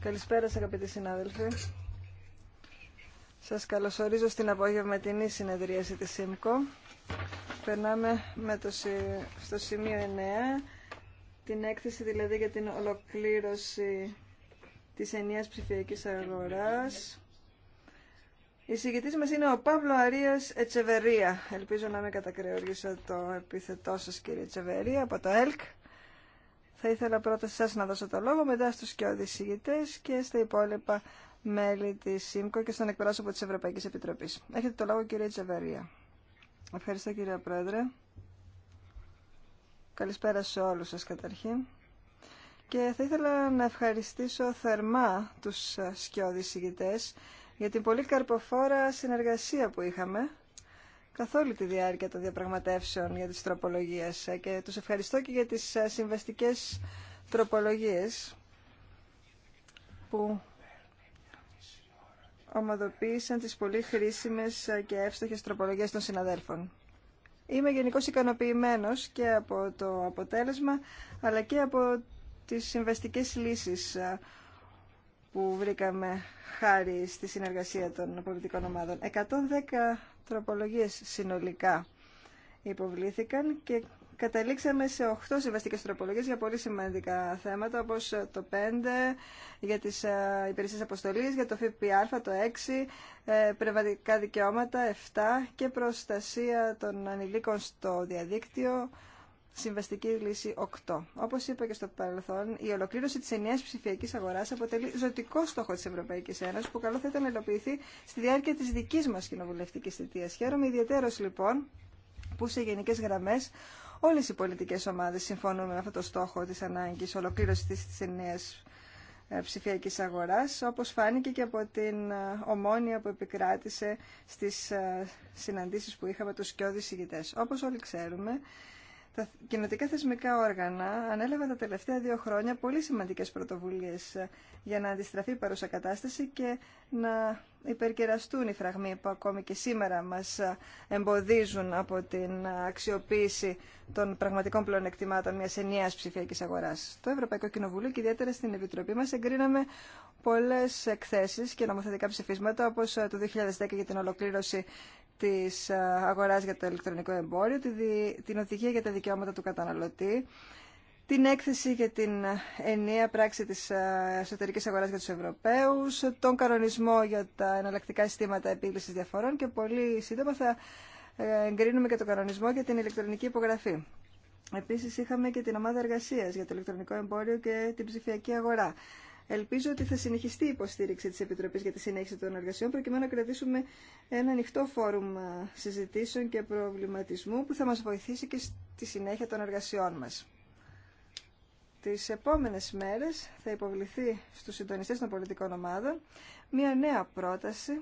Καλησπέρα σας αγαπητοί συνάδελφοι. Σας καλωσορίζω στην απόγευματινή συνεδρίαση της ΣΥΜΚΟ. Περνάμε με το, στο σημείο 9, την έκθεση δηλαδή για την ολοκλήρωση της ενιαίας ψηφιακής αγοράς. Η συγκητής μας είναι ο Παύλο Αρίας Ετσεβερία. Ελπίζω να μην κατακρεωρίσω το επίθετό σας κύριε Ετσεβερία από το ΕΛΚ. Θα ήθελα πρώτα σας να δώσω το λόγο, μετά στους και οδησίγητες και στα υπόλοιπα μέλη της ΣΥΜΚΟ και στον εκπρόσωπο της Ευρωπαϊκής Επιτροπής. Έχετε το λόγο κύριε Τσεβερία. Ευχαριστώ κύριε Πρόεδρε. Καλησπέρα σε όλους σας καταρχήν. Και θα ήθελα να ευχαριστήσω θερμά τους ε, σκιώδης ηγητές για την πολύ καρποφόρα συνεργασία που είχαμε καθ' όλη τη διάρκεια των διαπραγματεύσεων για τις τροπολογίες και τους ευχαριστώ και για τις ε, συμβαστικές τροπολογίες που ομαδοποίησαν τις πολύ χρήσιμες και εύστοχες τροπολογίες των συναδέλφων. Είμαι γενικώ ικανοποιημένο και από το αποτέλεσμα, αλλά και από τις συμβαστικές λύσεις ε, που βρήκαμε χάρη στη συνεργασία των πολιτικών ομάδων. 110 τροπολογίες συνολικά υποβλήθηκαν και Καταλήξαμε σε 8 συμβαστικές τροπολογίες για πολύ σημαντικά θέματα, όπως το 5 για τις ε, υπηρεσίες αποστολής, για το ΦΠΑ, το 6, ε, πνευματικά δικαιώματα, 7 και προστασία των ανηλίκων στο διαδίκτυο, συμβαστική λύση 8. Όπω είπα και στο παρελθόν, η ολοκλήρωση τη ενιαία ψηφιακή αγορά αποτελεί ζωτικό στόχο τη Ευρωπαϊκή Ένωση που καλό θα ήταν να υλοποιηθεί στη διάρκεια τη δική μα κοινοβουλευτική θητεία. Χαίρομαι ιδιαίτερω λοιπόν που σε γενικέ γραμμέ όλε οι πολιτικέ ομάδε συμφωνούν με αυτό το στόχο της ανάγκης ολοκλήρωση τη ενιαία ε, ψηφιακή αγορά, όπω φάνηκε και από την ε, ομόνια που επικράτησε στι ε, συναντήσει που είχαμε τους σκιώδει ηγητέ. Όπω όλοι ξέρουμε, τα κοινοτικά θεσμικά όργανα ανέλαβαν τα τελευταία δύο χρόνια πολύ σημαντικές πρωτοβουλίες για να αντιστραφεί η παρούσα κατάσταση και να υπερκεραστούν οι φραγμοί που ακόμη και σήμερα μας εμποδίζουν από την αξιοποίηση των πραγματικών πλεονεκτημάτων μιας ενιαίας ψηφιακής αγοράς. Το Ευρωπαϊκό Κοινοβούλιο και ιδιαίτερα στην Επιτροπή μας εγκρίναμε πολλές εκθέσεις και νομοθετικά ψηφίσματα όπως το 2010 για την ολοκλήρωση Τη ε, αγοράς για το ηλεκτρονικό εμπόριο, την οδηγία για τα δικαιώματα του καταναλωτή, την έκθεση για την ε, ενιαία πράξη της ε, εσωτερικής αγοράς για τους Ευρωπαίους, τον κανονισμό για τα εναλλακτικά συστήματα επίλυση διαφορών και πολύ σύντομα θα εγκρίνουμε και τον κανονισμό για την ηλεκτρονική υπογραφή. Επίσης είχαμε και την ομάδα εργασίας για το ηλεκτρονικό εμπόριο και την ψηφιακή αγορά. Ελπίζω ότι θα συνεχιστεί η υποστήριξη της Επιτροπής για τη συνέχιση των εργασιών προκειμένου να κρατήσουμε ένα ανοιχτό φόρουμ ε, συζητήσεων και προβληματισμού που θα μας βοηθήσει και στη συνέχεια των εργασιών μας. Τις επόμενες μέρες θα υποβληθεί στους συντονιστές των πολιτικών ομάδων μια νέα πρόταση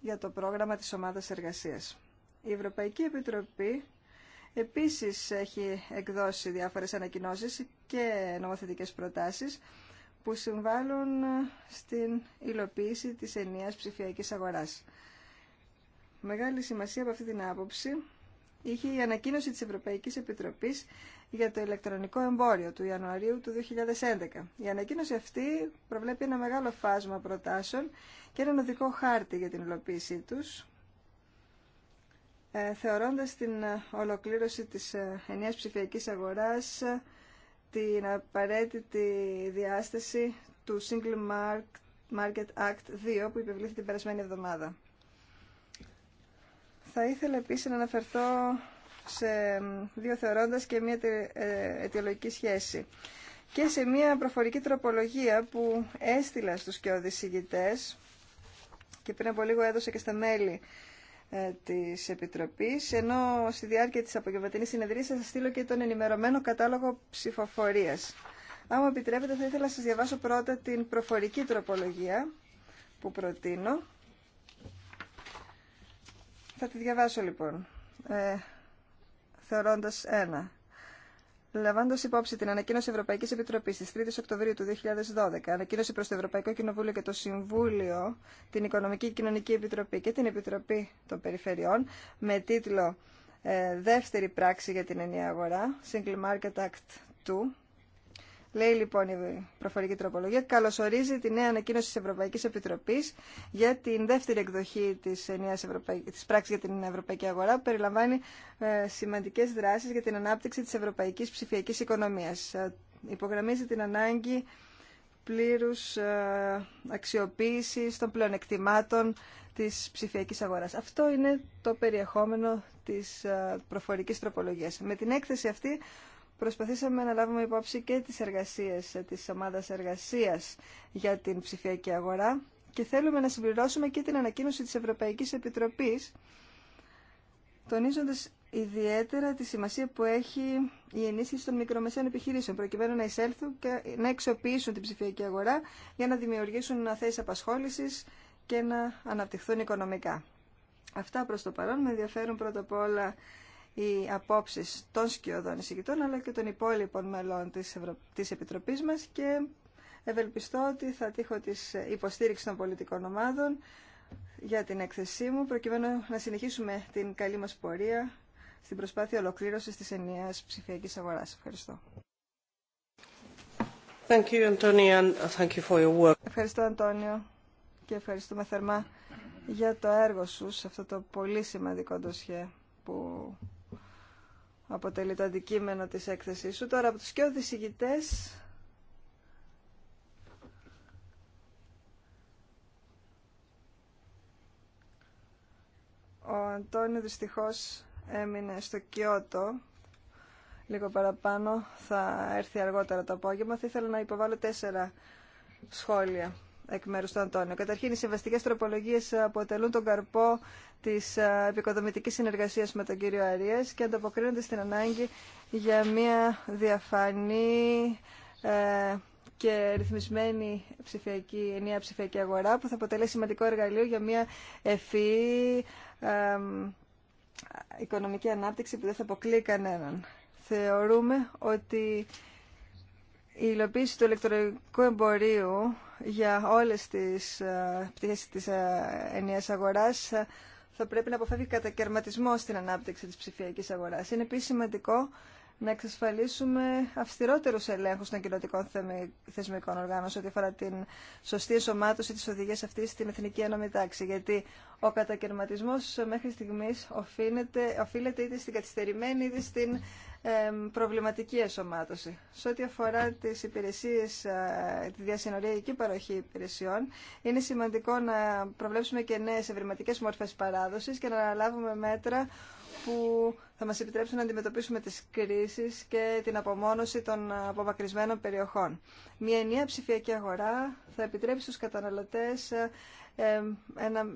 για το πρόγραμμα της ομάδας εργασίας. Η Ευρωπαϊκή Επιτροπή επίσης έχει εκδώσει διάφορες ανακοινώσεις και νομοθετικές προτάσεις που συμβάλλουν στην υλοποίηση της ενίας ψηφιακής αγοράς. Μεγάλη σημασία από αυτή την άποψη είχε η ανακοίνωση της Ευρωπαϊκής Επιτροπής για το ηλεκτρονικό εμπόριο του Ιανουαρίου του 2011. Η ανακοίνωση αυτή προβλέπει ένα μεγάλο φάσμα προτάσεων και έναν οδικό χάρτη για την υλοποίησή τους, ε, θεωρώντας την ε, ολοκλήρωση της ε, ενιαίας ψηφιακής αγοράς την απαραίτητη διάσταση του Single Market Act 2 που υπευλήθη την περασμένη εβδομάδα. Θα ήθελα επίσης να αναφερθώ σε δύο θεωρώντας και μια αιτιολογική σχέση και σε μια προφορική τροπολογία που έστειλα στους και οδησηγητές και πριν από λίγο έδωσα και στα μέλη ε, της Επιτροπής, ενώ στη διάρκεια της απογευματινής συνεδρίας θα σας στείλω και τον ενημερωμένο κατάλογο ψηφοφορίας. Άμα επιτρέπετε θα ήθελα να σας διαβάσω πρώτα την προφορική τροπολογία που προτείνω. Θα τη διαβάσω λοιπόν, ε, θεωρώντας ένα. Λαμβάνοντα υπόψη την ανακοίνωση Ευρωπαϊκή Επιτροπή τη 3η Οκτωβρίου του 2012, ανακοίνωση προ το Ευρωπαϊκό Κοινοβούλιο και το Συμβούλιο, την Οικονομική και Κοινωνική Επιτροπή και την Επιτροπή των Περιφερειών, με τίτλο ε, Δεύτερη πράξη για την ενιαία αγορά, Single Market Act 2, Λέει λοιπόν η προφορική τροπολογία, καλωσορίζει τη νέα ανακοίνωση τη Ευρωπαϊκή Επιτροπή για την δεύτερη εκδοχή τη πράξη για την Ευρωπαϊκή Αγορά που περιλαμβάνει ε, σημαντικές δράσεις για την ανάπτυξη της ευρωπαϊκής ψηφιακής οικονομίας. Ε, υπογραμμίζει την ανάγκη πλήρου ε, αξιοποίησης των πλεονεκτημάτων τη ψηφιακή αγορά. Αυτό είναι το περιεχόμενο της ε, προφορική τροπολογία. Με την έκθεση αυτή προσπαθήσαμε να λάβουμε υπόψη και τις εργασίες της ομάδας εργασίας για την ψηφιακή αγορά και θέλουμε να συμπληρώσουμε και την ανακοίνωση της Ευρωπαϊκής Επιτροπής τονίζοντας ιδιαίτερα τη σημασία που έχει η ενίσχυση των μικρομεσαίων επιχειρήσεων προκειμένου να εισέλθουν και να εξοποιήσουν την ψηφιακή αγορά για να δημιουργήσουν θέσει απασχόληση και να αναπτυχθούν οικονομικά. Αυτά προς το παρόν. Με ενδιαφέρουν πρώτα απ' όλα οι απόψει των σκιωδών εισηγητών αλλά και των υπόλοιπων μελών της, Ευρω... της Επιτροπής μας και ευελπιστώ ότι θα τύχω της υποστήριξη των πολιτικών ομάδων για την έκθεσή μου προκειμένου να συνεχίσουμε την καλή μας πορεία στην προσπάθεια ολοκλήρωσης της ενιαίας ψηφιακής αγοράς. Ευχαριστώ. Thank you, Antonio, thank you for Ευχαριστώ, Αντώνιο, και ευχαριστούμε θερμά για το έργο σου σε αυτό το πολύ σημαντικό ντοσχέ που αποτελεί το αντικείμενο της έκθεσής σου. Τώρα από τους και οδησηγητές ο Αντώνιο δυστυχώς έμεινε στο Κιώτο λίγο παραπάνω θα έρθει αργότερα το απόγευμα θα ήθελα να υποβάλω τέσσερα σχόλια εκ Αντώνιο. Καταρχήν, οι συμβαστικέ τροπολογίε αποτελούν τον καρπό τη ε, επικοδομητική συνεργασία με τον κύριο Αρία και ανταποκρίνονται στην ανάγκη για μια διαφανή ε, και ρυθμισμένη ψηφιακή, ενιαία ψηφιακή αγορά που θα αποτελέσει σημαντικό εργαλείο για μια ευφυή ε, οικονομική ανάπτυξη που δεν θα αποκλείει κανέναν. Θεωρούμε ότι η υλοποίηση του ηλεκτρονικού εμπορίου για όλες τις ε, πτυχές της ε, ενιαίας αγοράς ε, θα πρέπει να αποφεύγει κατακαιρματισμό στην ανάπτυξη της ψηφιακής αγοράς. Είναι επίσης σημαντικό να εξασφαλίσουμε αυστηρότερους ελέγχους των κοινωτικών θεσμικών οργάνων ό,τι αφορά την σωστή εσωμάτωση της οδηγίας αυτής στην Εθνική Ένωμη Τάξη. Γιατί ο κατακαιρματισμός μέχρι στιγμής οφείλεται, οφείλεται είτε στην καθυστερημένη είτε στην προβληματική εσωμάτωση. Σε ό,τι αφορά τις ε, τη διασυνοριακή παροχή υπηρεσιών, είναι σημαντικό να προβλέψουμε και νέες ευρηματικές μορφές παράδοσης και να αναλάβουμε μέτρα που θα μας επιτρέψουν να αντιμετωπίσουμε τις κρίσεις και την απομόνωση των απομακρυσμένων περιοχών. Μια ενιαία ψηφιακή αγορά θα επιτρέψει στους καταναλωτές ε, ε, ένα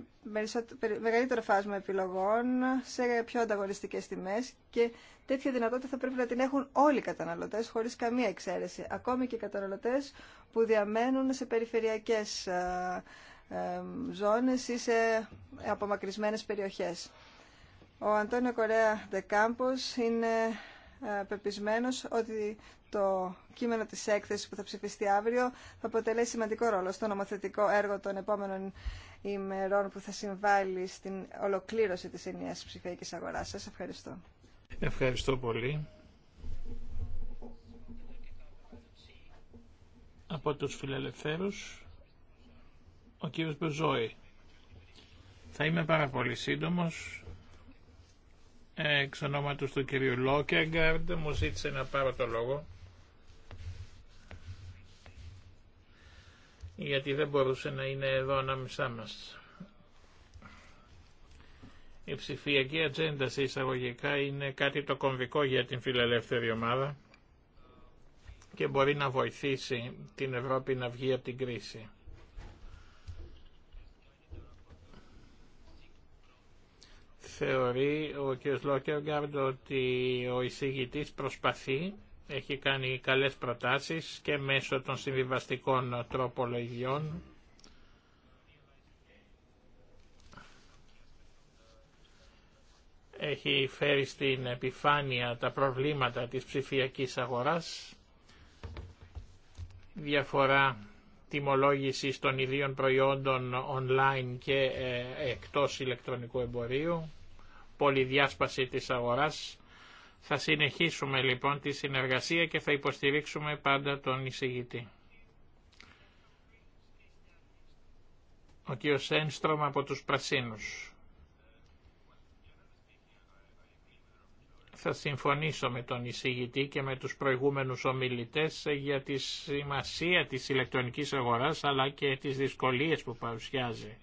μεγαλύτερο φάσμα επιλογών σε πιο ανταγωνιστικές τιμές και τέτοια δυνατότητα θα πρέπει να την έχουν όλοι οι καταναλωτές χωρίς καμία εξαίρεση. Ακόμη και οι καταναλωτές που διαμένουν σε περιφερειακές ε, ε, ζώνες ή σε απομακρυσμένες περιοχές. Ο Αντώνιο Κορέα Δεκάμπος είναι πεπισμένος ότι το κείμενο της έκθεσης που θα ψηφιστεί αύριο θα αποτελέσει σημαντικό ρόλο στο νομοθετικό έργο των επόμενων ημερών που θα συμβάλλει στην ολοκλήρωση της ενιαίας ψηφιακής αγοράς. Σας ευχαριστώ. Ευχαριστώ πολύ. Από τους φιλελευθέρους, ο κύριος Μπεζόη. Θα είμαι πάρα πολύ σύντομος. Εξ ονόματος του κυρίου Λόκεγκαρντ μου ζήτησε να πάρω το λόγο. γιατί δεν μπορούσε να είναι εδώ ανάμεσά μας. Η ψηφιακή ατζέντα εισαγωγικά είναι κάτι το κομβικό για την φιλελεύθερη ομάδα και μπορεί να βοηθήσει την Ευρώπη να βγει από την κρίση. Θεωρεί ο κ. Λόκεργκάρντ ότι ο εισηγητής προσπαθεί έχει κάνει καλές προτάσεις και μέσω των συμβιβαστικών τροπολογιών. Έχει φέρει στην επιφάνεια τα προβλήματα της ψηφιακής αγοράς, διαφορά τιμολόγησης των ιδίων προϊόντων online και ε, εκτός ηλεκτρονικού εμπορίου, πολυδιάσπαση της αγοράς, θα συνεχίσουμε λοιπόν τη συνεργασία και θα υποστηρίξουμε πάντα τον εισηγητή. Ο κ. Σένστρομ από τους Πρασίνους. Θα συμφωνήσω με τον εισηγητή και με τους προηγούμενους ομιλητές για τη σημασία της ηλεκτρονικής αγοράς αλλά και τις δυσκολίες που παρουσιάζει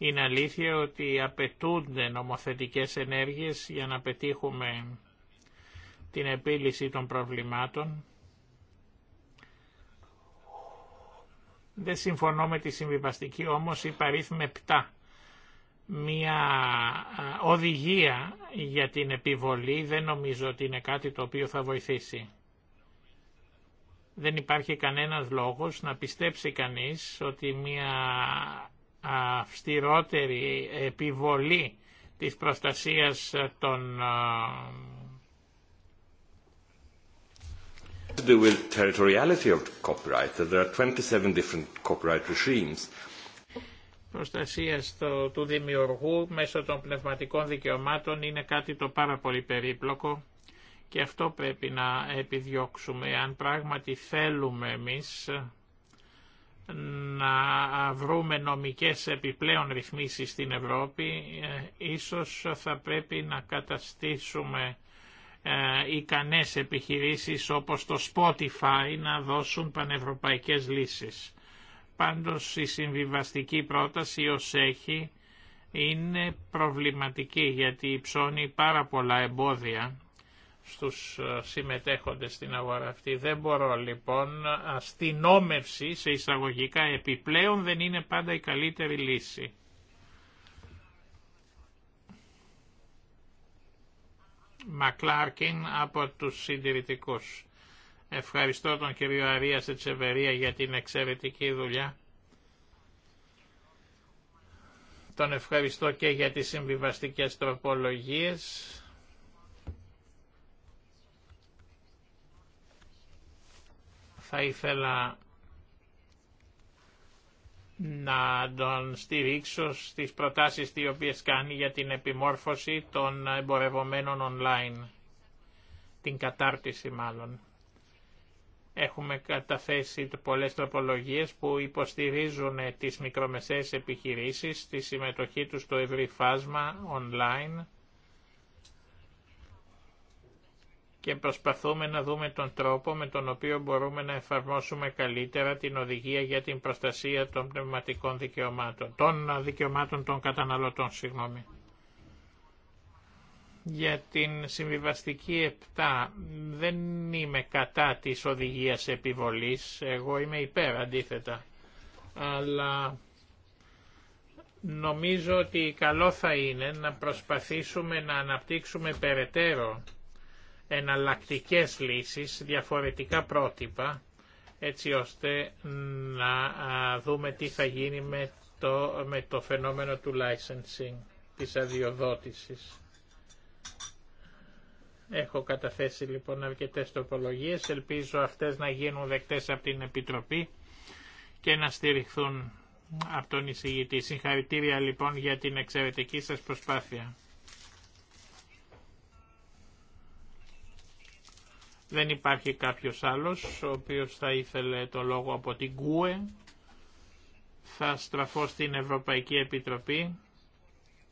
Είναι αλήθεια ότι απαιτούνται νομοθετικές ενέργειες για να πετύχουμε την επίλυση των προβλημάτων. Δεν συμφωνώ με τη συμβιβαστική όμως παρήθμη 7. Μια οδηγία για την επιβολή δεν νομίζω ότι είναι κάτι το οποίο θα βοηθήσει. Δεν υπάρχει κανένας λόγος να πιστέψει κανείς ότι μια αυστηρότερη επιβολή της προστασίας των προστασίας του, του δημιουργού μέσω των πνευματικών δικαιωμάτων είναι κάτι το πάρα πολύ περίπλοκο και αυτό πρέπει να επιδιώξουμε αν πράγματι θέλουμε εμείς να βρούμε νομικές επιπλέον ρυθμίσεις στην Ευρώπη, ε, ίσως θα πρέπει να καταστήσουμε ε, ικανές επιχειρήσεις όπως το Spotify να δώσουν πανευρωπαϊκές λύσεις. Πάντως η συμβιβαστική πρόταση ως έχει είναι προβληματική γιατί υψώνει πάρα πολλά εμπόδια στους ε, συμμετέχοντες στην αγορά αυτή. Δεν μπορώ λοιπόν, αστυνόμευση ε, σε εισαγωγικά επιπλέον δεν είναι πάντα η καλύτερη λύση. Μακλάρκιν από τους συντηρητικούς. Ευχαριστώ τον κύριο Αρία Σετσεβερία για την εξαιρετική δουλειά. Τον ευχαριστώ και για τις συμβιβαστικές τροπολογίες θα ήθελα να τον στηρίξω στις προτάσεις τις οποίες κάνει για την επιμόρφωση των εμπορευομένων online, την κατάρτιση μάλλον. Έχουμε καταθέσει πολλές τροπολογίες που υποστηρίζουν τις μικρομεσαίες επιχειρήσεις, τη συμμετοχή τους στο ευρύ φάσμα online, και προσπαθούμε να δούμε τον τρόπο με τον οποίο μπορούμε να εφαρμόσουμε καλύτερα την οδηγία για την προστασία των πνευματικών δικαιωμάτων, των δικαιωμάτων των καταναλωτών, συγγνώμη. Για την συμβιβαστική 7 δεν είμαι κατά της οδηγίας επιβολής, εγώ είμαι υπέρ αντίθετα, αλλά νομίζω ότι καλό θα είναι να προσπαθήσουμε να αναπτύξουμε περαιτέρω εναλλακτικές λύσεις, διαφορετικά πρότυπα, έτσι ώστε να δούμε τι θα γίνει με το, με το φαινόμενο του licensing, της αδειοδότησης. Έχω καταθέσει λοιπόν αρκετές τοπολογίες, ελπίζω αυτές να γίνουν δεκτές από την Επιτροπή και να στηριχθούν από τον εισηγητή. Συγχαρητήρια λοιπόν για την εξαιρετική σας προσπάθεια. Δεν υπάρχει κάποιος άλλος ο οποίος θα ήθελε το λόγο από την ΚΟΕ. Θα στραφώ στην Ευρωπαϊκή Επιτροπή.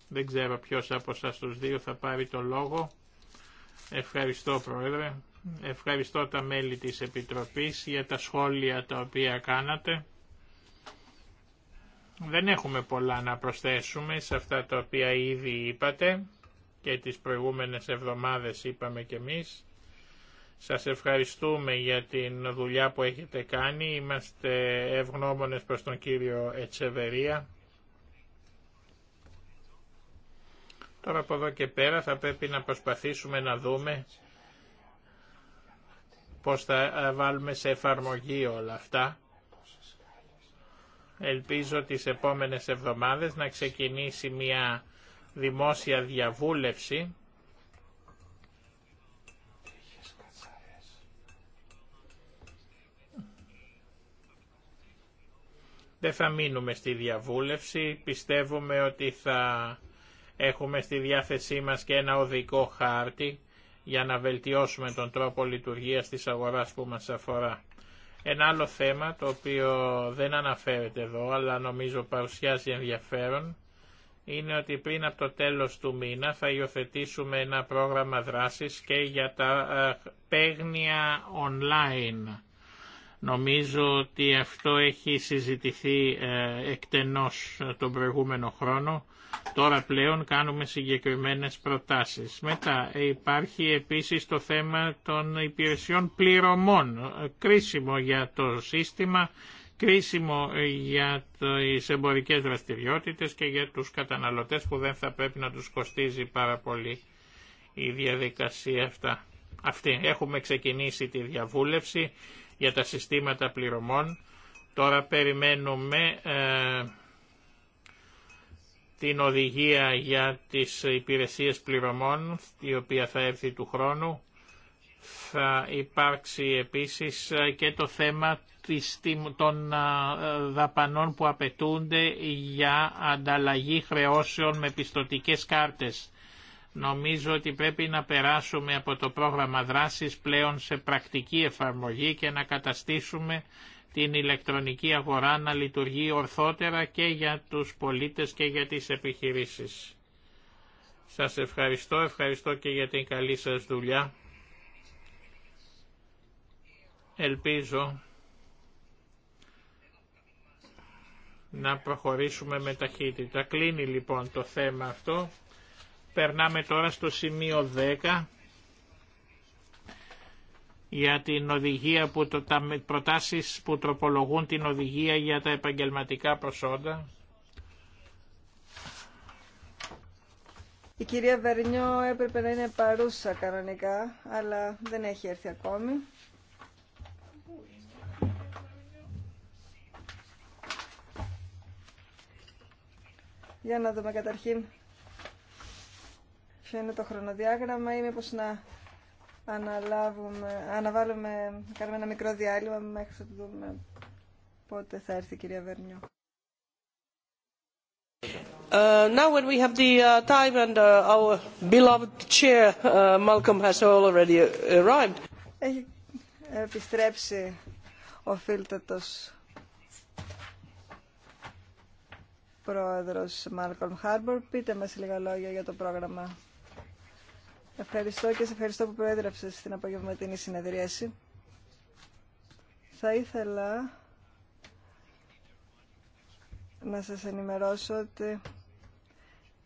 Δεν ξέρω ποιος από σας τους δύο θα πάρει το λόγο. Ευχαριστώ Πρόεδρε. Ευχαριστώ τα μέλη της Επιτροπής για τα σχόλια τα οποία κάνατε. Δεν έχουμε πολλά να προσθέσουμε σε αυτά τα οποία ήδη είπατε και τις προηγούμενες εβδομάδες είπαμε και εμείς. Σας ευχαριστούμε για την δουλειά που έχετε κάνει. Είμαστε ευγνώμονες προς τον κύριο Ετσεβερία. Τώρα από εδώ και πέρα θα πρέπει να προσπαθήσουμε να δούμε πώς θα βάλουμε σε εφαρμογή όλα αυτά. Ελπίζω τις επόμενες εβδομάδες να ξεκινήσει μια δημόσια διαβούλευση Δεν θα μείνουμε στη διαβούλευση. Πιστεύουμε ότι θα έχουμε στη διάθεσή μας και ένα οδικό χάρτη για να βελτιώσουμε τον τρόπο λειτουργίας της αγοράς που μας αφορά. Ένα άλλο θέμα το οποίο δεν αναφέρεται εδώ αλλά νομίζω παρουσιάζει ενδιαφέρον είναι ότι πριν από το τέλος του μήνα θα υιοθετήσουμε ένα πρόγραμμα δράσης και για τα ε, παίγνια online Νομίζω ότι αυτό έχει συζητηθεί ε, εκτενώς ε, τον προηγούμενο χρόνο. Τώρα πλέον κάνουμε συγκεκριμένες προτάσεις. Μετά ε, υπάρχει επίσης το θέμα των υπηρεσιών πληρωμών. Κρίσιμο για το σύστημα, κρίσιμο για τις εμπορικές δραστηριότητες και για τους καταναλωτές που δεν θα πρέπει να τους κοστίζει πάρα πολύ η διαδικασία αυτά. Αυτή. Έχουμε ξεκινήσει τη διαβούλευση για τα συστήματα πληρωμών. Τώρα περιμένουμε ε, την οδηγία για τις υπηρεσίες πληρωμών, η οποία θα έρθει του χρόνου. Θα υπάρξει επίσης ε, και το θέμα των ε, δαπανών που απαιτούνται για ανταλλαγή χρεώσεων με πιστοτικές κάρτες. Νομίζω ότι πρέπει να περάσουμε από το πρόγραμμα δράσης πλέον σε πρακτική εφαρμογή και να καταστήσουμε την ηλεκτρονική αγορά να λειτουργεί ορθότερα και για τους πολίτες και για τις επιχειρήσεις. Σας ευχαριστώ, ευχαριστώ και για την καλή σας δουλειά. Ελπίζω να προχωρήσουμε με ταχύτητα. Κλείνει λοιπόν το θέμα αυτό. Περνάμε τώρα στο σημείο 10 για την οδηγία που το, τα προτάσεις που τροπολογούν την οδηγία για τα επαγγελματικά προσόντα. Η κυρία Βερνιό έπρεπε να είναι παρούσα κανονικά, αλλά δεν έχει έρθει ακόμη. Για να δούμε καταρχήν ποιο είναι το χρονοδιάγραμμα ή μήπως να αναλάβουμε, αναβάλουμε, κάνουμε ένα μικρό διάλειμμα μέχρι να δούμε πότε θα έρθει η κυρία να δουμε ποτε θα ερθει η κυρια βερνιό. Uh, now when we have the uh, time and uh, our beloved chair uh, Malcolm has already uh, arrived. Έχει επιστρέψει ο φίλτατος πρόεδρος Malcolm Harbour Πείτε μας λίγα λόγια για το πρόγραμμα. Ευχαριστώ και σε ευχαριστώ που προέδραψες στην απογευματινή συνεδρίαση. Θα ήθελα να σας ενημερώσω ότι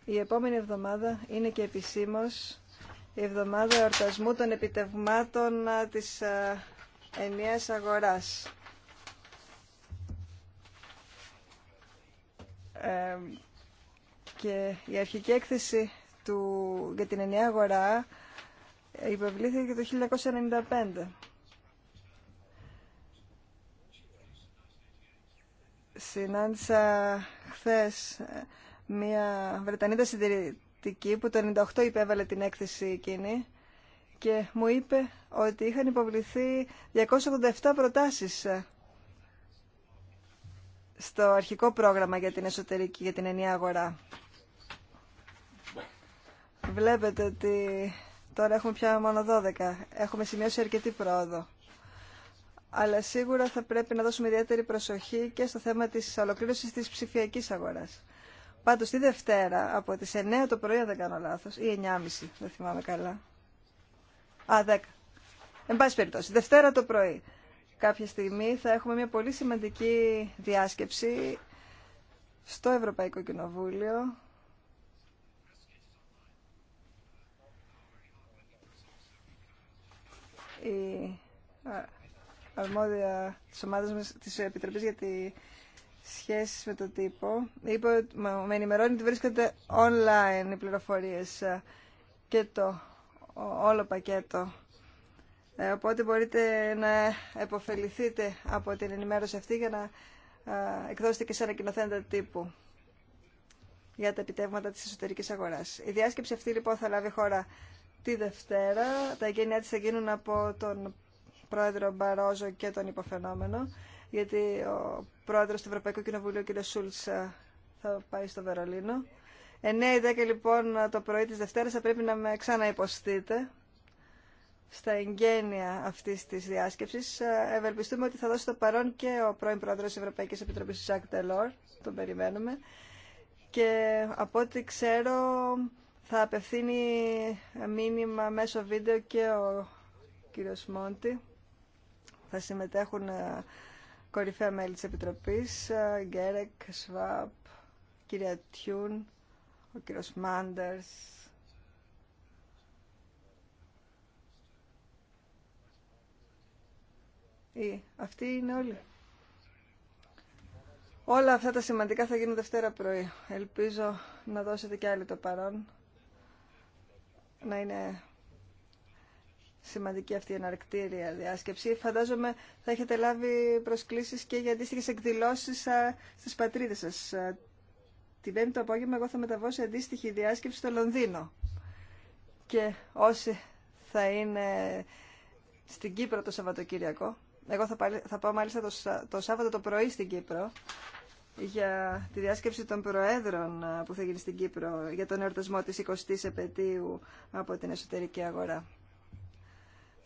η επόμενη εβδομάδα είναι και επισήμως η εβδομάδα εορτασμού των επιτευγμάτων της ε, ενιαίας αγοράς. Ε, και η αρχική έκθεση του, για την ενιαία αγορά υποβληθηκε το 1995. Συνάντησα χθες μια Βρετανίδα συντηρητική που το 98 υπέβαλε την έκθεση εκείνη και μου είπε ότι είχαν υποβληθεί 287 προτάσεις στο αρχικό πρόγραμμα για την εσωτερική, για την ενιαία αγορά. Βλέπετε ότι τώρα έχουμε πια μόνο 12. Έχουμε σημειώσει αρκετή πρόοδο. Αλλά σίγουρα θα πρέπει να δώσουμε ιδιαίτερη προσοχή και στο θέμα τη ολοκλήρωση τη ψηφιακή αγορα. Πάντω, τη Δευτέρα από τι 9 το πρωί, αν δεν κάνω λάθο ή 9.30, δεν θυμάμαι καλά. Α, 10. Εν πάση περιπτώσει, Δευτέρα το πρωί. Κάποια στιγμή θα έχουμε μια πολύ σημαντική διάσκεψη στο Ευρωπαϊκό Κοινοβούλιο η αρμόδια τη ομάδα μα τη Επιτροπή για τη σχέση με τον τύπο, είπε ότι με ενημερώνει ότι βρίσκονται online οι πληροφορίε και το όλο πακέτο. Ε, οπότε μπορείτε να επωφεληθείτε από την ενημέρωση αυτή για να εκδώσετε και σε ανακοινωθέντα τύπου για τα επιτεύγματα της εσωτερικής αγοράς. Η διάσκεψη αυτή λοιπόν θα λάβει χώρα τη Δευτέρα. Τα εγγένειά της θα γίνουν από τον πρόεδρο Μπαρόζο και τον υποφαινόμενο, γιατί ο πρόεδρος του Ευρωπαϊκού Κοινοβουλίου, κ. Σούλτς, θα πάει στο Βερολίνο. 9 10 λοιπόν το πρωί της Δευτέρας θα πρέπει να με ξαναϋποστείτε στα εγγένεια αυτή τη διάσκεψης. Ευελπιστούμε ότι θα δώσει το παρόν και ο πρώην πρόεδρο τη Ευρωπαϊκή Επιτροπή, Ζακ Τελόρ. Τον περιμένουμε. Και από ό,τι ξέρω, θα απευθύνει μήνυμα μέσω βίντεο και ο κύριος Μόντι. Θα συμμετέχουν ε, κορυφαία μέλη της Επιτροπής, ε, Γκέρεκ, Σβάπ, κυρία Τιούν, ο κύριος Μάντερς, Ή, αυτοί είναι όλοι. Όλα αυτά τα σημαντικά θα γίνουν Δευτέρα πρωί. Ελπίζω να δώσετε και άλλοι το παρόν να είναι σημαντική αυτή η εναρκτήρια διάσκεψη. Φαντάζομαι θα έχετε λάβει προσκλήσεις και για αντίστοιχε εκδηλώσεις στις πατρίδες σας. Την πέμπτη το απόγευμα εγώ θα μεταβώ σε αντίστοιχη διάσκεψη στο Λονδίνο. Και όσοι θα είναι στην Κύπρο το Σαββατοκύριακο, εγώ θα, πάω μάλιστα το, το Σάββατο το πρωί στην Κύπρο για τη διάσκεψη των Προέδρων ε, που θα γίνει στην Κύπρο για τον εορτασμό της 20ης επαιτίου από την εσωτερική αγορά.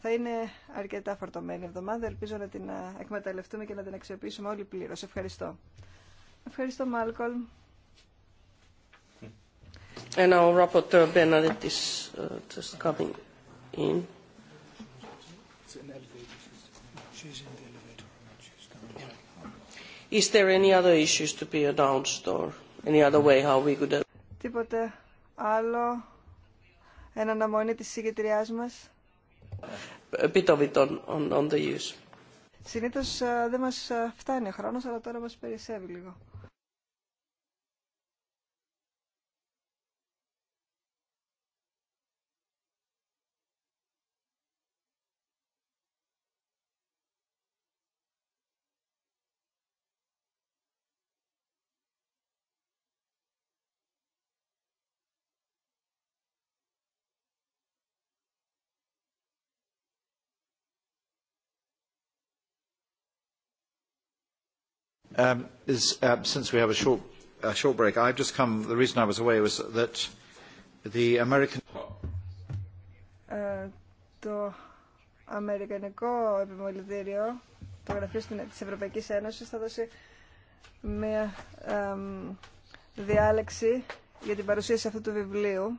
Θα είναι αρκετά φορτωμένη εβδομάδα. Ελπίζω να την ε, εκμεταλλευτούμε και να την αξιοποιήσουμε όλοι πλήρως. Ευχαριστώ. Ευχαριστώ, Μάλκολ. And our Is there any other issues to be announced or any other way how we could... Uh, Τίποτε άλλο. Εν αναμονή της συγκεκριάς μας. A bit of it on, on, on the use. Συνήθως ε, δεν μας ε, φτάνει ο χρόνος, αλλά τώρα μας περισσεύει λίγο. το Αμερικανικό Επιμολυντήριο, το γραφείο της Ευρωπαϊκής Ένωσης, θα δώσει μια διάλεξη για την παρουσίαση αυτού του βιβλίου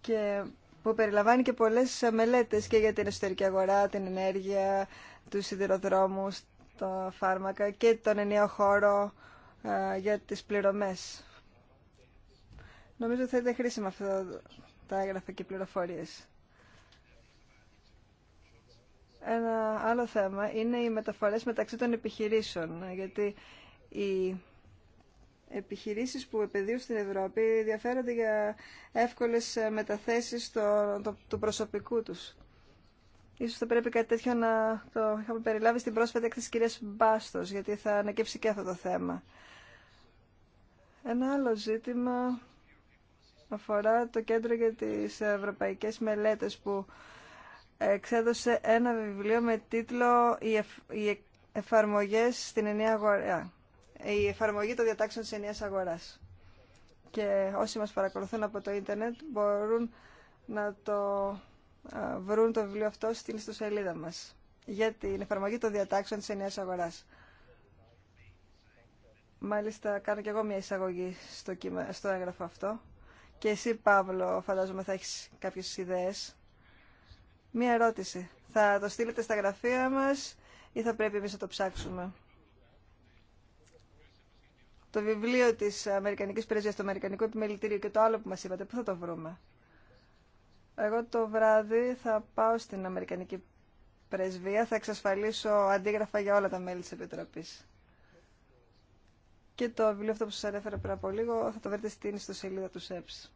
και που περιλαμβάνει και πολλές μελέτες και για την εσωτερική αγορά, την ενέργεια, τους σιδηροδρόμους, τα φάρμακα και τον ενιαίο χώρο ε, για τις πληρωμές. Νομίζω ότι θα ήταν χρήσιμα αυτά τα έγγραφα και πληροφορίες. Ένα άλλο θέμα είναι οι μεταφορές μεταξύ των επιχειρήσεων, γιατί οι επιχειρήσεις που επαιδείουν στην Ευρώπη ενδιαφέρονται για εύκολες μεταθέσεις του προσωπικού τους. Σω θα πρέπει κάτι τέτοιο να το είχαμε περιλάβει στην πρόσφατη έκθεση κυρία Μπάστο, γιατί θα ανακύψει και αυτό το θέμα. Ένα άλλο ζήτημα αφορά το κέντρο για τις ευρωπαϊκές μελέτες που εξέδωσε ένα βιβλίο με τίτλο «Οι, εφ... οι εφαρμογές στην ενιαία αγορά». Η εφαρμογή των διατάξεων της ενιαίας αγοράς. Και όσοι μας παρακολουθούν από το ίντερνετ μπορούν να το βρουν το βιβλίο αυτό στην ιστοσελίδα μας για την εφαρμογή των διατάξεων της ενιαίας αγοράς. Μάλιστα, κάνω και εγώ μια εισαγωγή στο, κύμα, στο έγγραφο αυτό. Και εσύ, Παύλο, φαντάζομαι θα έχεις κάποιες ιδέες. Μία ερώτηση. Θα το στείλετε στα γραφεία μας ή θα πρέπει εμείς να το ψάξουμε. Το βιβλίο της Αμερικανικής Πρεσβείας, του Αμερικανικό Επιμελητήριου και το άλλο που μας είπατε, πού θα το βρούμε. Εγώ το βράδυ θα πάω στην Αμερικανική Πρεσβεία, θα εξασφαλίσω αντίγραφα για όλα τα μέλη της Επιτροπής. Και το βιβλίο αυτό που σας ανέφερα πριν από λίγο θα το βρείτε στην ιστοσελίδα του ΣΕΠΣ.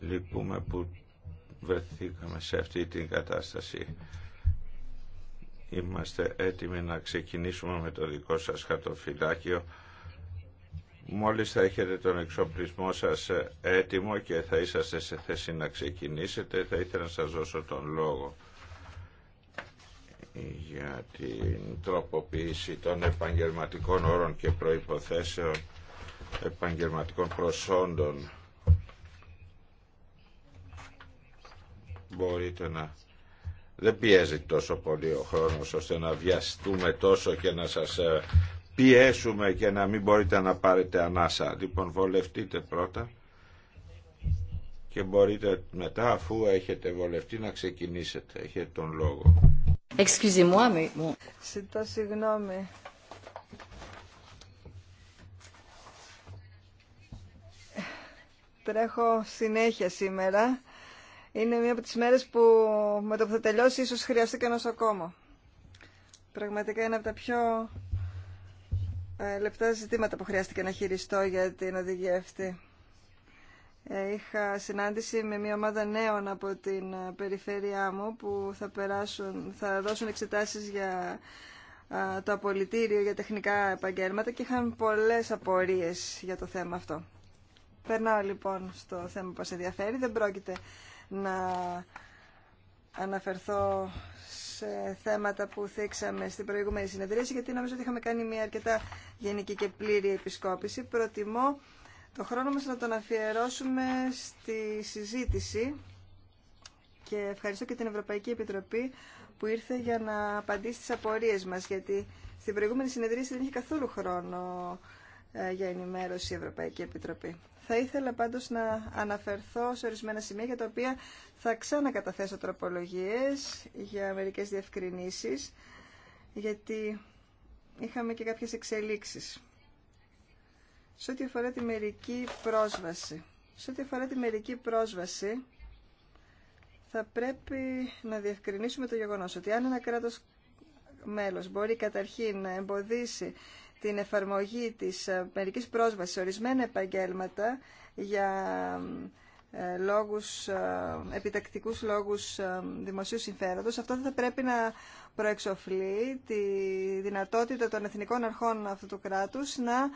Λυπούμε που βρεθήκαμε σε αυτή την κατάσταση. Είμαστε έτοιμοι να ξεκινήσουμε με το δικό σας χαρτοφυλάκιο. Μόλις θα έχετε τον εξοπλισμό σας ε, έτοιμο και θα είσαστε σε θέση να ξεκινήσετε, θα ήθελα να σας δώσω τον λόγο για την τροποποίηση των επαγγελματικών όρων και προϋποθέσεων επαγγελματικών προσόντων μπορείτε να δεν πιέζει τόσο πολύ ο χρόνος ώστε να βιαστούμε τόσο και να σας ε, πιέσουμε και να μην μπορείτε να πάρετε ανάσα λοιπόν βολευτείτε πρώτα και μπορείτε μετά αφού έχετε βολευτεί να ξεκινήσετε έχετε τον λόγο Excusez-moi, συγγνώμη. Τρέχω συνέχεια σήμερα. Είναι μία από τις μέρες που με το που θα τελειώσει ίσως χρειαστεί και ακόμα. Πραγματικά είναι από τα πιο ε, λεπτά ζητήματα που χρειάστηκε να χειριστώ για την οδηγία αυτή. Ε, είχα συνάντηση με μια ομάδα νέων από την ε, περιφέρειά μου που θα, περάσουν, θα δώσουν εξετάσεις για ε, το απολυτήριο για τεχνικά επαγγέλματα και είχαν πολλές απορίες για το θέμα αυτό. Περνάω λοιπόν στο θέμα που σας ενδιαφέρει. Δεν πρόκειται να αναφερθώ σε θέματα που θίξαμε στην προηγούμενη συνεδρίαση γιατί νομίζω ότι είχαμε κάνει μια αρκετά γενική και πλήρη επισκόπηση. Προτιμώ το χρόνο μας να τον αφιερώσουμε στη συζήτηση και ευχαριστώ και την Ευρωπαϊκή Επιτροπή που ήρθε για να απαντήσει στις απορίες μας γιατί στην προηγούμενη συνεδρίαση δεν είχε καθόλου χρόνο ε, για ενημέρωση η Ευρωπαϊκή Επιτροπή. Θα ήθελα πάντως να αναφερθώ σε ορισμένα σημεία για τα οποία θα ξανακαταθέσω τροπολογίες για μερικές διευκρινήσεις γιατί είχαμε και κάποιες εξελίξεις. Σε ό,τι αφορά τη μερική πρόσβαση. Σε ό,τι αφορά τη μερική πρόσβαση, θα πρέπει να διευκρινίσουμε το γεγονός ότι αν ένα κράτος μέλος μπορεί καταρχήν να εμποδίσει την εφαρμογή της ε, μερικής πρόσβασης σε ορισμένα επαγγέλματα για ε, λόγους, ε, επιτακτικούς λόγους δημοσίου συμφέροντος. Αυτό θα πρέπει να προεξοφλεί τη δυνατότητα των εθνικών αρχών αυτού του κράτους να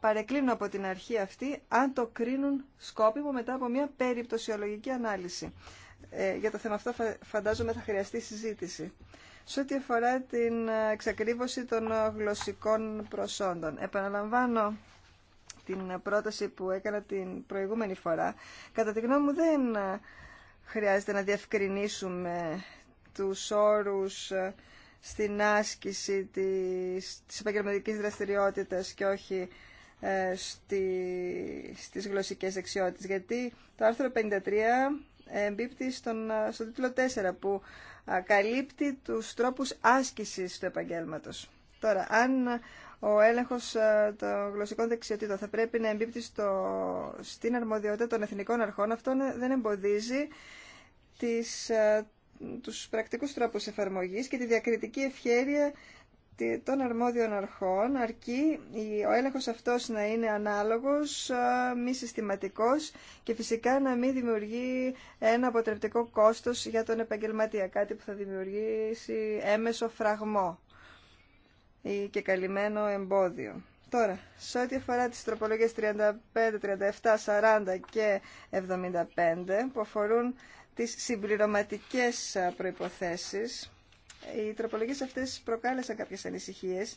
παρεκκλίνω από την αρχή αυτή αν το κρίνουν σκόπιμο μετά από μια περιπτωσιολογική ανάλυση. Ε, για το θέμα αυτό φαντάζομαι θα χρειαστεί συζήτηση. Σε ό,τι αφορά την ε, εξακρίβωση των γλωσσικών προσόντων. Επαναλαμβάνω την πρόταση που έκανα την προηγούμενη φορά. Κατά τη γνώμη μου δεν ε, χρειάζεται να διευκρινίσουμε τους όρους στην άσκηση της, της επαγγελματικής δραστηριότητας και όχι ε, στη, στις γλωσσικές δεξιότητες. Γιατί το άρθρο 53 εμπίπτει στον, στο τίτλο 4 που καλύπτει τους τρόπους άσκησης του επαγγέλματος. Τώρα, αν ο έλεγχος ε, των γλωσσικών δεξιοτήτων θα πρέπει να εμπίπτει στο, στην αρμοδιότητα των εθνικών αρχών, αυτό δεν εμποδίζει τις, ε, τους πρακτικούς τρόπους εφαρμογής και τη διακριτική ευχέρεια των αρμόδιων αρχών, αρκεί ο έλεγχος αυτός να είναι ανάλογος, μη συστηματικός και φυσικά να μην δημιουργεί ένα αποτρεπτικό κόστος για τον επαγγελματία, κάτι που θα δημιουργήσει έμεσο φραγμό ή και καλυμμένο εμπόδιο. Τώρα, σε ό,τι αφορά τις τροπολογίες 35, 37, 40 και 75 που αφορούν τις συμπληρωματικές προϋποθέσεις. Οι τροπολογίες αυτές προκάλεσαν κάποιες ανησυχίες,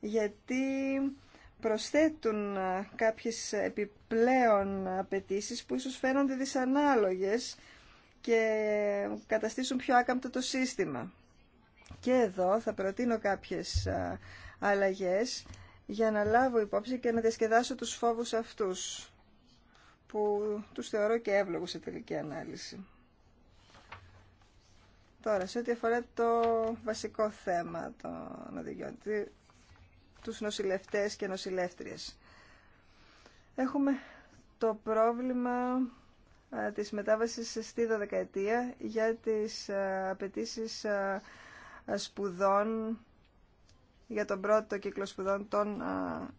γιατί προσθέτουν κάποιες επιπλέον απαιτήσει που ίσως φαίνονται δυσανάλογες και καταστήσουν πιο άκαμπτο το σύστημα. Και εδώ θα προτείνω κάποιες αλλαγές για να λάβω υπόψη και να διασκεδάσω τους φόβους αυτούς που τους θεωρώ και εύλογους σε τελική ανάλυση. Τώρα, σε ό,τι αφορά το βασικό θέμα των οδηγιών, τους νοσηλευτές και νοσηλεύτριες. Έχουμε το πρόβλημα της μετάβασης στη δεκαετία για τις απαιτήσει σπουδών για τον πρώτο κύκλο σπουδών των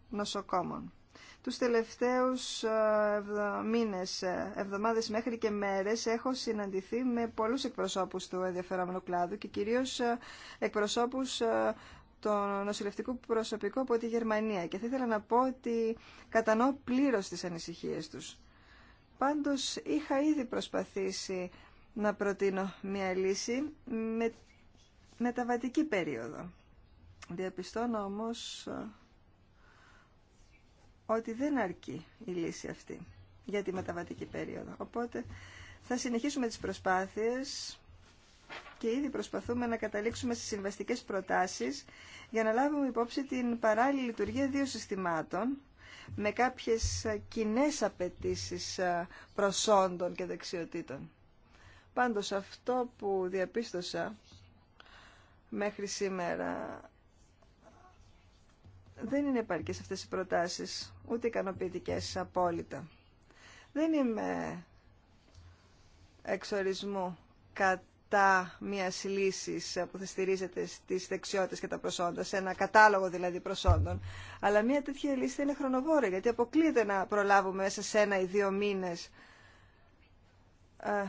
νοσοκόμων. Τους τελευταίους ε, μήνες, ε, εβδομάδες μέχρι και μέρες έχω συναντηθεί με πολλούς εκπροσώπους του ενδιαφερόμενου κλάδου και κυρίως ε, εκπροσώπους το νοσηλευτικό προσωπικό από τη Γερμανία και θα ήθελα να πω ότι κατανοώ πλήρως τις ανησυχίες τους. Πάντως είχα ήδη προσπαθήσει να προτείνω μια λύση με μεταβατική περίοδο. Διαπιστώνω όμως ότι δεν αρκεί η λύση αυτή για τη μεταβατική περίοδο. Οπότε θα συνεχίσουμε τις προσπάθειες και ήδη προσπαθούμε να καταλήξουμε στις συμβαστικές προτάσεις για να λάβουμε υπόψη την παράλληλη λειτουργία δύο συστημάτων με κάποιες κοινέ απαιτήσει προσόντων και δεξιοτήτων. Πάντως αυτό που διαπίστωσα μέχρι σήμερα δεν είναι επαρκείς αυτές οι προτάσεις, ούτε ικανοποιητικέ απόλυτα. Δεν είμαι εξορισμού κατά μια λύση που θα στηρίζεται στις δεξιότητες και τα προσόντα, σε ένα κατάλογο δηλαδή προσόντων. Αλλά μια τέτοια λύση είναι χρονοβόρα, γιατί αποκλείεται να προλάβουμε μέσα σε ένα ή δύο μήνες ε,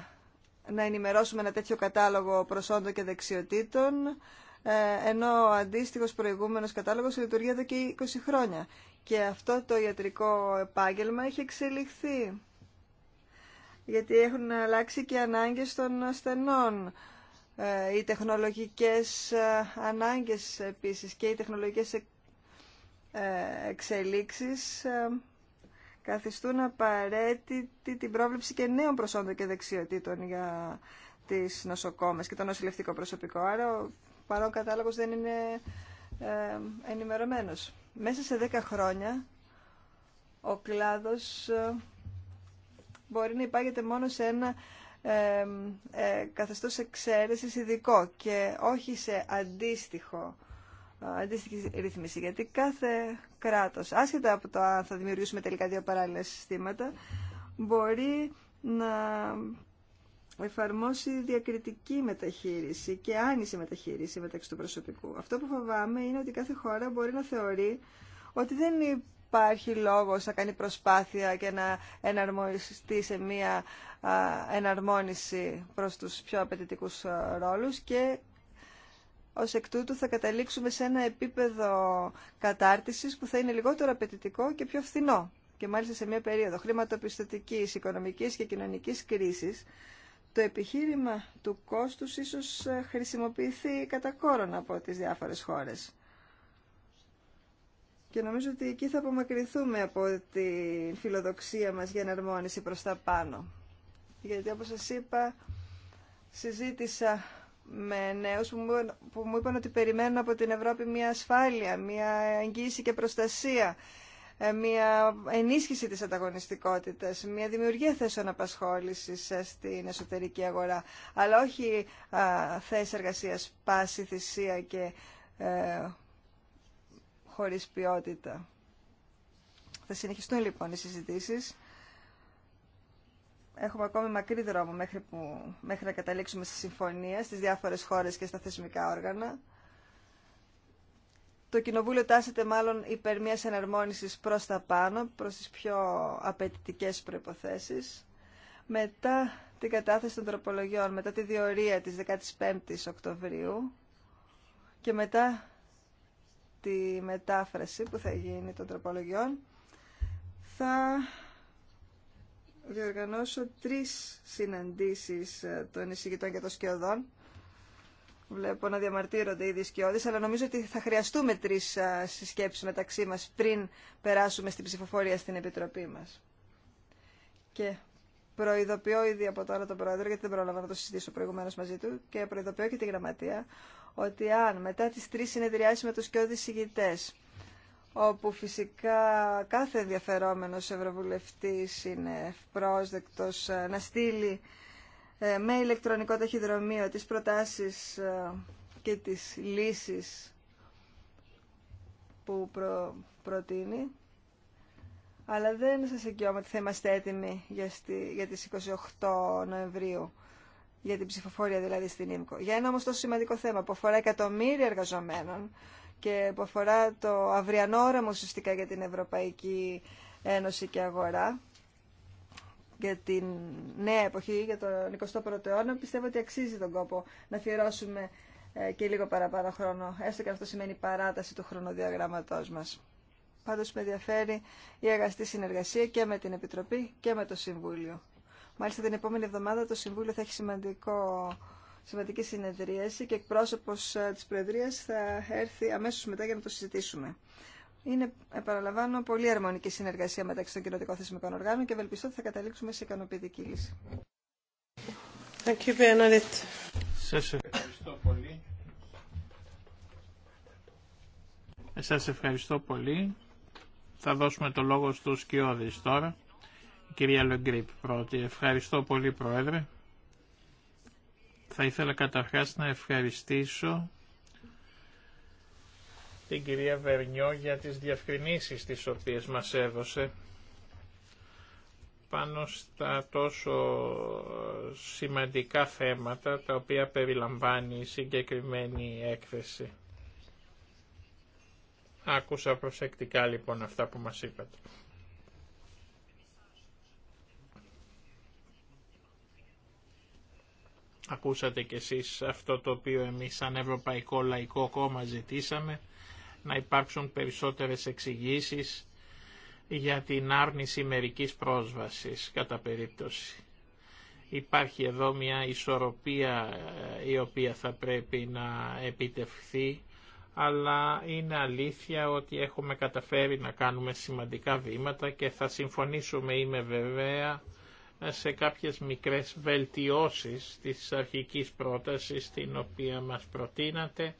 να ενημερώσουμε ένα τέτοιο κατάλογο προσόντων και δεξιοτήτων, ε, ενώ ο αντίστοιχος προηγούμενος κατάλογος λειτουργεί εδώ και 20 χρόνια. Και αυτό το ιατρικό επάγγελμα έχει εξελιχθεί, γιατί έχουν αλλάξει και ανάγκες των ασθενών, ε, οι τεχνολογικές ε, ανάγκες επίσης και οι τεχνολογικές εξελίξεις καθιστούν απαραίτητη την πρόβλεψη και νέων προσόντων και δεξιοτήτων για τις νοσοκόμες και το νοσηλευτικό προσωπικό. Άρα παρόν κατάλογος δεν είναι ε, ενημερωμένος. Μέσα σε 10 χρόνια ο κλάδος ε, μπορεί να υπάγεται μόνο σε ένα ε, ε, καθεστώς εξαίρεσης ειδικό και όχι σε αντίστοιχο ε, αντίστοιχη ρύθμιση, γιατί κάθε κράτος, άσχετα από το αν θα δημιουργήσουμε τελικά δύο παράλληλα συστήματα, μπορεί να εφαρμόσει διακριτική μεταχείριση και άνηση μεταχείριση μεταξύ του προσωπικού. Αυτό που φοβάμαι είναι ότι κάθε χώρα μπορεί να θεωρεί ότι δεν υπάρχει λόγος να κάνει προσπάθεια και να εναρμονιστεί σε μία εναρμόνιση προς τους πιο απαιτητικούς ρόλους και ως εκ τούτου θα καταλήξουμε σε ένα επίπεδο κατάρτισης που θα είναι λιγότερο απαιτητικό και πιο φθηνό και μάλιστα σε μια περίοδο χρηματοπιστωτικής, οικονομικής και κοινωνικής κρίσης το επιχείρημα του κόστους ίσως ε, χρησιμοποιηθεί κατά κόρον από τις διάφορες χώρες. Και νομίζω ότι εκεί θα απομακρυνθούμε από τη φιλοδοξία μας για εναρμόνιση προς τα πάνω. Γιατί όπως σας είπα, συζήτησα με νέους που μου, που μου είπαν ότι περιμένουν από την Ευρώπη μια ασφάλεια, μια εγγύηση και προστασία ε, μια ενίσχυση της ανταγωνιστικότητας, μια δημιουργία θέσεων απασχόλησης ε, στην εσωτερική αγορά, αλλά όχι θέσεις εργασίας πάση θυσία και ε, χωρίς ποιότητα. Θα συνεχιστούν λοιπόν οι συζητήσεις. Έχουμε ακόμη μακρύ δρόμο μέχρι, που, μέχρι να καταλήξουμε στη συμφωνία στις διάφορες χώρες και στα θεσμικά όργανα το Κοινοβούλιο τάσεται μάλλον υπέρ μια εναρμόνιση προς τα πάνω, προς τις πιο απαιτητικέ προποθέσει, Μετά την κατάθεση των τροπολογιών, μετά τη διορία τη 15 η Οκτωβρίου και μετά τη μετάφραση που θα γίνει των τροπολογιών, θα διοργανώσω τρεις συναντήσεις των εισηγητών και των σκιωδών βλέπω να διαμαρτύρονται οι δισκιώδεις, αλλά νομίζω ότι θα χρειαστούμε τρεις συσκέψεις μεταξύ μας πριν περάσουμε στην ψηφοφορία στην Επιτροπή μας. Και προειδοποιώ ήδη από τώρα τον Πρόεδρο, γιατί δεν πρόλαβα να το συζητήσω προηγουμένως μαζί του, και προειδοποιώ και τη Γραμματεία, ότι αν μετά τις τρεις συνεδριάσεις με τους σκιώδεις ηγητές, όπου φυσικά κάθε ενδιαφερόμενος ευρωβουλευτής είναι πρόσδεκτος ε, να στείλει ε, με ηλεκτρονικό ταχυδρομείο τις προτάσεις ε, και τις λύσεις που προτείνει. Αλλά δεν σας εγγυώμαι ότι θα είμαστε έτοιμοι για, στη, για τις 28 Νοεμβρίου, για την ψηφοφορία δηλαδή στην ΙΜΚΟ. Για ένα όμως τόσο σημαντικό θέμα που αφορά εκατομμύρια εργαζομένων και που αφορά το αυριανό όραμα ουσιαστικά για την Ευρωπαϊκή Ένωση και Αγορά, για την νέα εποχή, για τον 21ο αιώνα, πιστεύω ότι αξίζει τον κόπο να αφιερώσουμε ε, και λίγο παραπάνω χρόνο, έστω και αυτό σημαίνει παράταση του χρονοδιαγράμματός μας. Πάντως με ενδιαφέρει η αγαστή συνεργασία και με την Επιτροπή και με το Συμβούλιο. Μάλιστα την επόμενη εβδομάδα το Συμβούλιο θα έχει σημαντικό, σημαντική συνεδρίαση και εκπρόσωπος ε, της Προεδρίας θα έρθει αμέσως μετά για να το συζητήσουμε είναι, επαναλαμβάνω, πολύ αρμονική συνεργασία μεταξύ των κοινωτικών θεσμικών οργάνων και ευελπιστώ ότι θα καταλήξουμε σε ικανοποιητική λύση. Thank ευχαριστώ πολύ. ευχαριστώ πολύ. Θα δώσουμε το λόγο στους Σκιώδη τώρα. Η κυρία Λεγκρίπ πρώτη. Ευχαριστώ πολύ Πρόεδρε. Θα ήθελα καταρχάς να ευχαριστήσω την κυρία Βερνιό για τις διευκρινήσεις τις οποίες μας έδωσε πάνω στα τόσο σημαντικά θέματα τα οποία περιλαμβάνει η συγκεκριμένη έκθεση. Άκουσα προσεκτικά λοιπόν αυτά που μας είπατε. Ακούσατε κι εσείς αυτό το οποίο εμείς σαν Ευρωπαϊκό Λαϊκό Κόμμα ζητήσαμε να υπάρξουν περισσότερες εξηγήσει για την άρνηση μερικής πρόσβασης κατά περίπτωση. Υπάρχει εδώ μια ισορροπία ε, η οποία θα πρέπει να επιτευχθεί, αλλά είναι αλήθεια ότι έχουμε καταφέρει να κάνουμε σημαντικά βήματα και θα συμφωνήσουμε, είμαι βέβαια, σε κάποιες μικρές βελτιώσεις της αρχικής πρότασης την οποία μας προτείνατε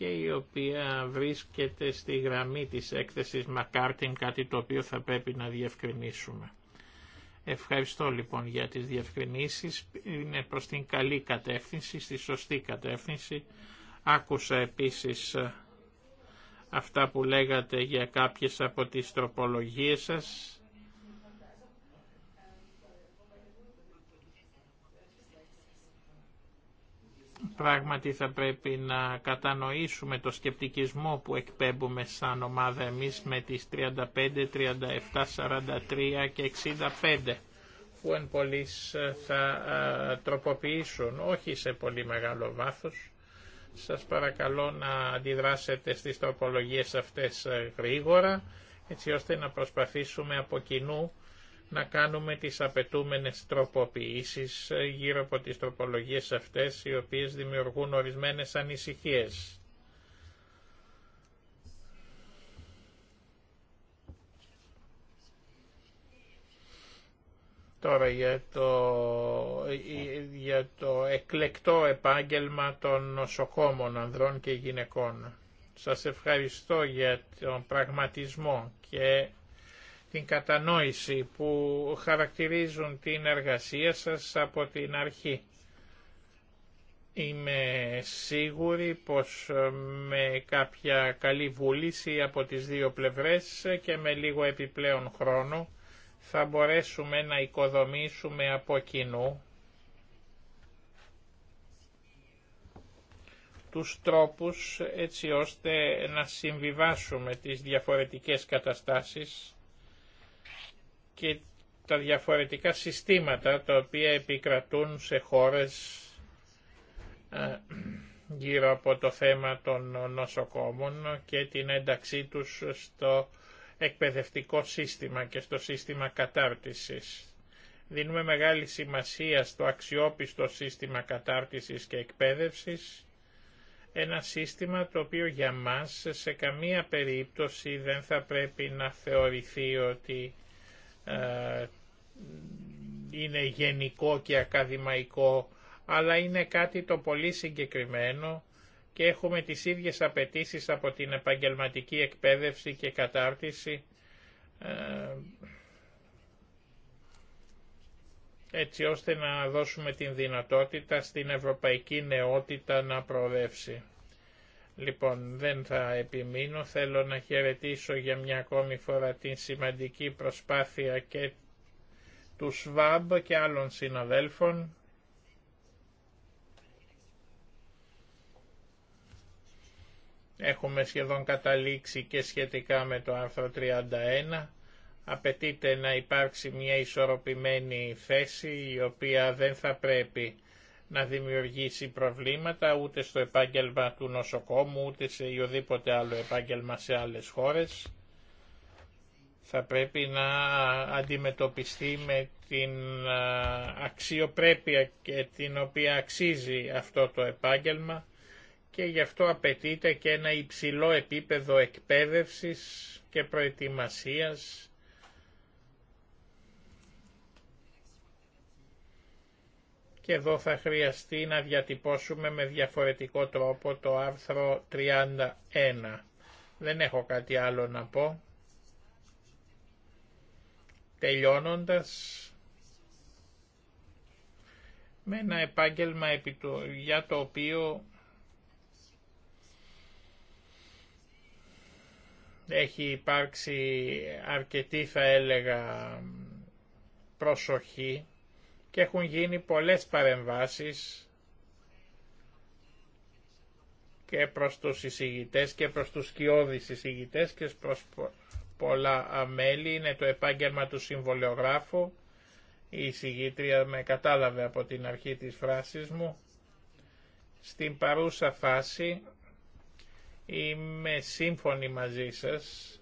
και η οποία βρίσκεται στη γραμμή της έκθεσης Μακάρτιν, κάτι το οποίο θα πρέπει να διευκρινίσουμε. Ευχαριστώ λοιπόν για τις διευκρινήσεις, είναι προς την καλή κατεύθυνση, στη σωστή κατεύθυνση. Άκουσα επίσης ε, αυτά που λέγατε για κάποιες από τις τροπολογίες σας Πράγματι θα πρέπει να κατανοήσουμε το σκεπτικισμό που εκπέμπουμε σαν ομάδα εμείς με τις 35, 37, 43 και 65 που εν πολλής ε, θα ε, τροποποιήσουν, όχι σε πολύ μεγάλο βάθος. Σας παρακαλώ να αντιδράσετε στις τροπολογίες αυτές ε, γρήγορα, έτσι ώστε να προσπαθήσουμε από κοινού να κάνουμε τις απαιτούμενες τροποποιήσεις ε, γύρω από τις τροπολογίες αυτές οι οποίες δημιουργούν ορισμένες ανησυχίες. Τώρα για το, ε, ε, για το εκλεκτό επάγγελμα των νοσοκόμων ανδρών και γυναικών. Σας ευχαριστώ για τον πραγματισμό και την κατανόηση που χαρακτηρίζουν την εργασία σας από την αρχή. Είμαι σίγουρη πως ε, με κάποια καλή βούληση από τις δύο πλευρές και με λίγο επιπλέον χρόνο θα μπορέσουμε να οικοδομήσουμε από κοινού τους τρόπους έτσι ώστε να συμβιβάσουμε τις διαφορετικές καταστάσεις και τα διαφορετικά συστήματα τα οποία επικρατούν σε χώρες ε, γύρω από το θέμα των νοσοκόμων και την ένταξή τους στο εκπαιδευτικό σύστημα και στο σύστημα κατάρτισης. Δίνουμε μεγάλη σημασία στο αξιόπιστο σύστημα κατάρτισης και εκπαίδευσης, ένα σύστημα το οποίο για μας σε καμία περίπτωση δεν θα πρέπει να θεωρηθεί ότι ε, είναι γενικό και ακαδημαϊκό, αλλά είναι κάτι το πολύ συγκεκριμένο και έχουμε τις ίδιες απαιτήσεις από την επαγγελματική εκπαίδευση και κατάρτιση ε, έτσι ώστε να δώσουμε την δυνατότητα στην ευρωπαϊκή νεότητα να προοδεύσει. Λοιπόν, δεν θα επιμείνω. Θέλω να χαιρετήσω για μια ακόμη φορά την σημαντική προσπάθεια και του ΣΒΑΜ και άλλων συναδέλφων. Έχουμε σχεδόν καταλήξει και σχετικά με το άρθρο 31. Απαιτείται να υπάρξει μια ισορροπημένη θέση η οποία δεν θα πρέπει να δημιουργήσει προβλήματα ούτε στο επάγγελμα του νοσοκόμου, ούτε σε οποιοδήποτε άλλο επάγγελμα σε άλλες χώρες. Θα πρέπει να αντιμετωπιστεί με την αξιοπρέπεια και την οποία αξίζει αυτό το επάγγελμα και γι' αυτό απαιτείται και ένα υψηλό επίπεδο εκπαίδευσης και προετοιμασίας και εδώ θα χρειαστεί να διατυπώσουμε με διαφορετικό τρόπο το άρθρο 31. Δεν έχω κάτι άλλο να πω. Τελειώνοντας, με ένα επάγγελμα για το οποίο έχει υπάρξει αρκετή θα έλεγα προσοχή και έχουν γίνει πολλές παρεμβάσεις και προς τους εισηγητές και προς τους σκιώδεις εισηγητές και προς πολλά μέλη. Είναι το επάγγελμα του συμβολιογράφου. Η εισηγήτρια με κατάλαβε από την αρχή της φράσης μου. Στην παρούσα φάση είμαι σύμφωνη μαζί σας,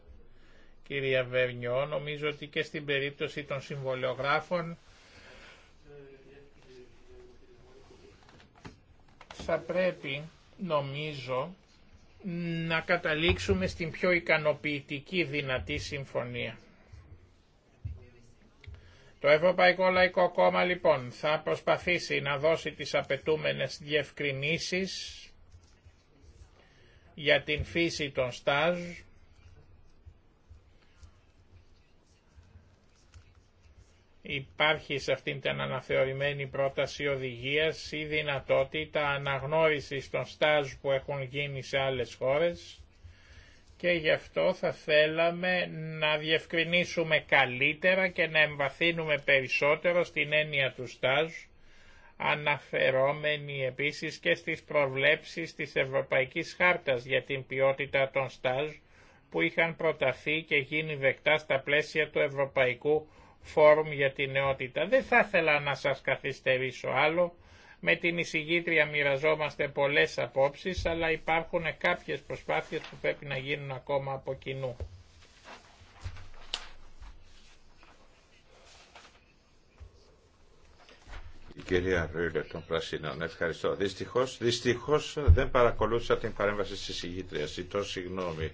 κυρία Βερνιό. Νομίζω ότι και στην περίπτωση των συμβολιογράφων θα πρέπει νομίζω να καταλήξουμε στην πιο ικανοποιητική δυνατή συμφωνία. Το Ευρωπαϊκό Λαϊκό Κόμμα λοιπόν θα προσπαθήσει να δώσει τις απαιτούμενες διευκρινήσεις για την φύση των στάζ, Υπάρχει σε αυτήν την αναθεωρημένη πρόταση οδηγίας η δυνατότητα αναγνώρισης των στάζ που έχουν γίνει σε άλλες χώρες και γι' αυτό θα θέλαμε να διευκρινίσουμε καλύτερα και να εμβαθύνουμε περισσότερο στην έννοια του στάζ, αναφερόμενη επίσης και στις προβλέψεις της Ευρωπαϊκής Χάρτας για την ποιότητα των στάζ που είχαν προταθεί και γίνει δεκτά στα πλαίσια του Ευρωπαϊκού φόρουμ για την νεότητα. Δεν θα ήθελα να σας καθυστερήσω άλλο. Με την εισηγήτρια μοιραζόμαστε πολλές απόψεις, αλλά υπάρχουν κάποιες προσπάθειες που πρέπει να γίνουν ακόμα από κοινού. Η κυρία Ρίλε των Πρασίνων, ναι, ευχαριστώ. Δυστυχώς, δυστυχώς δεν παρακολούθησα την παρέμβαση της εισηγήτριας, ζητώ συγγνώμη.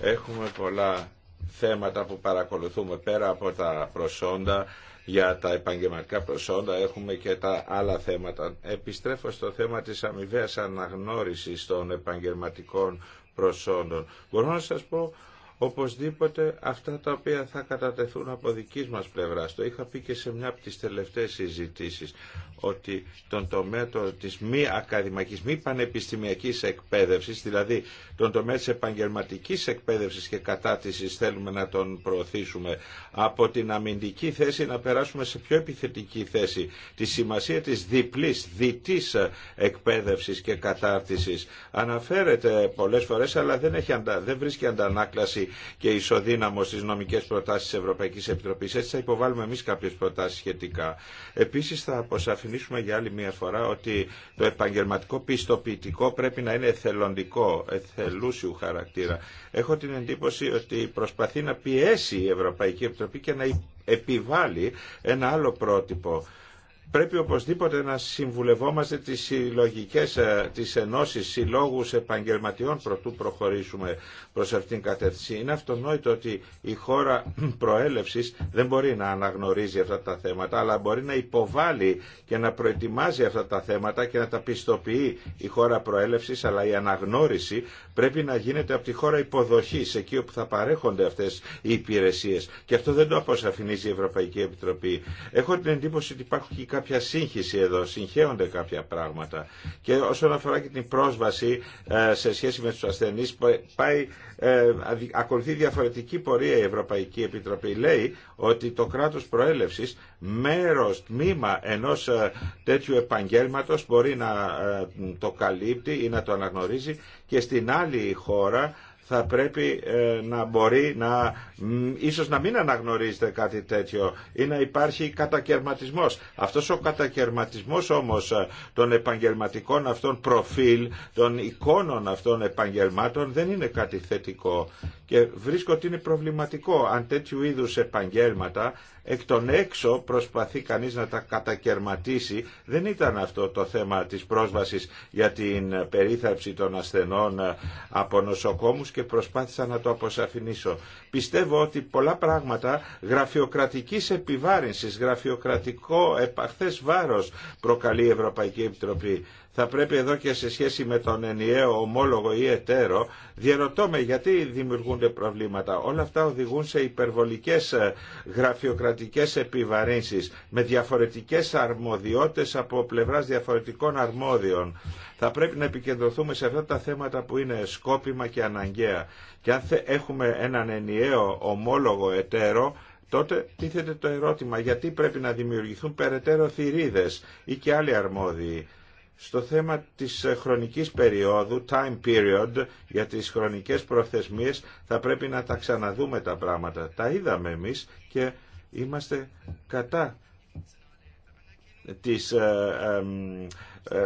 Έχουμε πολλά θέματα που παρακολουθούμε πέρα από τα προσόντα για τα επαγγελματικά προσόντα έχουμε και τα άλλα θέματα. Επιστρέφω στο θέμα της αμοιβαίας αναγνώρισης των επαγγελματικών προσόντων. Μπορώ να σας πω Οπωσδήποτε αυτά τα οποία θα κατατεθούν από δική μας πλευρά. Το είχα πει και σε μια από τις τελευταίες συζητήσεις ότι τον τομέα της μη ακαδημαϊκής, μη πανεπιστημιακής εκπαίδευσης, δηλαδή τον τομέα της επαγγελματικής εκπαίδευσης και κατάτησης θέλουμε να τον προωθήσουμε από την αμυντική θέση να περάσουμε σε πιο επιθετική θέση τη σημασία της διπλής, διτής εκπαίδευσης και κατάρτισης. Αναφέρεται πολλές φορές αλλά δεν, έχει, δεν βρίσκει αντανάκλαση και ισοδύναμο στις νομικέ προτάσεις της Ευρωπαϊκής Επιτροπής. Έτσι θα υποβάλουμε εμείς κάποιες προτάσεις σχετικά. Επίσης θα αποσαφηνίσουμε για άλλη μια φορά ότι το επαγγελματικό πιστοποιητικό πρέπει να είναι εθελοντικό, εθελούσιου χαρακτήρα. Έχω την εντύπωση ότι προσπαθεί να πιέσει η Ευρωπαϊκή Επιτροπή και να επιβάλλει ένα άλλο πρότυπο Πρέπει οπωσδήποτε να συμβουλευόμαστε τις συλλογικές, ε, τις ενώσεις συλλόγους επαγγελματιών προτού προχωρήσουμε προς αυτήν την κατεύθυνση. Είναι αυτονόητο ότι η χώρα προέλευσης δεν μπορεί να αναγνωρίζει αυτά τα θέματα, αλλά μπορεί να υποβάλει και να προετοιμάζει αυτά τα θέματα και να τα πιστοποιεί η χώρα προέλευσης, αλλά η αναγνώριση πρέπει να γίνεται από τη χώρα υποδοχής, εκεί όπου θα παρέχονται αυτές οι υπηρεσίες. Και αυτό δεν το αποσαφηνίζει η Ευρωπαϊκή Επιτροπή. Έχω την εντύπωση ότι υπάρχουν κάποια σύγχυση εδώ, συγχέονται κάποια πράγματα. Και όσον αφορά και την πρόσβαση ε, σε σχέση με τους ασθενείς, πάει, ε, ακολουθεί διαφορετική πορεία η Ευρωπαϊκή Επιτροπή. Λέει ότι το κράτος προέλευσης μέρος, τμήμα ενός ε, τέτοιου επαγγέλματος μπορεί να το καλύπτει ή να το αναγνωρίζει και στην άλλη χώρα θα πρέπει ε, να μπορεί να ίσως να μην αναγνωρίζεται κάτι τέτοιο ή να υπάρχει κατακαιρματισμός. Αυτός ο κατακαιρματισμός όμως ε, των επαγγελματικών αυτών προφίλ, των εικόνων αυτών επαγγελμάτων δεν είναι κάτι θετικό και βρίσκω ότι είναι προβληματικό αν τέτοιου είδους επαγγέλματα εκ των έξω προσπαθεί κανείς να τα κατακαιρματίσει. Δεν ήταν αυτό το θέμα της πρόσβασης για την περίθαψη των ασθενών ε, από νοσοκόμους και προσπάθησα να το αποσαφηνίσω. Πιστεύω ότι πολλά πράγματα γραφειοκρατικής επιβάρυνσης, γραφειοκρατικό επαχθές βάρος προκαλεί η Ευρωπαϊκή Επιτροπή θα πρέπει εδώ και σε σχέση με τον ενιαίο ομόλογο ή εταίρο, διαρωτώ με γιατί δημιουργούνται προβλήματα. Όλα αυτά οδηγούν σε υπερβολικές ε, γραφειοκρατικές επιβαρύνσεις, με διαφορετικές αρμοδιότητες από πλευράς διαφορετικών αρμόδιων. Θα πρέπει να επικεντρωθούμε σε αυτά τα θέματα που είναι σκόπιμα και αναγκαία. Και αν έχουμε έναν ενιαίο ομόλογο εταίρο, τότε τίθεται το ερώτημα γιατί πρέπει να δημιουργηθούν περαιτέρω θηρίδες ή και άλλοι αρμόδιοι στο θέμα της ε, χρονικής περίοδου, time period, για τις χρονικές προθεσμίες, θα πρέπει να τα ξαναδούμε τα πράγματα. Τα είδαμε εμείς και είμαστε κατά της ε, ε,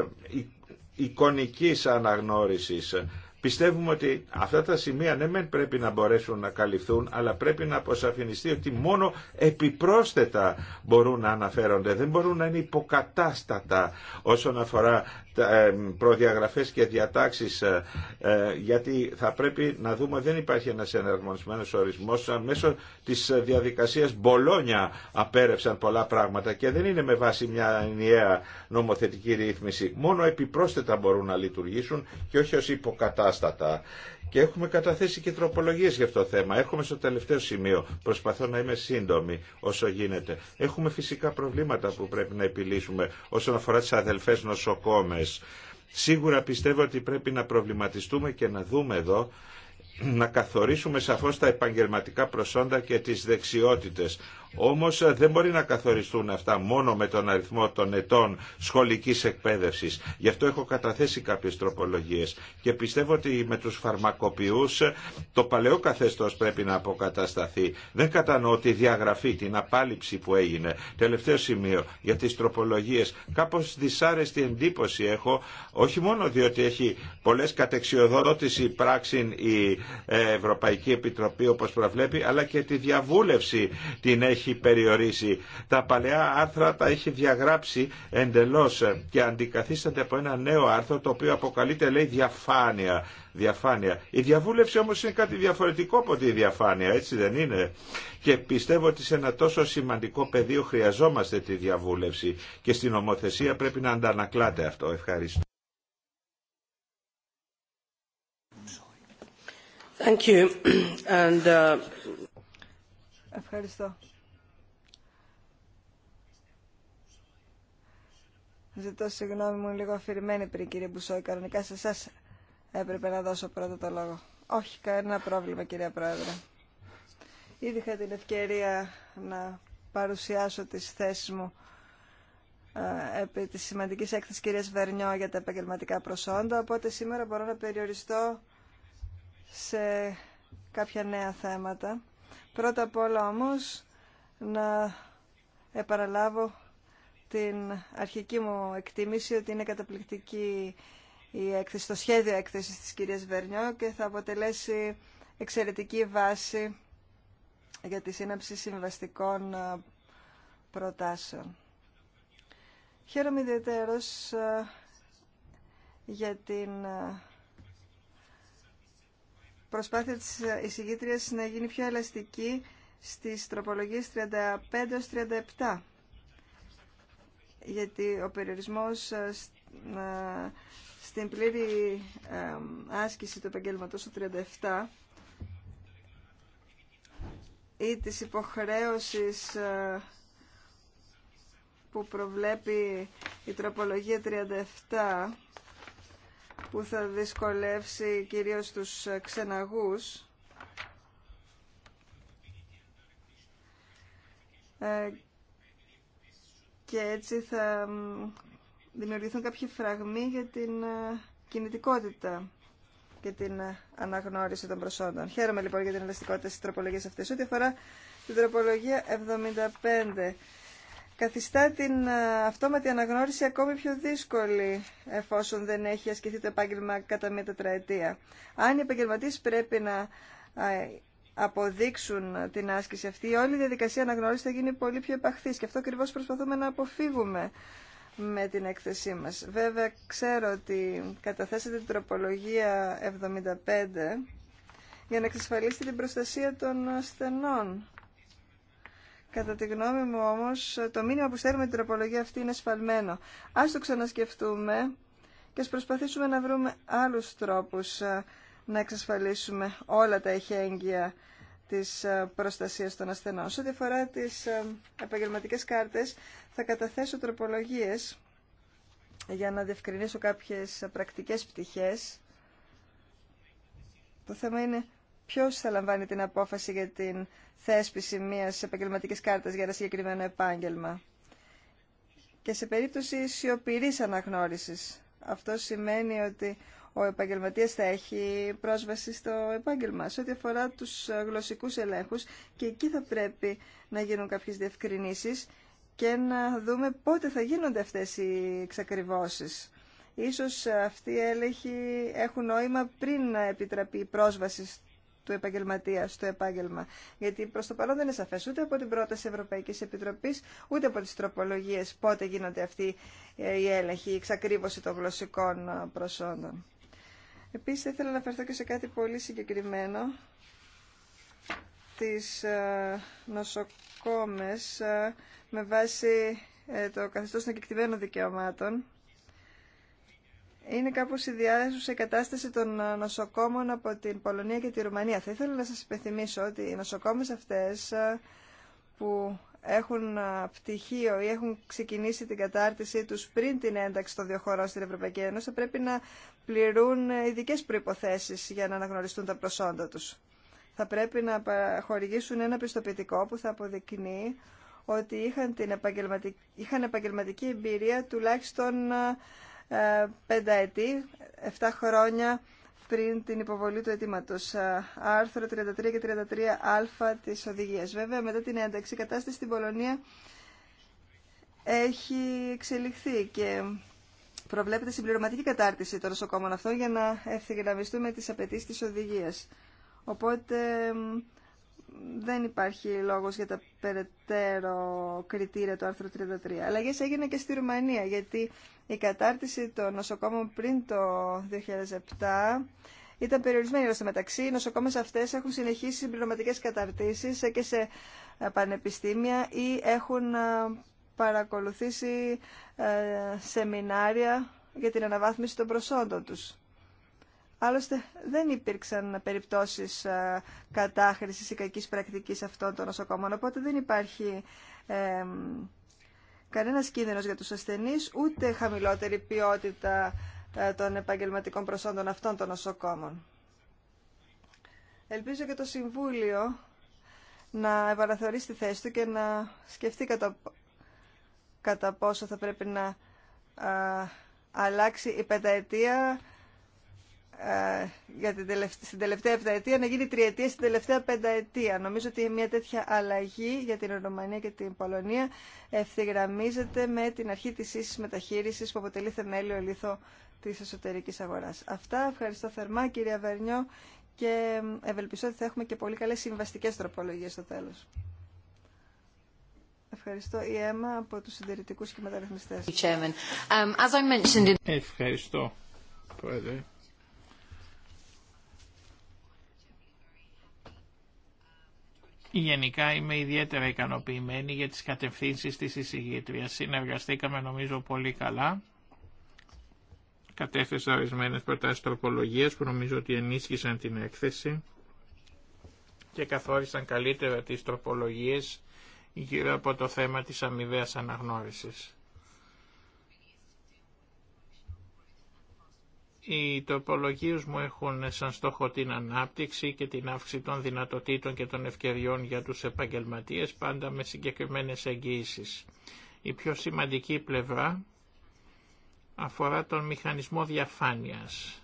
ε, ε αναγνώρισης Πιστεύουμε ότι αυτά τα σημεία ναι μεν πρέπει να μπορέσουν να καλυφθούν, αλλά πρέπει να αποσαφινιστεί ότι μόνο επιπρόσθετα μπορούν να αναφέρονται, δεν μπορούν να είναι υποκατάστατα όσον αφορά ε, προδιαγραφές και διατάξεις ε, ε, γιατί θα πρέπει να δούμε δεν υπάρχει ένας εναρμονισμένος ορισμός μέσω της διαδικασίας Μπολόνια απέρευσαν πολλά πράγματα και δεν είναι με βάση μια ενιαία νομοθετική ρύθμιση μόνο επιπρόσθετα μπορούν να λειτουργήσουν και όχι ως υποκατάστατα και έχουμε καταθέσει και τροπολογίε για αυτό το θέμα. Έρχομαι στο τελευταίο σημείο. Προσπαθώ να είμαι σύντομη όσο γίνεται. Έχουμε φυσικά προβλήματα που πρέπει να επιλύσουμε όσον αφορά τι αδελφέ νοσοκόμε. Σίγουρα πιστεύω ότι πρέπει να προβληματιστούμε και να δούμε εδώ να καθορίσουμε σαφώς τα επαγγελματικά προσόντα και τις δεξιότητες όμως ε, δεν μπορεί να καθοριστούν αυτά μόνο με τον αριθμό των ετών σχολικής εκπαίδευσης. Γι' αυτό έχω καταθέσει κάποιες τροπολογίες και πιστεύω ότι με τους φαρμακοποιούς ε, το παλαιό καθεστώς πρέπει να αποκατασταθεί. Δεν κατανοώ τη διαγραφή, την απάλληψη που έγινε. Τελευταίο σημείο για τις τροπολογίες. Κάπως δυσάρεστη εντύπωση έχω, όχι μόνο διότι έχει πολλές κατεξιοδότηση πράξη η ε, Ευρωπαϊκή Επιτροπή όπως προβλέπει, αλλά και τη διαβούλευση την έχει έχει περιορίσει. Τα παλαιά άρθρα τα έχει διαγράψει εντελώς και αντικαθίσταται από ένα νέο άρθρο το οποίο αποκαλείται λέει διαφάνεια. Διαφάνεια. Η διαβούλευση όμως είναι κάτι διαφορετικό από τη διαφάνεια, έτσι δεν είναι. Και πιστεύω ότι σε ένα τόσο σημαντικό πεδίο χρειαζόμαστε τη διαβούλευση και στην ομοθεσία πρέπει να αντανακλάται αυτό. Ευχαριστώ. Thank you. And, uh... Ευχαριστώ. Ζητώ συγγνώμη μου, λίγο αφηρημένη πριν κύριε Μπουσόη. Κανονικά σε εσά έπρεπε να δώσω πρώτα το λόγο. Όχι, κανένα πρόβλημα κυρία Πρόεδρε. Ήδη είχα την ευκαιρία να παρουσιάσω τις θέσεις μου ε, επί της σημαντικής έκθεσης κυρίας Βερνιό για τα επαγγελματικά προσόντα, οπότε σήμερα μπορώ να περιοριστώ σε κάποια νέα θέματα. Πρώτα απ' όλα όμως να επαναλάβω την αρχική μου εκτίμηση ότι είναι καταπληκτική η έκθεση, το σχέδιο έκθεσης της κυρίας Βερνιό και θα αποτελέσει εξαιρετική βάση για τη σύναψη συμβαστικών ε, προτάσεων. Χαίρομαι ιδιαίτερος ε, για την ε, προσπάθεια της εισηγήτριας να γίνει πιο ελαστική στις τροπολογίες 35-37 γιατί ο περιορισμός ε, ε, στην πλήρη ε, άσκηση του επαγγέλματο του 37 ή της υποχρέωσης που προβλέπει η τροπολογία 37 που θα δυσκολεύσει κυρίως τους ξεναγούς και έτσι θα δημιουργηθούν κάποιοι φραγμοί για την ε, κινητικότητα και την ε, αναγνώριση των προσόντων. Χαίρομαι λοιπόν για την ελαστικότητα στις τροπολογίες αυτές. Ό,τι αφορά την τροπολογία 75, καθιστά την ε, αυτόματη αναγνώριση ακόμη πιο δύσκολη εφόσον δεν έχει ασκηθεί το επάγγελμα κατά μία τετραετία. Αν οι επαγγελματίε πρέπει να αποδείξουν την άσκηση αυτή, η όλη διαδικασία αναγνώριση θα γίνει πολύ πιο επαχθή. και αυτό ακριβώ προσπαθούμε να αποφύγουμε με την έκθεσή μας. Βέβαια, ξέρω ότι καταθέσατε την τροπολογία 75 για να εξασφαλίσετε την προστασία των ασθενών. Κατά τη γνώμη μου όμως, το μήνυμα που στέλνουμε την τροπολογία αυτή είναι σφαλμένο. Ας το ξανασκεφτούμε και ας προσπαθήσουμε να βρούμε άλλους τρόπους να εξασφαλίσουμε όλα τα εχέγγυα της ε, προστασίας των ασθενών. Σε ό,τι αφορά τις ε, επαγγελματικές κάρτες, θα καταθέσω τροπολογίες για να διευκρινίσω κάποιες πρακτικές πτυχές. Το θέμα είναι ποιος θα λαμβάνει την απόφαση για την θέσπιση μιας επαγγελματικής κάρτας για ένα συγκεκριμένο επάγγελμα. Και σε περίπτωση σιωπηρής αναγνώρισης. Αυτό σημαίνει ότι ο επαγγελματίας θα έχει πρόσβαση στο επάγγελμα. Σε ό,τι αφορά τους γλωσσικούς ελέγχους και εκεί θα πρέπει να γίνουν κάποιες διευκρινήσεις και να δούμε πότε θα γίνονται αυτές οι εξακριβώσεις. Ίσως αυτοί οι έλεγχοι έχουν νόημα πριν να επιτραπεί η πρόσβαση του επαγγελματία στο επάγγελμα. Γιατί προ το παρόν δεν είναι σαφέ ούτε από την πρόταση Ευρωπαϊκή Επιτροπή, ούτε από τι τροπολογίε πότε γίνονται αυτοί ε, οι έλεγχοι, η εξακρίβωση των γλωσσικών ε, προσόντων. Επίσης, ήθελα να αναφερθώ και σε κάτι πολύ συγκεκριμένο. Τις ε, νοσοκόμες ε, με βάση ε, το καθεστώς των κεκτημένων δικαιωμάτων. Είναι κάπως ιδιάζουσα η κατάσταση των νοσοκόμων από την Πολωνία και τη Ρουμανία. Θα ήθελα να σας υπενθυμίσω ότι οι νοσοκόμες αυτές που έχουν πτυχίο ή έχουν ξεκινήσει την κατάρτισή τους πριν την ένταξη των δύο χωρών στην Ευρωπαϊκή Ένωση, θα πρέπει να πληρούν ε, ειδικέ προϋποθέσεις για να αναγνωριστούν τα προσόντα τους. Θα πρέπει να χορηγήσουν ένα πιστοποιητικό που θα αποδεικνύει ότι είχαν, την επαγγελματική, είχαν επαγγελματική εμπειρία τουλάχιστον ε, ε, πενταετή, 7 χρόνια πριν την υποβολή του αιτήματο. Άρθρο 33 και 33α τη οδηγία. Βέβαια, μετά την ένταξη, η κατάσταση στην Πολωνία έχει εξελιχθεί και προβλέπεται συμπληρωματική κατάρτιση των νοσοκόμων αυτών για να ευθυγραμμιστούμε τι απαιτήσει τη οδηγία. Οπότε δεν υπάρχει λόγος για τα περαιτέρω κριτήρια του άρθρου 33. Αλλαγές έγινε και στη Ρουμανία, γιατί η κατάρτιση των νοσοκόμων πριν το 2007 ήταν περιορισμένη ως μεταξύ. Οι νοσοκόμες αυτές έχουν συνεχίσει συμπληρωματικές καταρτήσεις και σε πανεπιστήμια ή έχουν ε, παρακολουθήσει ε, σεμινάρια για την αναβάθμιση των προσόντων τους. Άλλωστε δεν υπήρξαν περιπτώσεις ε, κατάχρησης ή κακής πρακτικής αυτών των νοσοκόμων, οπότε δεν υπάρχει ε, κανένας κίνδυνος για τους ασθενείς, ούτε χαμηλότερη ποιότητα ε, των επαγγελματικών προσόντων αυτών των νοσοκόμων. Ελπίζω και το Συμβούλιο να επαναθεωρήσει τη θέση του και να σκεφτεί κατά, κατά πόσο θα πρέπει να αλλάξει η πενταετία ε, για την τελευταία, στην τελευταία επταετία να γίνει τριετία στην τελευταία πενταετία. Νομίζω ότι μια τέτοια αλλαγή για την Ρωμανία και την Πολωνία ευθυγραμμίζεται με την αρχή τη ίση μεταχείριση που αποτελεί θεμέλιο λίθο τη εσωτερική αγορά. Αυτά. Ευχαριστώ θερμά κυρία Βερνιό και ευελπιστώ ότι θα έχουμε και πολύ καλέ συμβαστικέ τροπολογίε στο τέλο. Ευχαριστώ η ΕΜΑ από τους συντηρητικούς και μεταρρυθμιστές. Um, Ευχαριστώ, Πρόεδρε. Γενικά είμαι ιδιαίτερα ικανοποιημένη για τις κατευθύνσεις της εισηγήτριας. Συνεργαστήκαμε νομίζω πολύ καλά. Κατέθεσα ορισμένε προτάσεις τροπολογίας που νομίζω ότι ενίσχυσαν την έκθεση και καθόρισαν καλύτερα τις τροπολογίες γύρω από το θέμα της αμοιβαίας αναγνώρισης. Οι τοπολογίε μου έχουν σαν στόχο την ανάπτυξη και την αύξηση των δυνατοτήτων και των ευκαιριών για τους επαγγελματίες, πάντα με συγκεκριμένες εγγύησεις. Η πιο σημαντική πλευρά αφορά τον μηχανισμό διαφάνειας.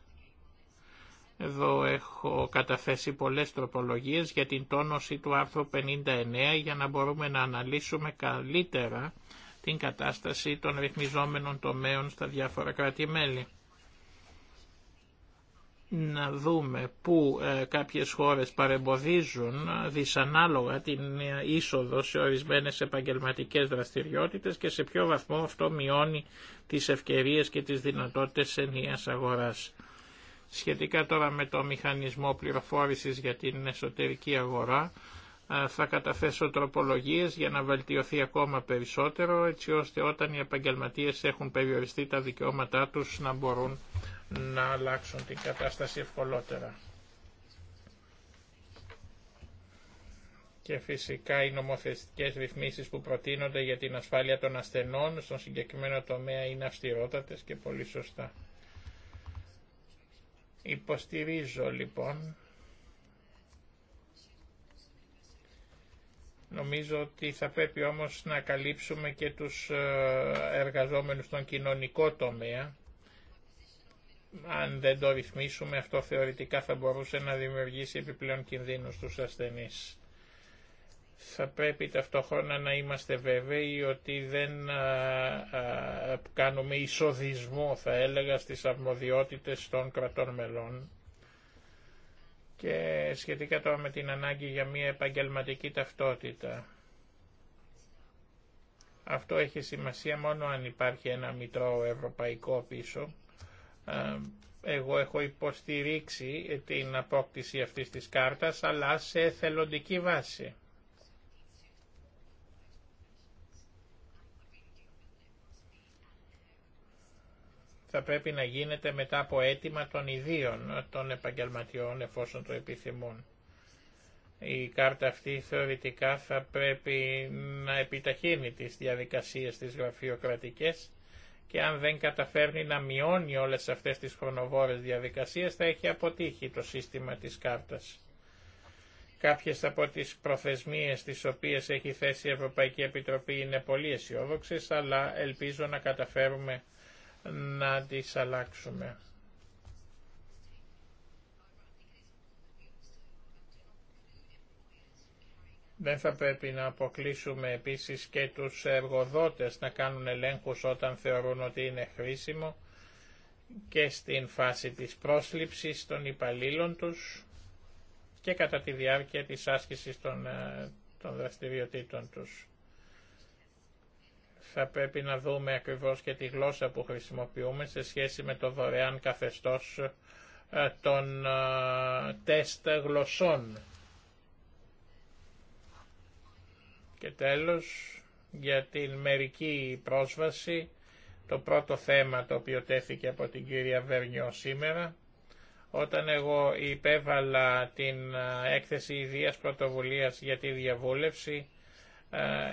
Εδώ έχω καταθέσει πολλές τροπολογίες για την τόνωση του άρθρου 59 για να μπορούμε να αναλύσουμε καλύτερα την κατάσταση των ρυθμιζόμενων τομέων στα διάφορα κράτη-μέλη να δούμε που ε, κάποιες χώρες παρεμποδίζουν ε, δυσανάλογα την ε, είσοδο σε ορισμένες επαγγελματικές δραστηριότητες και σε ποιο βαθμό αυτό μειώνει τις ευκαιρίες και τις δυνατότητες ενίας αγοράς. Σχετικά τώρα με το μηχανισμό πληροφόρησης για την εσωτερική αγορά, θα καταθέσω τροπολογίες για να βελτιωθεί ακόμα περισσότερο, έτσι ώστε όταν οι επαγγελματίες έχουν περιοριστεί τα δικαιώματά τους να μπορούν να αλλάξουν την κατάσταση ευκολότερα. Και φυσικά οι νομοθετικές ρυθμίσεις που προτείνονται για την ασφάλεια των ασθενών στον συγκεκριμένο τομέα είναι αυστηρότατες και πολύ σωστά. Υποστηρίζω λοιπόν Νομίζω ότι θα πρέπει όμως να καλύψουμε και τους ε, εργαζόμενους στον κοινωνικό τομέα αν δεν το ρυθμίσουμε αυτό θεωρητικά θα μπορούσε να δημιουργήσει επιπλέον κινδύνους στους ασθενείς. Θα πρέπει ταυτόχρονα να είμαστε βέβαιοι ότι δεν κάνουμε εισοδισμό θα έλεγα στις αρμοδιότητες των κρατών μελών και σχετικά τώρα με την ανάγκη για μια επαγγελματική ταυτότητα. Αυτό έχει σημασία μόνο αν υπάρχει ένα μητρό ευρωπαϊκό πίσω ε, εγώ έχω υποστηρίξει την απόκτηση αυτής της κάρτας, αλλά σε εθελοντική βάση. θα πρέπει να γίνεται μετά από αίτημα των ιδίων των επαγγελματιών εφόσον το επιθυμούν. Η κάρτα αυτή θεωρητικά θα πρέπει να επιταχύνει τις διαδικασίες της γραφειοκρατικές και αν δεν καταφέρνει να μειώνει όλες αυτές τις χρονοβόρες διαδικασίες θα έχει αποτύχει το σύστημα της κάρτας. Κάποιες από τις προθεσμίες τις οποίες έχει θέσει η Ευρωπαϊκή Επιτροπή είναι πολύ αισιόδοξε, αλλά ελπίζω να καταφέρουμε να τις αλλάξουμε. Δεν θα πρέπει να αποκλείσουμε επίσης και τους εργοδότες να κάνουν ελέγχους όταν θεωρούν ότι είναι χρήσιμο και στην φάση της πρόσληψης των υπαλλήλων τους και κατά τη διάρκεια της άσκησης των, ε, των δραστηριοτήτων τους. Θα πρέπει να δούμε ακριβώς και τη γλώσσα που χρησιμοποιούμε σε σχέση με το δωρεάν καθεστώς ε, των ε, τεστ γλωσσών Και τέλος, για την μερική πρόσβαση, το πρώτο θέμα το οποίο τέθηκε από την κυρία Βέρνιο σήμερα, όταν εγώ υπέβαλα την έκθεση ιδίας πρωτοβουλίας για τη διαβούλευση,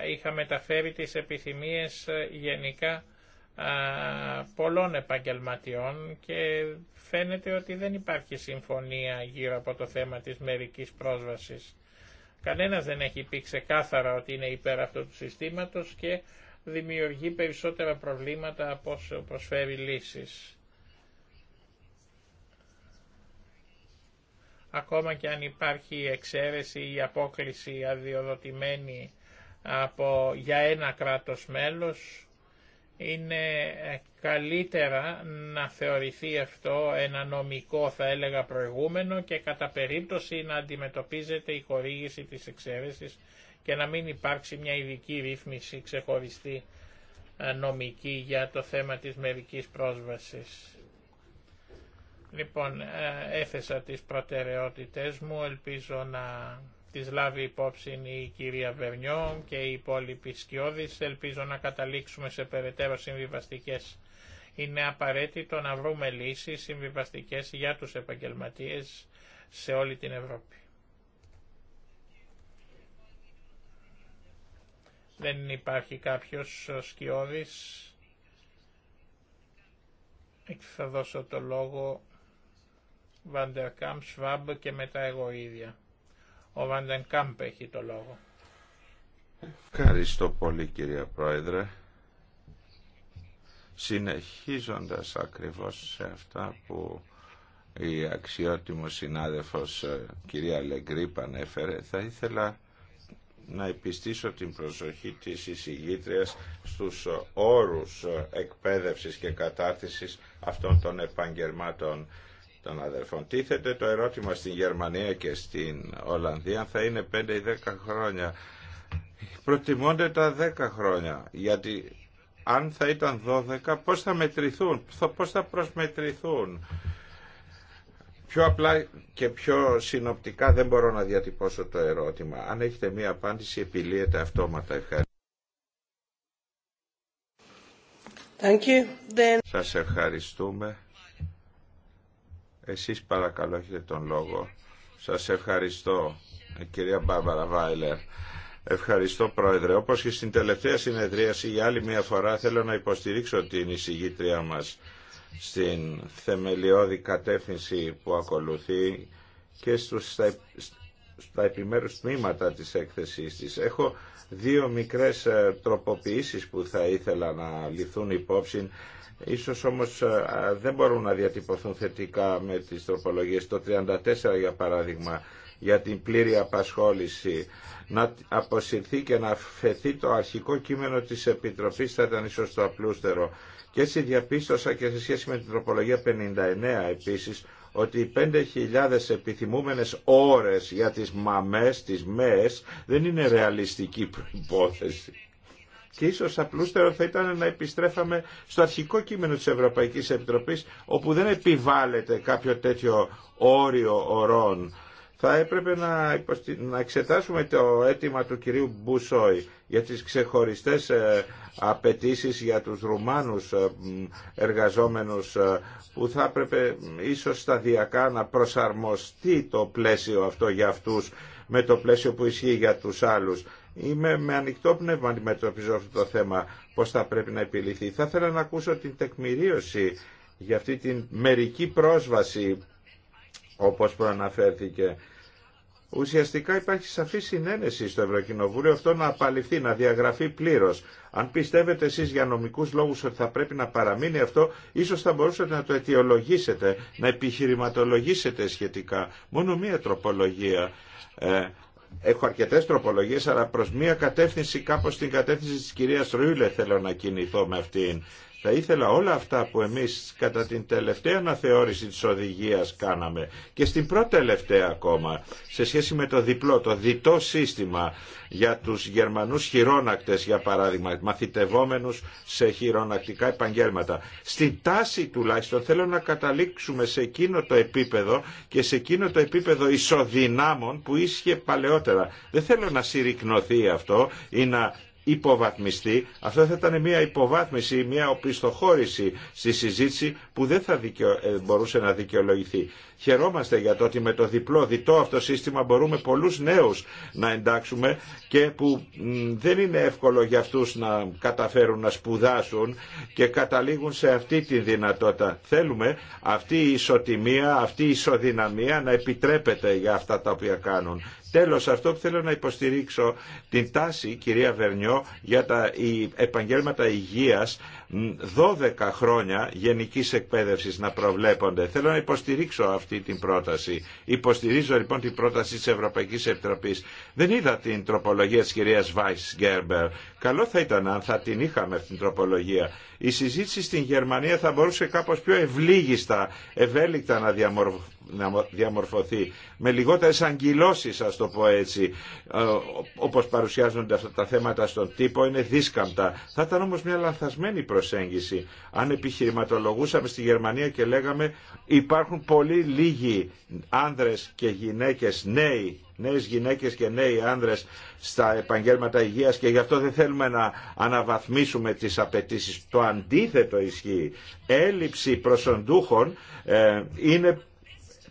είχα μεταφέρει τις επιθυμίες γενικά πολλών επαγγελματιών και φαίνεται ότι δεν υπάρχει συμφωνία γύρω από το θέμα της μερικής πρόσβασης. Κανένας δεν έχει πει ξεκάθαρα ότι είναι υπέρ αυτού του συστήματος και δημιουργεί περισσότερα προβλήματα από όσο προσφέρει λύσεις. Ακόμα και αν υπάρχει εξαίρεση ή απόκληση αδειοδοτημένη από, για ένα κράτος μέλος, είναι ε, καλύτερα να θεωρηθεί αυτό ένα νομικό θα έλεγα προηγούμενο και κατά περίπτωση να αντιμετωπίζεται η χορήγηση της εξαίρεσης και να μην υπάρξει μια ειδική ρύθμιση ξεχωριστή ε, νομική για το θέμα της μερικής πρόσβασης. Λοιπόν, ε, έθεσα τις προτεραιότητες μου, ελπίζω να της λάβει υπόψη η κυρία Βερνιό και οι υπόλοιποι σκιώδεις. Ελπίζω να καταλήξουμε σε περαιτέρω συμβιβαστικές. Είναι απαραίτητο να βρούμε λύσεις συμβιβαστικές για τους επαγγελματίες σε όλη την Ευρώπη. Δεν υπάρχει κάποιος σκιώδης. Θα δώσω το λόγο Βαντερκάμ, Σβάμπ και μετά εγώ ίδια. Ο Βαντεν Κάμπ έχει το λόγο. Ευχαριστώ πολύ κυρία Πρόεδρε. Συνεχίζοντας ακριβώς σε αυτά που η αξιότιμος συνάδελφος ε, κυρία Λεγκρίπ ανέφερε, θα ήθελα να επιστήσω την προσοχή της εισηγήτριας στους όρους ε, εκπαίδευσης και κατάρτισης αυτών των επαγγελμάτων των αδερφών. Τίθεται το ερώτημα στην Γερμανία και στην Ολλανδία αν θα είναι 5 ή 10 χρόνια. Προτιμώνται τα 10 χρόνια γιατί αν θα ήταν 12 πώς θα μετρηθούν, πώς θα προσμετρηθούν. Πιο απλά και πιο συνοπτικά δεν μπορώ να διατυπώσω το ερώτημα. Αν έχετε μία απάντηση επιλύεται αυτόματα. Ευχαριστώ. Thank you. Σας ευχαριστούμε. Εσείς παρακαλώ έχετε τον λόγο. Σας ευχαριστώ, κυρία Μπάρβαρα Βάιλερ. Ευχαριστώ Πρόεδρε. Όπως και στην τελευταία συνεδρίαση για άλλη μια φορά θέλω να υποστηρίξω την εισηγήτρια μας στην θεμελιώδη κατεύθυνση που ακολουθεί και στους, στα, στα επιμέρους τμήματα της έκθεσής της. Έχω δύο μικρές ε, τροποποιήσεις που θα ήθελα να ληφθούν υπόψη Ίσως όμως ε, δεν μπορούν να διατυπωθούν θετικά με τις τροπολογίες. Το 34 για παράδειγμα για την πλήρη απασχόληση να αποσυρθεί και να φεθεί το αρχικό κείμενο της Επιτροπής θα ήταν ίσως το απλούστερο. Και έτσι διαπίστωσα και σε σχέση με την τροπολογία 59 επίσης ότι οι 5.000 επιθυμούμενες ώρες για τις μαμές, τις ΜΕΕΣ, δεν είναι ρεαλιστική προϋπόθεση και ίσως απλούστερο θα ήταν να επιστρέφαμε στο αρχικό κείμενο της Ευρωπαϊκής Επιτροπής όπου δεν επιβάλλεται κάποιο τέτοιο όριο ορών. Θα έπρεπε να, να εξετάσουμε το αίτημα του κυρίου Μπουσόη για τις ξεχωριστές ε, απαιτήσει για τους Ρουμάνους ε, εργαζόμενους ε, που θα έπρεπε ίσως σταδιακά να προσαρμοστεί το πλαίσιο αυτό για αυτούς με το πλαίσιο που ισχύει για τους άλλους. Είμαι με ανοιχτό πνεύμα αντιμετωπίζω αυτό το θέμα, πώς θα πρέπει να επιληθεί. Θα ήθελα να ακούσω την τεκμηρίωση για αυτή την μερική πρόσβαση, όπως προαναφέρθηκε. Ουσιαστικά υπάρχει σαφή συνένεση στο Ευρωκοινοβούλιο αυτό να απαλληφθεί, να διαγραφεί πλήρω. Αν πιστεύετε εσεί για νομικού λόγου ότι θα πρέπει να παραμείνει αυτό, ίσω θα μπορούσατε να το αιτιολογήσετε, να επιχειρηματολογήσετε σχετικά. Μόνο μία τροπολογία ε, Έχω αρκετές τροπολογίες, αλλά προς μία κατεύθυνση, κάπως την κατεύθυνση της κυρίας Ρούλε θέλω να κινηθώ με αυτήν. Θα ήθελα όλα αυτά που εμείς κατά την τελευταία αναθεώρηση της οδηγίας κάναμε και στην προτελευταία ακόμα σε σχέση με το διπλό, το διτό σύστημα για τους Γερμανούς χειρόνακτες για παράδειγμα, μαθητευόμενους σε χειρονακτικά επαγγέλματα. Στην τάση τουλάχιστον θέλω να καταλήξουμε σε εκείνο το επίπεδο και σε εκείνο το επίπεδο ισοδυνάμων που ίσχυε παλαιότερα. Δεν θέλω να συρρυκνωθεί αυτό ή να υποβαθμιστεί, αυτό θα ήταν μια υποβάθμιση, μια οπισθοχώρηση στη συζήτηση που δεν θα ε, μπορούσε να δικαιολογηθεί. Χαιρόμαστε για το ότι με το διπλό διτό αυτό σύστημα μπορούμε πολλούς νέους να εντάξουμε και που δεν είναι εύκολο για αυτούς να καταφέρουν να σπουδάσουν και καταλήγουν σε αυτή τη δυνατότητα. Θέλουμε αυτή η ισοτιμία, αυτή η ισοδυναμία να επιτρέπεται για αυτά τα οποία κάνουν. Τέλος, αυτό που θέλω να υποστηρίξω την τάση, κυρία Βερνιό, για τα επαγγέλματα υγείας 12 χρόνια γενικής εκπαίδευσης να προβλέπονται. Θέλω να υποστηρίξω αυτή την πρόταση. Υποστηρίζω λοιπόν την πρόταση της Ευρωπαϊκής Επιτροπής. Δεν είδα την τροπολογία της κυρίας Βάις Γκέρμπερ. Καλό θα ήταν αν θα την είχαμε την τροπολογία. Η συζήτηση στην Γερμανία θα μπορούσε κάπως πιο ευλίγιστα, ευέλικτα να διαμορφωθεί να διαμορφωθεί με λιγότερες αγκυλώσεις ας το πω έτσι ε, όπως παρουσιάζονται αυτά τα θέματα στον τύπο είναι δίσκαμπτα θα ήταν όμως μια λαθασμένη προσέγγιση αν επιχειρηματολογούσαμε στη Γερμανία και λέγαμε υπάρχουν πολύ λίγοι άνδρες και γυναίκες νέοι νέες γυναίκες και νέοι άνδρες στα επαγγέλματα υγείας και γι' αυτό δεν θέλουμε να αναβαθμίσουμε τις απαιτήσει. Το αντίθετο ισχύει. Έλλειψη προσοντούχων ε, είναι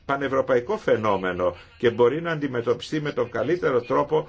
πανευρωπαϊκό φαινόμενο και μπορεί να αντιμετωπιστεί με τον καλύτερο τρόπο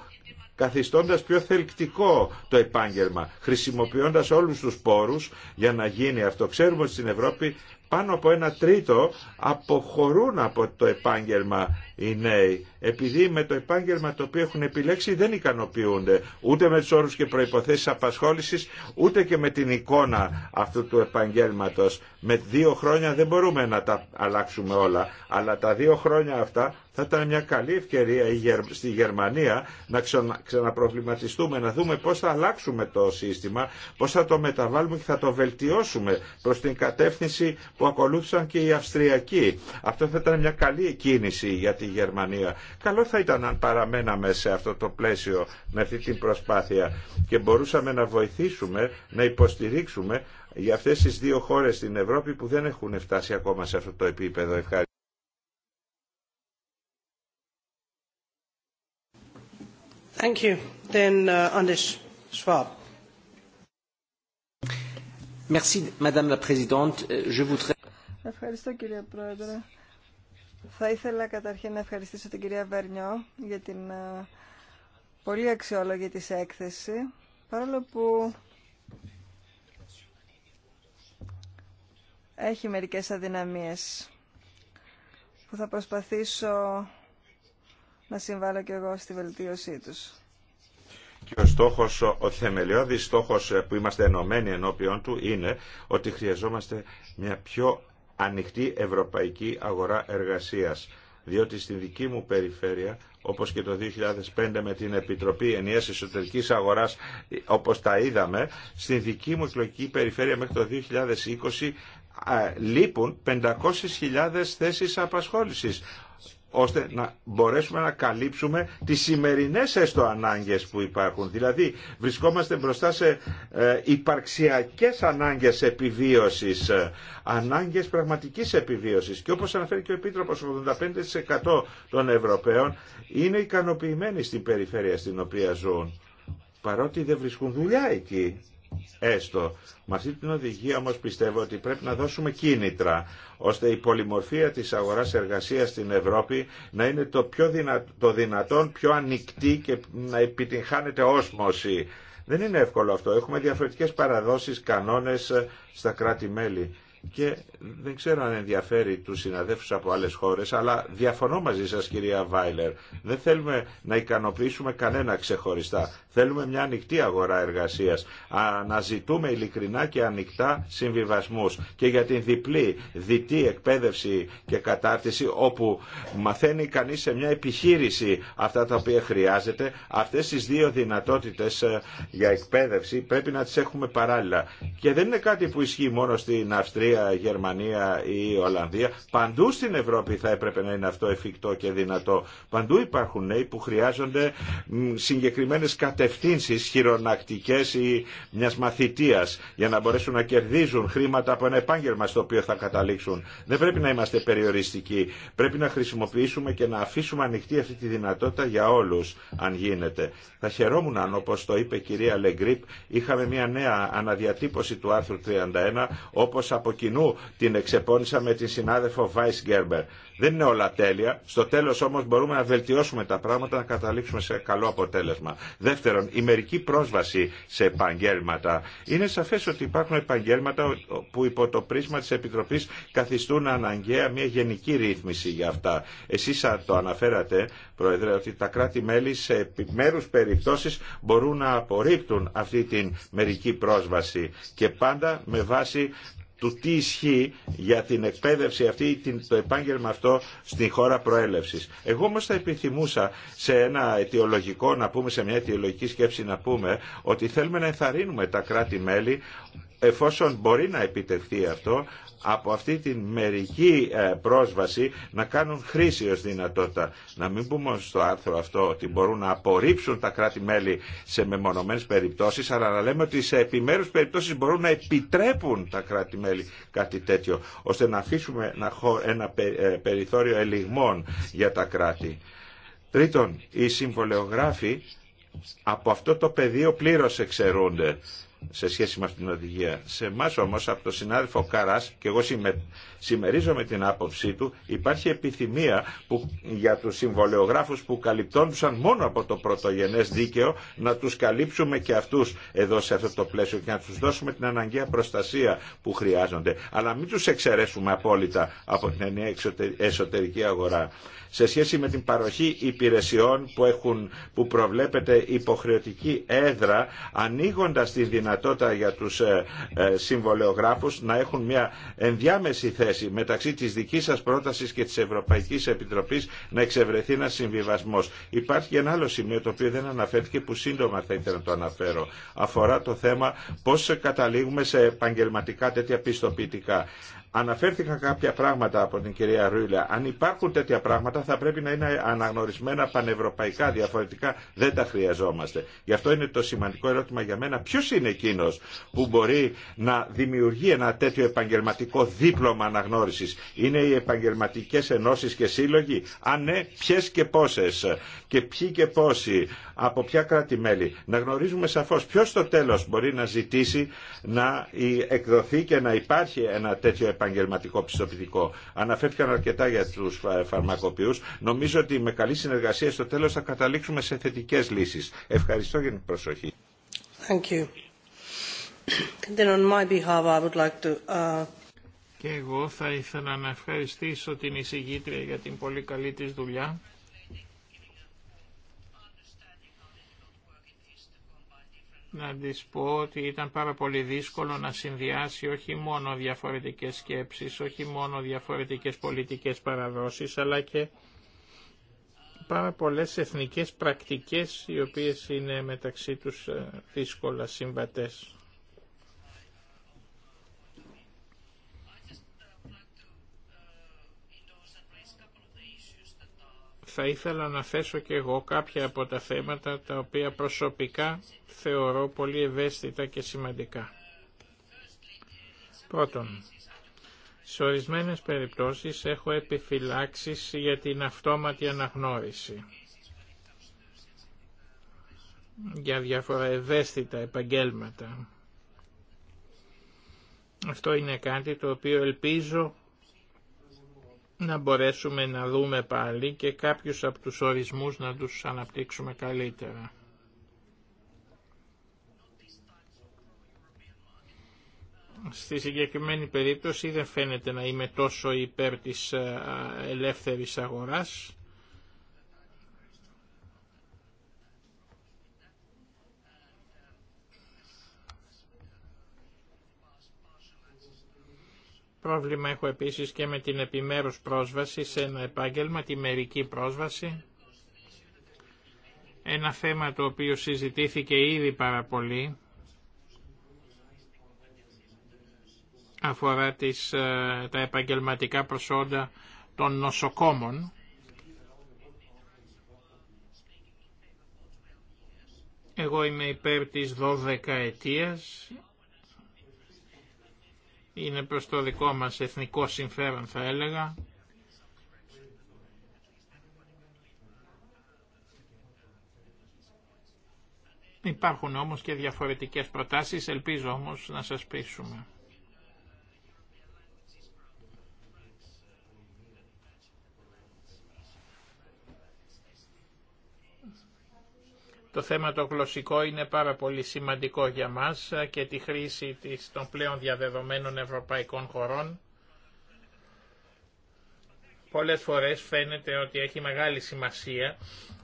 καθιστώντας πιο θελκτικό το επάγγελμα, χρησιμοποιώντας όλους τους πόρους για να γίνει αυτό. Ξέρουμε ότι στην Ευρώπη πάνω από ένα τρίτο αποχωρούν από το επάγγελμα οι νέοι, επειδή με το επάγγελμα το οποίο έχουν επιλέξει δεν ικανοποιούνται ούτε με τους όρους και προϋποθέσεις απασχόλησης, ούτε και με την εικόνα αυτού του επαγγέλματος. Με δύο χρόνια δεν μπορούμε να τα αλλάξουμε όλα, αλλά τα δύο χρόνια αυτά θα ήταν μια καλή ευκαιρία στη Γερμανία να ξαναπροβληματιστούμε, να δούμε πώς θα αλλάξουμε το σύστημα, πώς θα το μεταβάλουμε και θα το βελτιώσουμε προς την κατεύθυνση που ακολούθησαν και οι Αυστριακοί. Αυτό θα ήταν μια καλή κίνηση για Γερμανία. Καλό θα ήταν αν παραμέναμε σε αυτό το πλαίσιο, με αυτή την προσπάθεια και μπορούσαμε να βοηθήσουμε, να υποστηρίξουμε για αυτές τις δύο χώρες στην Ευρώπη που δεν έχουν φτάσει ακόμα σε αυτό το επίπεδο. Ευχαριστώ. Ευχαριστώ, κύριε Πρόεδρε. Θα ήθελα καταρχήν να ευχαριστήσω την κυρία Βερνιό για την ε, πολύ αξιόλογη της έκθεση, παρόλο που έχει μερικές αδυναμίες που θα προσπαθήσω να συμβάλλω και εγώ στη βελτίωσή τους. Και ο στόχος, ο θεμελιώδης στόχος που είμαστε ενωμένοι ενώπιον του είναι ότι χρειαζόμαστε μια πιο ανοιχτή ευρωπαϊκή αγορά εργασίας. Διότι στην δική μου περιφέρεια, όπως και το 2005 με την Επιτροπή Ενίας Εσωτερικής Αγοράς, όπως τα είδαμε, στην δική μου εκλογική περιφέρεια μέχρι το 2020 λείπουν 500.000 θέσεις απασχόλησης ώστε να μπορέσουμε να καλύψουμε τις σημερινές έστω ανάγκες που υπάρχουν. Δηλαδή βρισκόμαστε μπροστά σε ε, υπαρξιακές ανάγκες επιβίωσης, ε, ανάγκες πραγματικής επιβίωσης και όπως αναφέρει και ο Επίτροπος 85% των Ευρωπαίων είναι ικανοποιημένοι στην περιφέρεια στην οποία ζουν παρότι δεν βρίσκουν δουλειά εκεί έστω. Με αυτή την οδηγία όμως πιστεύω ότι πρέπει να δώσουμε κίνητρα ώστε η πολυμορφία της αγοράς εργασίας στην Ευρώπη να είναι το, πιο το δυνατόν πιο ανοιχτή και να επιτυγχάνεται όσμωση. Δεν είναι εύκολο αυτό. Έχουμε διαφορετικές παραδόσεις, κανόνες ε, στα κράτη-μέλη και δεν ξέρω αν ενδιαφέρει τους συναδέλφους από άλλες χώρες, αλλά διαφωνώ μαζί σας κυρία Βάιλερ. Δεν θέλουμε να ικανοποιήσουμε κανένα ξεχωριστά. Θέλουμε μια ανοιχτή αγορά εργασίας. Αναζητούμε ειλικρινά και ανοιχτά συμβιβασμούς. Και για την διπλή, διτή εκπαίδευση και κατάρτιση, όπου μαθαίνει κανείς σε μια επιχείρηση αυτά τα οποία χρειάζεται, αυτές τις δύο δυνατότητες ε, για εκπαίδευση πρέπει να τις έχουμε παράλληλα. Και δεν είναι κάτι που ισχύει μόνο στην Αυστρία Γαλλία, Γερμανία ή Ολλανδία. Παντού στην Ευρώπη θα έπρεπε να είναι αυτό εφικτό και δυνατό. Παντού υπάρχουν νέοι που χρειάζονται συγκεκριμένε κατευθύνσει, χειρονακτικέ ή μια μαθητείας για να μπορέσουν να κερδίζουν χρήματα από ένα επάγγελμα στο οποίο θα καταλήξουν. Δεν πρέπει να είμαστε περιοριστικοί. Πρέπει να χρησιμοποιήσουμε και να αφήσουμε ανοιχτή αυτή τη δυνατότητα για όλου αν γίνεται. Θα χαιρόμουν αν, όπω το είπε η κυρία Λεγκρίπ, είχαμε μια νέα αναδιατύπωση του άρθρου 31, όπω. από κοινού την εξεπώνησα με την συνάδελφο Βάις Γκέρμπερ. Δεν είναι όλα τέλεια. Στο τέλο όμω μπορούμε να βελτιώσουμε τα πράγματα, να καταλήξουμε σε καλό αποτέλεσμα. Δεύτερον, η μερική πρόσβαση σε επαγγέλματα. Είναι σαφέ ότι υπάρχουν επαγγέλματα που υπό το πρίσμα τη Επιτροπή καθιστούν αναγκαία μια γενική ρύθμιση για αυτά. Εσεί το αναφέρατε, Πρόεδρε, ότι τα κράτη-μέλη σε επιμέρου περιπτώσει μπορούν να απορρίπτουν αυτή την μερική πρόσβαση και πάντα με βάση του τι ισχύει για την εκπαίδευση αυτή ή το επάγγελμα αυτό στην χώρα προέλευσης. Εγώ όμως θα επιθυμούσα σε ένα αιτιολογικό, να πούμε σε μια αιτιολογική σκέψη να πούμε ότι θέλουμε να ενθαρρύνουμε τα κράτη-μέλη εφόσον μπορεί να επιτευχθεί αυτό από αυτή την μερική ε, πρόσβαση να κάνουν χρήση ως δυνατότητα. Να μην πούμε στο άρθρο αυτό ότι μπορούν να απορρίψουν τα κράτη-μέλη σε μεμονωμένες περιπτώσεις, αλλά να λέμε ότι σε επιμέρους περιπτώσεις μπορούν να επιτρέπουν τα κράτη-μέλη κάτι τέτοιο, ώστε να αφήσουμε ένα ε, περιθώριο ελιγμών για τα κράτη. Τρίτον, οι συμβολεογράφοι από αυτό το πεδίο πλήρως εξαιρούνται σε σχέση με αυτήν την οδηγία. Σε εμά όμω από τον συνάδελφο Καράς και εγώ συμμερίζομαι την άποψή του υπάρχει επιθυμία που, για τους συμβολεογράφους που καλυπτόντουσαν μόνο από το πρωτογενές δίκαιο να τους καλύψουμε και αυτούς εδώ σε αυτό το πλαίσιο και να του δώσουμε την αναγκαία προστασία που χρειάζονται. Αλλά μην του εξαιρέσουμε απόλυτα από την εσωτερική αγορά σε σχέση με την παροχή υπηρεσιών που, έχουν, που προβλέπεται υποχρεωτική έδρα ανοίγοντας τη δυνατότητα για τους ε, ε, συμβολεογράφους να έχουν μια ενδιάμεση θέση μεταξύ της δικής σας πρότασης και της Ευρωπαϊκής Επιτροπής να εξευρεθεί ένα συμβιβασμός. Υπάρχει ένα άλλο σημείο το οποίο δεν αναφέρθηκε που σύντομα θα ήθελα να το αναφέρω. Αφορά το θέμα πώς καταλήγουμε σε επαγγελματικά τέτοια πιστοποιητικά. Αναφέρθηκαν κάποια πράγματα από την κυρία Ρούλα. Αν υπάρχουν τέτοια πράγματα θα πρέπει να είναι αναγνωρισμένα πανευρωπαϊκά, διαφορετικά δεν τα χρειαζόμαστε. Γι' αυτό είναι το σημαντικό ερώτημα για μένα ποιο είναι εκείνο που μπορεί να δημιουργεί ένα τέτοιο επαγγελματικό δίπλωμα αναγνώριση. Είναι οι επαγγελματικέ ενώσει και σύλλογοι. Αν ναι, ποιε και πόσε και ποιοι και πόσοι, από ποια κράτη-μέλη. Να γνωρίζουμε σαφώ ποιο στο τέλο μπορεί να ζητήσει να εκδοθεί και να υπάρχει ένα τέτοιο επαγγελματικό επαγγελματικό πιστοποιητικό. Αναφέρθηκαν αρκετά για του φαρμακοποιού. Νομίζω ότι με καλή συνεργασία στο τέλο θα καταλήξουμε σε θετικέ λύσει. Ευχαριστώ για την προσοχή. Thank you. Then on my behalf I would like to, uh, Και εγώ θα ήθελα να ευχαριστήσω την εισηγήτρια για την πολύ καλή της δουλειά. να της πω ότι ήταν πάρα πολύ δύσκολο να συνδυάσει όχι μόνο διαφορετικές σκέψεις, όχι μόνο διαφορετικές πολιτικές παραδόσεις, αλλά και πάρα πολλές εθνικές πρακτικές οι οποίες είναι μεταξύ τους ε, δύσκολα συμβατές. Θα ήθελα να θέσω και εγώ κάποια από τα θέματα τα οποία προσωπικά θεωρώ πολύ ευαίσθητα και σημαντικά. Πρώτον, σε ορισμένες περιπτώσεις έχω επιφυλάξεις για την αυτόματη αναγνώριση για διάφορα ευαίσθητα επαγγέλματα. Αυτό είναι κάτι το οποίο ελπίζω να μπορέσουμε να δούμε πάλι και κάποιους από τους ορισμούς να τους αναπτύξουμε καλύτερα. Στη συγκεκριμένη περίπτωση δεν φαίνεται να είμαι τόσο υπέρ της ε, ελεύθερης αγοράς. Πρόβλημα έχω επίσης και με την επιμέρους πρόσβαση σε ένα επάγγελμα, τη μερική πρόσβαση. Ένα θέμα το οποίο συζητήθηκε ήδη πάρα πολύ αφορά ε, τα επαγγελματικά προσόντα των νοσοκόμων. Εγώ είμαι υπέρ της 12 ετίας. Είναι προς το δικό μας εθνικό συμφέρον θα έλεγα. Υπάρχουν όμως και διαφορετικές προτάσεις, ελπίζω όμως να σας πείσουμε. Το θέμα το γλωσσικό είναι πάρα πολύ σημαντικό για μας και τη χρήση της, των πλέον διαδεδομένων ευρωπαϊκών χωρών πολλές φορές φαίνεται ότι έχει μεγάλη σημασία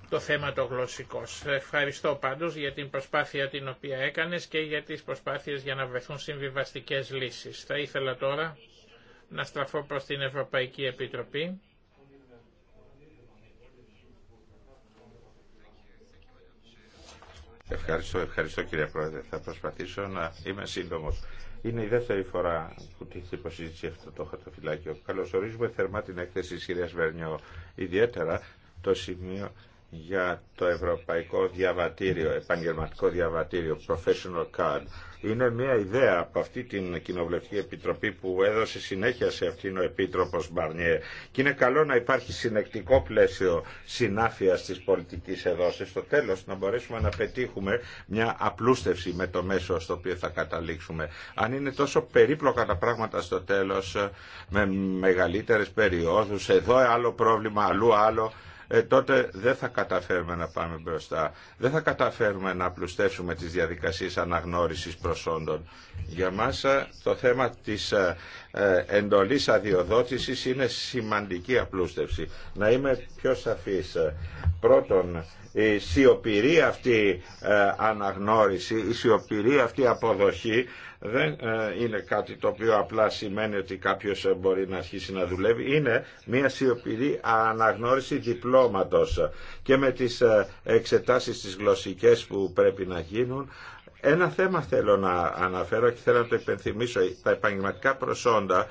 το θέμα το γλωσσικό. Ευχαριστώ πάντως για την προσπάθεια την οποία έκανες και για τις προσπάθειες για να βρεθούν συμβιβαστικές λύσεις. Θα ήθελα τώρα να στραφώ προς την Ευρωπαϊκή Επιτροπή. Ευχαριστώ, ευχαριστώ κύριε Πρόεδρε. Θα προσπαθήσω να είμαι σύντομο. Είναι η δεύτερη φορά που τίθεται υποσυζήτηση αυτό το χαρτοφυλάκιο. Καλωσορίζουμε θερμά την έκθεση κυρία Βερνιό. Ιδιαίτερα το σημείο για το Ευρωπαϊκό Διαβατήριο, Επαγγελματικό Διαβατήριο, Professional Card. Είναι μια ιδέα από αυτή την Κοινοβουλευτική Επιτροπή που έδωσε συνέχεια σε αυτήν ο Επίτροπος Μπαρνιέ. Και είναι καλό να υπάρχει συνεκτικό πλαίσιο συνάφειας της πολιτικής εδώ, στο τέλος να μπορέσουμε να πετύχουμε μια απλούστευση με το μέσο στο οποίο θα καταλήξουμε. Αν είναι τόσο περίπλοκα τα πράγματα στο τέλος, με μεγαλύτερες περιόδους, εδώ άλλο πρόβλημα, αλλού άλλο, ε, τότε δεν θα καταφέρουμε να πάμε μπροστά. Δεν θα καταφέρουμε να απλουστεύσουμε τις διαδικασίες αναγνώρισης προσόντων. Για μας ε, το θέμα της ε, ε, εντολής αδειοδότησης είναι σημαντική απλούστευση. Να είμαι πιο σαφής. Πρώτον, η σιωπηρή αυτή αναγνώριση, η σιωπηρή αυτή αποδοχή δεν ε, είναι κάτι το οποίο απλά σημαίνει ότι κάποιος ε, μπορεί να αρχίσει να δουλεύει. Είναι μια σιωπηρή αναγνώριση διπλώματος και με τις ε, εξετάσεις τις γλωσσικές που πρέπει να γίνουν ένα θέμα θέλω να αναφέρω και θέλω να το υπενθυμίσω. Τα επαγγελματικά προσόντα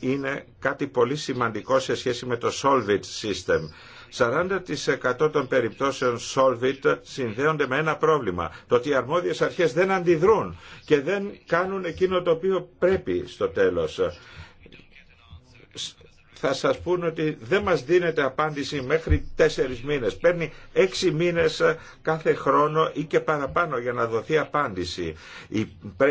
είναι κάτι πολύ σημαντικό σε σχέση με το Solvit System 40% των περιπτώσεων Solvit συνδέονται με ένα πρόβλημα. Το ότι οι αρμόδιες αρχές δεν αντιδρούν και δεν κάνουν εκείνο το οποίο πρέπει στο τέλος θα σας πούν ότι δεν μας δίνεται απάντηση μέχρι τέσσερις μήνες. Παίρνει έξι μήνες ε, κάθε χρόνο ή και παραπάνω για να δοθεί απάντηση.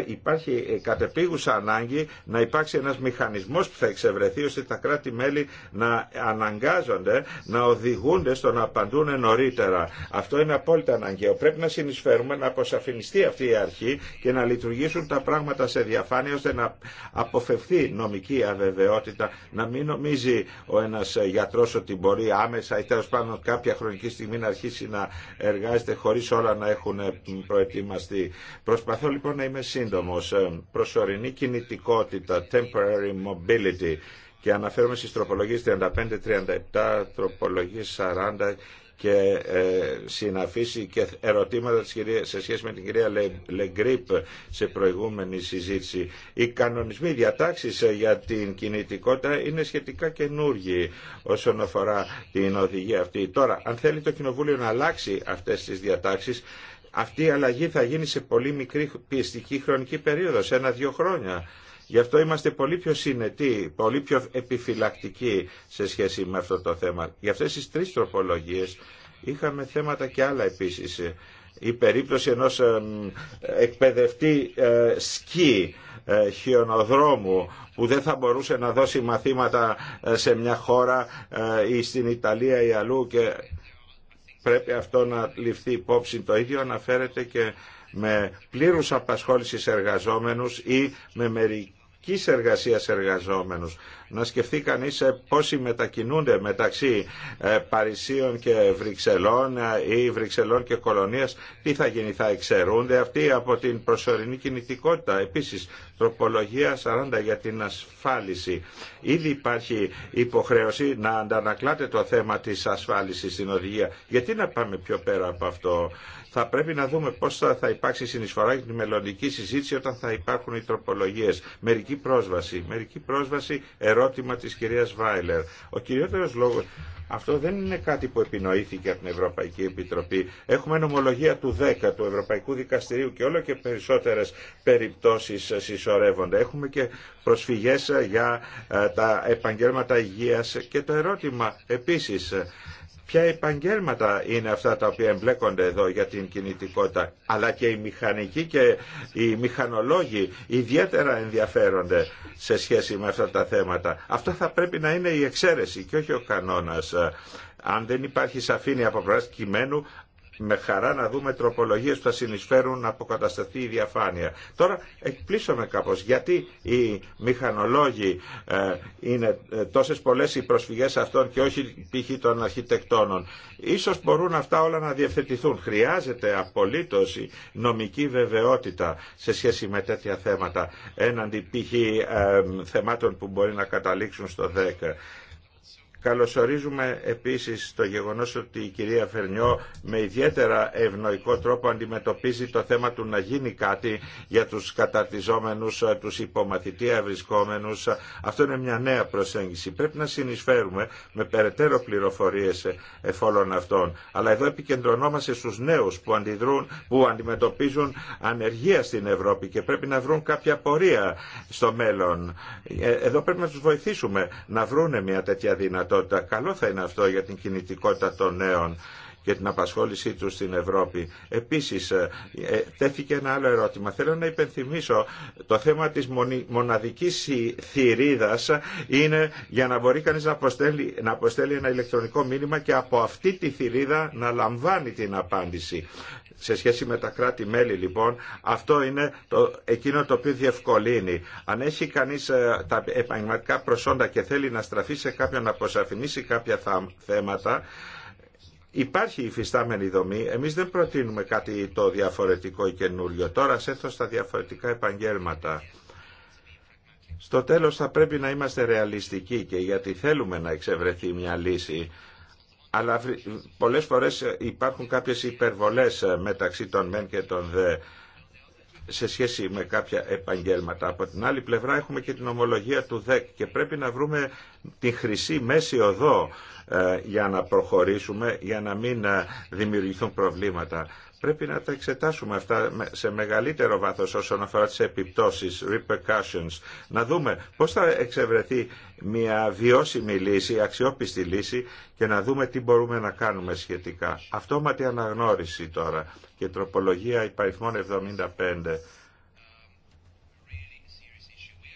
Υπάρχει ε, κατεπίγουσα ανάγκη να υπάρξει ένας μηχανισμός που θα εξευρεθεί ώστε τα κράτη-μέλη να αναγκάζονται, να οδηγούνται στο να απαντούν νωρίτερα. Αυτό είναι απόλυτα αναγκαίο. Πρέπει να συνεισφέρουμε να αποσαφινιστεί αυτή η αρχή και να λειτουργήσουν τα πράγματα σε διαφάνεια ώστε να αποφευθεί νομική αβεβαιότητα, να μην νομίζει ο ένας γιατρό ότι μπορεί άμεσα ή τέλο πάντων κάποια χρονική στιγμή να αρχίσει να εργάζεται χωρίς όλα να έχουν προετοιμαστεί. Προσπαθώ λοιπόν να είμαι σύντομο. Ε, προσωρινή κινητικότητα, temporary mobility και αναφέρομαι στι τροπολογίε 35, 37, τροπολογίε 40 και ε, συναφήσει και ερωτήματα σε σχέση με την κυρία Λεγκρίπ σε προηγούμενη συζήτηση. Οι κανονισμοί διατάξεις ε, για την κινητικότητα είναι σχετικά καινούργιοι όσον αφορά την οδηγία αυτή. Τώρα, αν θέλει το Κοινοβούλιο να αλλάξει αυτές τις διατάξεις, αυτή η αλλαγή θα γίνει σε πολύ μικρή πιεστική χρονική περίοδο, σε ένα-δύο χρόνια. Γι' αυτό είμαστε πολύ πιο συνετοί, πολύ πιο επιφυλακτικοί σε σχέση με αυτό το θέμα. Για αυτές τις τρεις τροπολογίες είχαμε θέματα και άλλα επίσης. Η περίπτωση ενός εκπαιδευτή ε, σκι ε, χιονοδρόμου που δεν θα μπορούσε να δώσει μαθήματα ε, σε μια χώρα ή στην Ιταλία ή αλλού και πρέπει αυτό να ληφθεί υπόψη. Το ίδιο αναφέρεται και με πλήρους απασχόλησης εργαζόμενους ή με εποχικής εργασίας εργαζόμενους. Να σκεφτεί κανείς ε, πόσοι μετακινούνται μεταξύ ε, Παρισίων και Βρυξελών ε, ή Βρυξελών και Κολονίας. Τι θα γίνει, θα εξαιρούνται αυτοί από την προσωρινή κινητικότητα. Επίσης, τροπολογία 40 για την ασφάλιση. Ήδη υπάρχει υποχρέωση να αντανακλάτε το θέμα της ασφάλισης στην οδηγία. Γιατί να πάμε πιο πέρα από αυτό θα πρέπει να δούμε πώς θα υπάρξει συνεισφορά για τη μελλοντική συζήτηση όταν θα υπάρχουν οι τροπολογίες. Μερική πρόσβαση. Μερική πρόσβαση ερώτημα της κυρίας Βάιλερ. Ο κυριότερος λόγος αυτό δεν είναι κάτι που επινοήθηκε από την Ευρωπαϊκή Επιτροπή. Έχουμε νομολογία του 10 του Ευρωπαϊκού Δικαστηρίου και όλο και περισσότερες περιπτώσεις συσσωρεύονται. Έχουμε και προσφυγές για ε, τα επαγγέλματα υγείας και το ερώτημα επίσης ποια επαγγέλματα είναι αυτά τα οποία εμπλέκονται εδώ για την κινητικότητα, αλλά και οι μηχανικοί και οι μηχανολόγοι ιδιαίτερα ενδιαφέρονται σε σχέση με αυτά τα θέματα. Αυτό θα πρέπει να είναι η εξαίρεση και όχι ο κανόνας. Αν δεν υπάρχει σαφήνεια από πλευρά κειμένου, με χαρά να δούμε τροπολογίες που θα συνεισφέρουν να αποκατασταθεί η διαφάνεια. Τώρα εκπλήσωμε κάπως γιατί οι μηχανολόγοι ε, είναι ε, τόσες πολλές οι προσφυγές αυτών και όχι π.χ. των αρχιτεκτώνων. Ίσως μπορούν αυτά όλα να διευθετηθούν. Χρειάζεται απολύτως νομική βεβαιότητα σε σχέση με τέτοια θέματα έναντι π.χ. Ε, θεμάτων που μπορεί να καταλήξουν στο 10. Καλωσορίζουμε επίσης το γεγονός ότι η κυρία Φερνιό με ιδιαίτερα ευνοϊκό τρόπο αντιμετωπίζει το θέμα του να γίνει κάτι για τους καταρτιζόμενους, τους υπομαθητεία βρισκόμενους. Αυτό είναι μια νέα προσέγγιση. Πρέπει να συνεισφέρουμε με περαιτέρω πληροφορίες εφόλων αυτών. Αλλά εδώ επικεντρωνόμαστε στους νέους που, αντιδρούν, που αντιμετωπίζουν ανεργία στην Ευρώπη και πρέπει να βρουν κάποια πορεία στο μέλλον. Ε, εδώ πρέπει να τους βοηθήσουμε να βρούνε μια τέτοια δυνατότητα δυνατότητα. Καλό θα είναι αυτό για την κινητικότητα των νέων και την απασχόλησή του στην Ευρώπη. Επίσης, ε, ε, τέθηκε ένα άλλο ερώτημα. Θέλω να υπενθυμίσω το θέμα τη μοναδική θηρίδα είναι για να μπορεί κανεί να αποστέλει, να αποστέλει ένα ηλεκτρονικό μήνυμα και από αυτή τη θηρίδα να λαμβάνει την απάντηση. Σε σχέση με τα κράτη-μέλη λοιπόν, αυτό είναι το, εκείνο το οποίο διευκολύνει. Αν έχει κανείς ε, τα επαγγελματικά προσόντα και θέλει να στραφεί σε κάποιον να αποσαφηνίσει κάποια θέματα, Υπάρχει υφιστάμενη δομή, εμείς δεν προτείνουμε κάτι το διαφορετικό ή καινούριο. Τώρα σέθω στα διαφορετικά επαγγέλματα. Στο τέλος θα πρέπει να είμαστε ρεαλιστικοί και γιατί θέλουμε να εξευρεθεί μια λύση. Αλλά πολλές φορές υπάρχουν κάποιες υπερβολές μεταξύ των μεν και των δε σε σχέση με κάποια επαγγέλματα. Από την άλλη πλευρά έχουμε και την ομολογία του ΔΕΚ και πρέπει να βρούμε τη χρυσή μέση οδό ε, για να προχωρήσουμε, για να μην ε, δημιουργηθούν προβλήματα. Πρέπει να τα εξετάσουμε αυτά σε μεγαλύτερο βάθος όσον αφορά τις επιπτώσεις, repercussions. Να δούμε πώς θα εξευρεθεί μια βιώσιμη λύση, αξιόπιστη λύση και να δούμε τι μπορούμε να κάνουμε σχετικά. Αυτόματη αναγνώριση τώρα και τροπολογία υπαριθμών 75.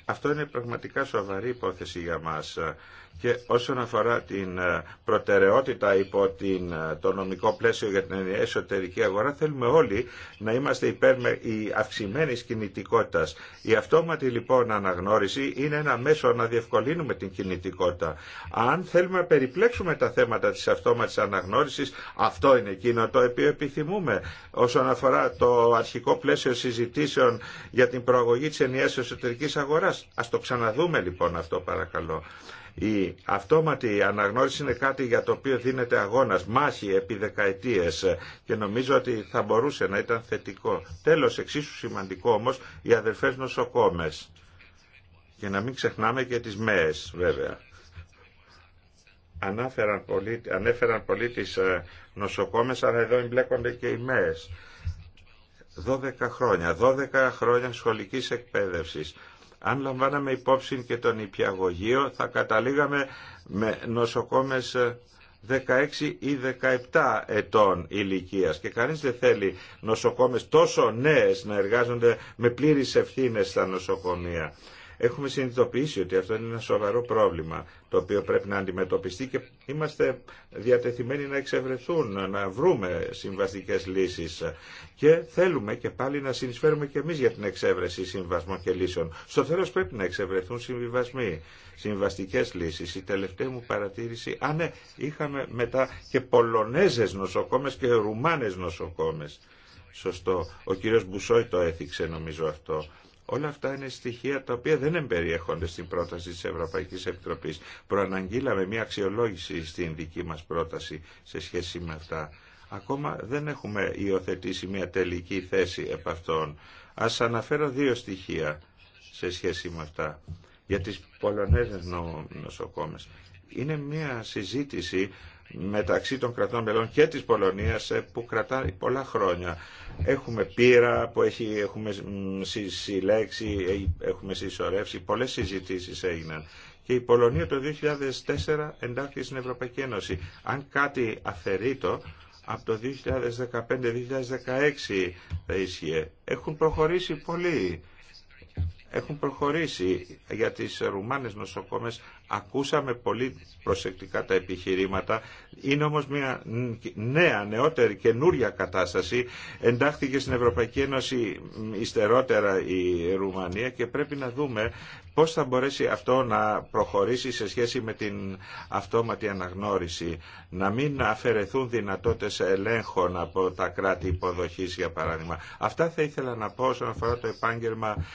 Αυτό είναι πραγματικά σοβαρή υπόθεση για μας και όσον αφορά την ε, προτεραιότητα υπό την, ε, το νομικό πλαίσιο για την εσωτερική αγορά, θέλουμε όλοι να είμαστε υπέρ η αυξημένη κινητικότητα. Η αυτόματη λοιπόν αναγνώριση είναι ένα μέσο να διευκολύνουμε την κινητικότητα. Αν θέλουμε να περιπλέξουμε τα θέματα τη αυτόματη αναγνώριση, αυτό είναι εκείνο το οποίο επιθυμούμε. Όσον αφορά το αρχικό πλαίσιο συζητήσεων για την προαγωγή τη ενιαία εσωτερική αγορά, α το ξαναδούμε λοιπόν αυτό παρακαλώ. Η αυτόματη αναγνώριση είναι κάτι για το οποίο δίνεται αγώνας, μάχη επί δεκαετίες και νομίζω ότι θα μπορούσε να ήταν θετικό. Τέλος, εξίσου σημαντικό όμως, οι αδερφές νοσοκόμες. Και να μην ξεχνάμε και τις ΜΕΕΣ βέβαια. Ανάφεραν πολύ, ανέφεραν πολύ τις ε, νοσοκόμες, αλλά εδώ εμπλέκονται και οι ΜΕΕΣ. 12 χρόνια, 12 χρόνια σχολικής εκπαίδευσης. Αν λαμβάναμε υπόψη και τον υπηαγωγείο θα καταλήγαμε με νοσοκόμες 16 ε, ή 17 ετών ηλικίας και κανείς δεν θέλει νοσοκόμες τόσο νέες να εργάζονται με πλήρεις ευθύνες στα νοσοκομεία. Έχουμε συνειδητοποιήσει ότι αυτό είναι ένα σοβαρό πρόβλημα το οποίο πρέπει να αντιμετωπιστεί και είμαστε διατεθειμένοι να εξευρεθούν, να βρούμε συμβαστικές λύσεις και θέλουμε και πάλι να συνεισφέρουμε και εμείς για την εξέβρεση συμβασμών και λύσεων. Στο τέλος πρέπει να εξευρεθούν συμβιβασμοί, συμβαστικές λύσεις. Η τελευταία μου παρατήρηση, αν ναι, είχαμε μετά και Πολωνέζες νοσοκόμες και Ρουμάνες νοσοκόμες. Σωστό. Ο κύριος Μπουσόη το έθιξε νομίζω αυτό. Όλα αυτά είναι στοιχεία τα οποία δεν εμπεριέχονται στην πρόταση της Ευρωπαϊκής Επιτροπής. Προαναγγείλαμε μια αξιολόγηση στην δική μας πρόταση σε σχέση με αυτά. Ακόμα δεν έχουμε υιοθετήσει μια τελική θέση επ' αυτών. Ας αναφέρω δύο στοιχεία σε σχέση με αυτά για τις Πολωνέζες νοσοκόμες. Είναι μια συζήτηση μεταξύ των κρατών μελών και της Πολωνίας ε, που κρατάει πολλά χρόνια. Έχουμε πείρα που έχει, έχουμε συλλέξει, ε, έχουμε συσσωρεύσει, πολλές συζητήσεις έγιναν. Και η Πολωνία το 2004 εντάχθηκε στην Ευρωπαϊκή Ένωση. Αν κάτι το, από το 2015-2016 θα ίσχυε. Έχουν προχωρήσει πολύ έχουν προχωρήσει. Για τις Ρουμάνες νοσοκόμες ακούσαμε πολύ προσεκτικά τα επιχειρήματα. Είναι όμως μια νέα, νεότερη, καινούρια κατάσταση. Εντάχθηκε στην Ευρωπαϊκή Ένωση ιστερότερα η Ρουμανία και πρέπει να δούμε πώς θα μπορέσει αυτό να προχωρήσει σε σχέση με την αυτόματη αναγνώριση. Να μην αφαιρεθούν δυνατότητες ελέγχων από τα κράτη υποδοχής, για παράδειγμα. Αυτά θα ήθελα να πω όσον αφορά το επάγγελμα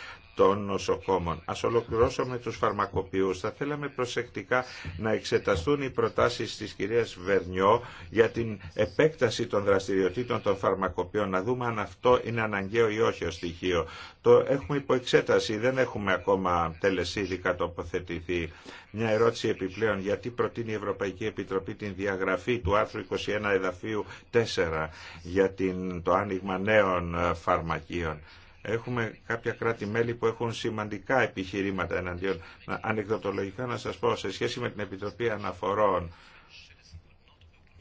των νοσοκόμων. Ας ολοκληρώσουμε τους φαρμακοποιούς. Θα θέλαμε προσεκτικά να εξεταστούν οι προτάσει τη κυρία Βερνιό για την επέκταση των δραστηριοτήτων των φαρμακοποιών, να δούμε αν αυτό είναι αναγκαίο ή όχι ως στοιχείο. Το έχουμε υπό εξέταση, δεν έχουμε ακόμα τελεσίδικα τοποθετηθεί. Μια ερώτηση επιπλέον, γιατί προτείνει η οχι ω στοιχειο το εχουμε υπο δεν εχουμε ακομα Επιτροπή την διαγραφή του άρθρου 21 εδαφίου 4 για την, το άνοιγμα νέων ε, φαρμακείων. Έχουμε κάποια κράτη-μέλη που έχουν σημαντικά επιχειρήματα εναντίον. Ανεκδοτολογικά να σας πω, σε σχέση με την Επιτροπή Αναφορών,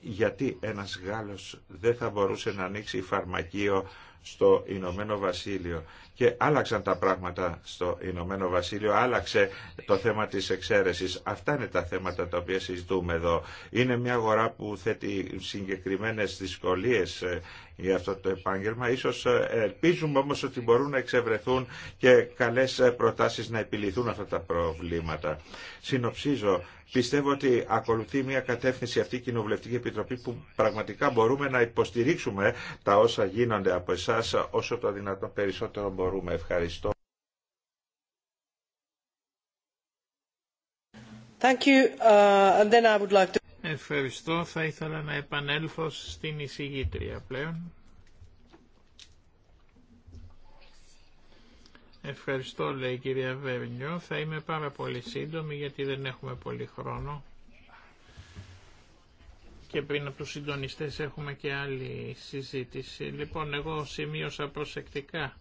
γιατί ένας Γάλλος δεν θα μπορούσε να ανοίξει φαρμακείο στο Ηνωμένο Βασίλειο και άλλαξαν τα πράγματα στο Ηνωμένο Βασίλειο, άλλαξε το θέμα της εξαίρεσης. Αυτά είναι τα θέματα τα οποία συζητούμε εδώ. Είναι μια αγορά που θέτει συγκεκριμένες δυσκολίες ε, για αυτό το επάγγελμα. Ίσως ε, ελπίζουμε όμως ότι μπορούν να εξευρεθούν και καλές ε, προτάσεις να επιληθούν αυτά τα προβλήματα. Συνοψίζω, πιστεύω ότι ακολουθεί μια κατεύθυνση αυτή η Κοινοβουλευτική Επιτροπή που πραγματικά μπορούμε να υποστηρίξουμε τα όσα γίνονται από εσά όσο το δυνατόν περισσότερο μπορούμε. Ευχαριστώ. Ευχαριστώ. Θα ήθελα να επανέλθω στην εισηγήτρια πλέον. Ευχαριστώ, λέει η κυρία Βερνιό. Θα είμαι πάρα πολύ σύντομη γιατί δεν έχουμε πολύ χρόνο. Και πριν από τους συντονιστές έχουμε και άλλη συζήτηση. Λοιπόν, εγώ σημείωσα προσεκτικά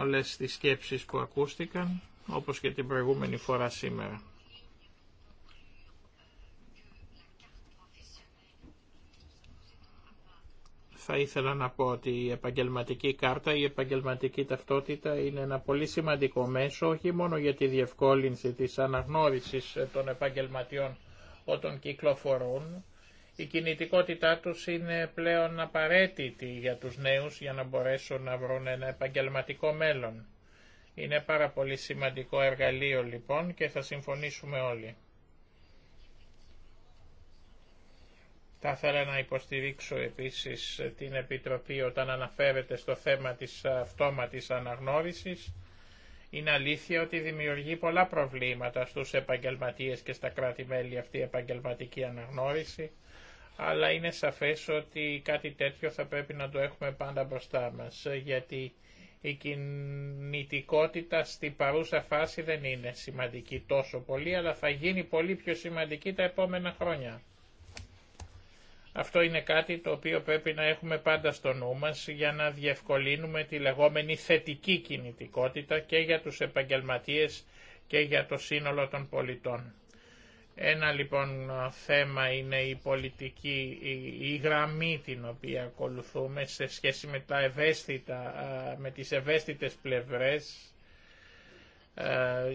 όλες τις σκέψεις που ακούστηκαν, όπως και την προηγούμενη φορά σήμερα. θα ήθελα να πω ότι η επαγγελματική κάρτα, η επαγγελματική ταυτότητα είναι ένα πολύ σημαντικό μέσο όχι μόνο για τη διευκόλυνση της αναγνώρισης των επαγγελματιών όταν κυκλοφορούν, η κινητικότητά τους είναι πλέον απαραίτητη για τους νέους για να μπορέσουν να βρουν ένα επαγγελματικό μέλλον. Είναι πάρα πολύ σημαντικό εργαλείο λοιπόν και θα συμφωνήσουμε όλοι. Θα ήθελα να υποστηρίξω επίσης την Επιτροπή όταν αναφέρεται στο θέμα της αυτόματης αναγνώρισης. Είναι αλήθεια ότι δημιουργεί πολλά προβλήματα στους επαγγελματίες και στα κράτη-μέλη αυτή η επαγγελματική αναγνώριση αλλά είναι σαφές ότι κάτι τέτοιο θα πρέπει να το έχουμε πάντα μπροστά μας, γιατί η κινητικότητα στην παρούσα φάση δεν είναι σημαντική τόσο πολύ, αλλά θα γίνει πολύ πιο σημαντική τα επόμενα χρόνια. Αυτό είναι κάτι το οποίο πρέπει να έχουμε πάντα στο νου μας για να διευκολύνουμε τη λεγόμενη θετική κινητικότητα και για τους επαγγελματίες και για το σύνολο των πολιτών. Ένα λοιπόν θέμα είναι η πολιτική, η γραμμή την οποία ακολουθούμε σε σχέση με, τα ευαίσθητα, με τις ευαίσθητες πλευρές,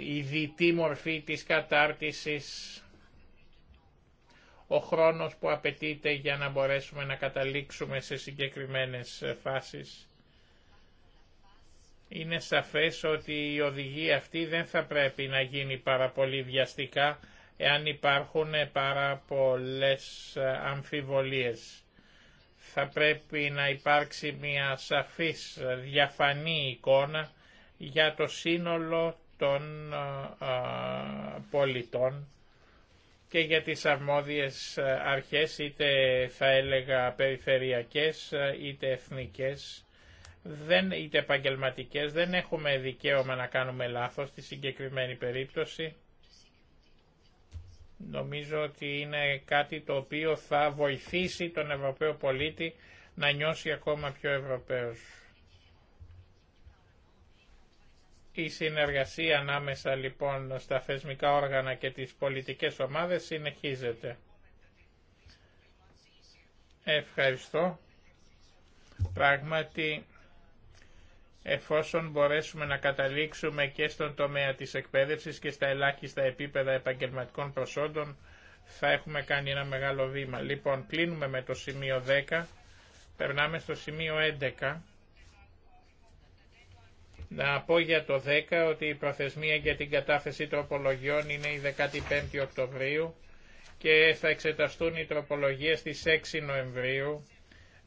η διτή μορφή της κατάρτισης, ο χρόνος που απαιτείται για να μπορέσουμε να καταλήξουμε σε συγκεκριμένες φάσεις. Είναι σαφές ότι η οδηγία αυτή δεν θα πρέπει να γίνει πάρα πολύ βιαστικά, εάν υπάρχουν πάρα πολλές ε, αμφιβολίες. Θα πρέπει να υπάρξει μια σαφής ε, διαφανή εικόνα για το σύνολο των ε, πολιτών και για τις αρμόδιες αρχές, είτε θα έλεγα περιφερειακές, είτε εθνικές, δεν, είτε επαγγελματικέ, δεν έχουμε δικαίωμα να κάνουμε λάθος στη συγκεκριμένη περίπτωση. Νομίζω ότι είναι κάτι το οποίο θα βοηθήσει τον Ευρωπαίο πολίτη να νιώσει ακόμα πιο Ευρωπαίος. Η συνεργασία ανάμεσα λοιπόν στα θεσμικά όργανα και τις πολιτικές ομάδες συνεχίζεται. Ευχαριστώ. Πράγματι εφόσον μπορέσουμε να καταλήξουμε και στον τομέα της εκπαίδευσης και στα ελάχιστα επίπεδα επαγγελματικών προσόντων, θα έχουμε κάνει ένα μεγάλο βήμα. Λοιπόν, κλείνουμε με το σημείο 10, περνάμε στο σημείο 11. Να πω για το 10 ότι η προθεσμία για την κατάθεση τροπολογιών είναι η 15η Οκτωβρίου και θα εξεταστούν οι τροπολογίες στις 6 Νοεμβρίου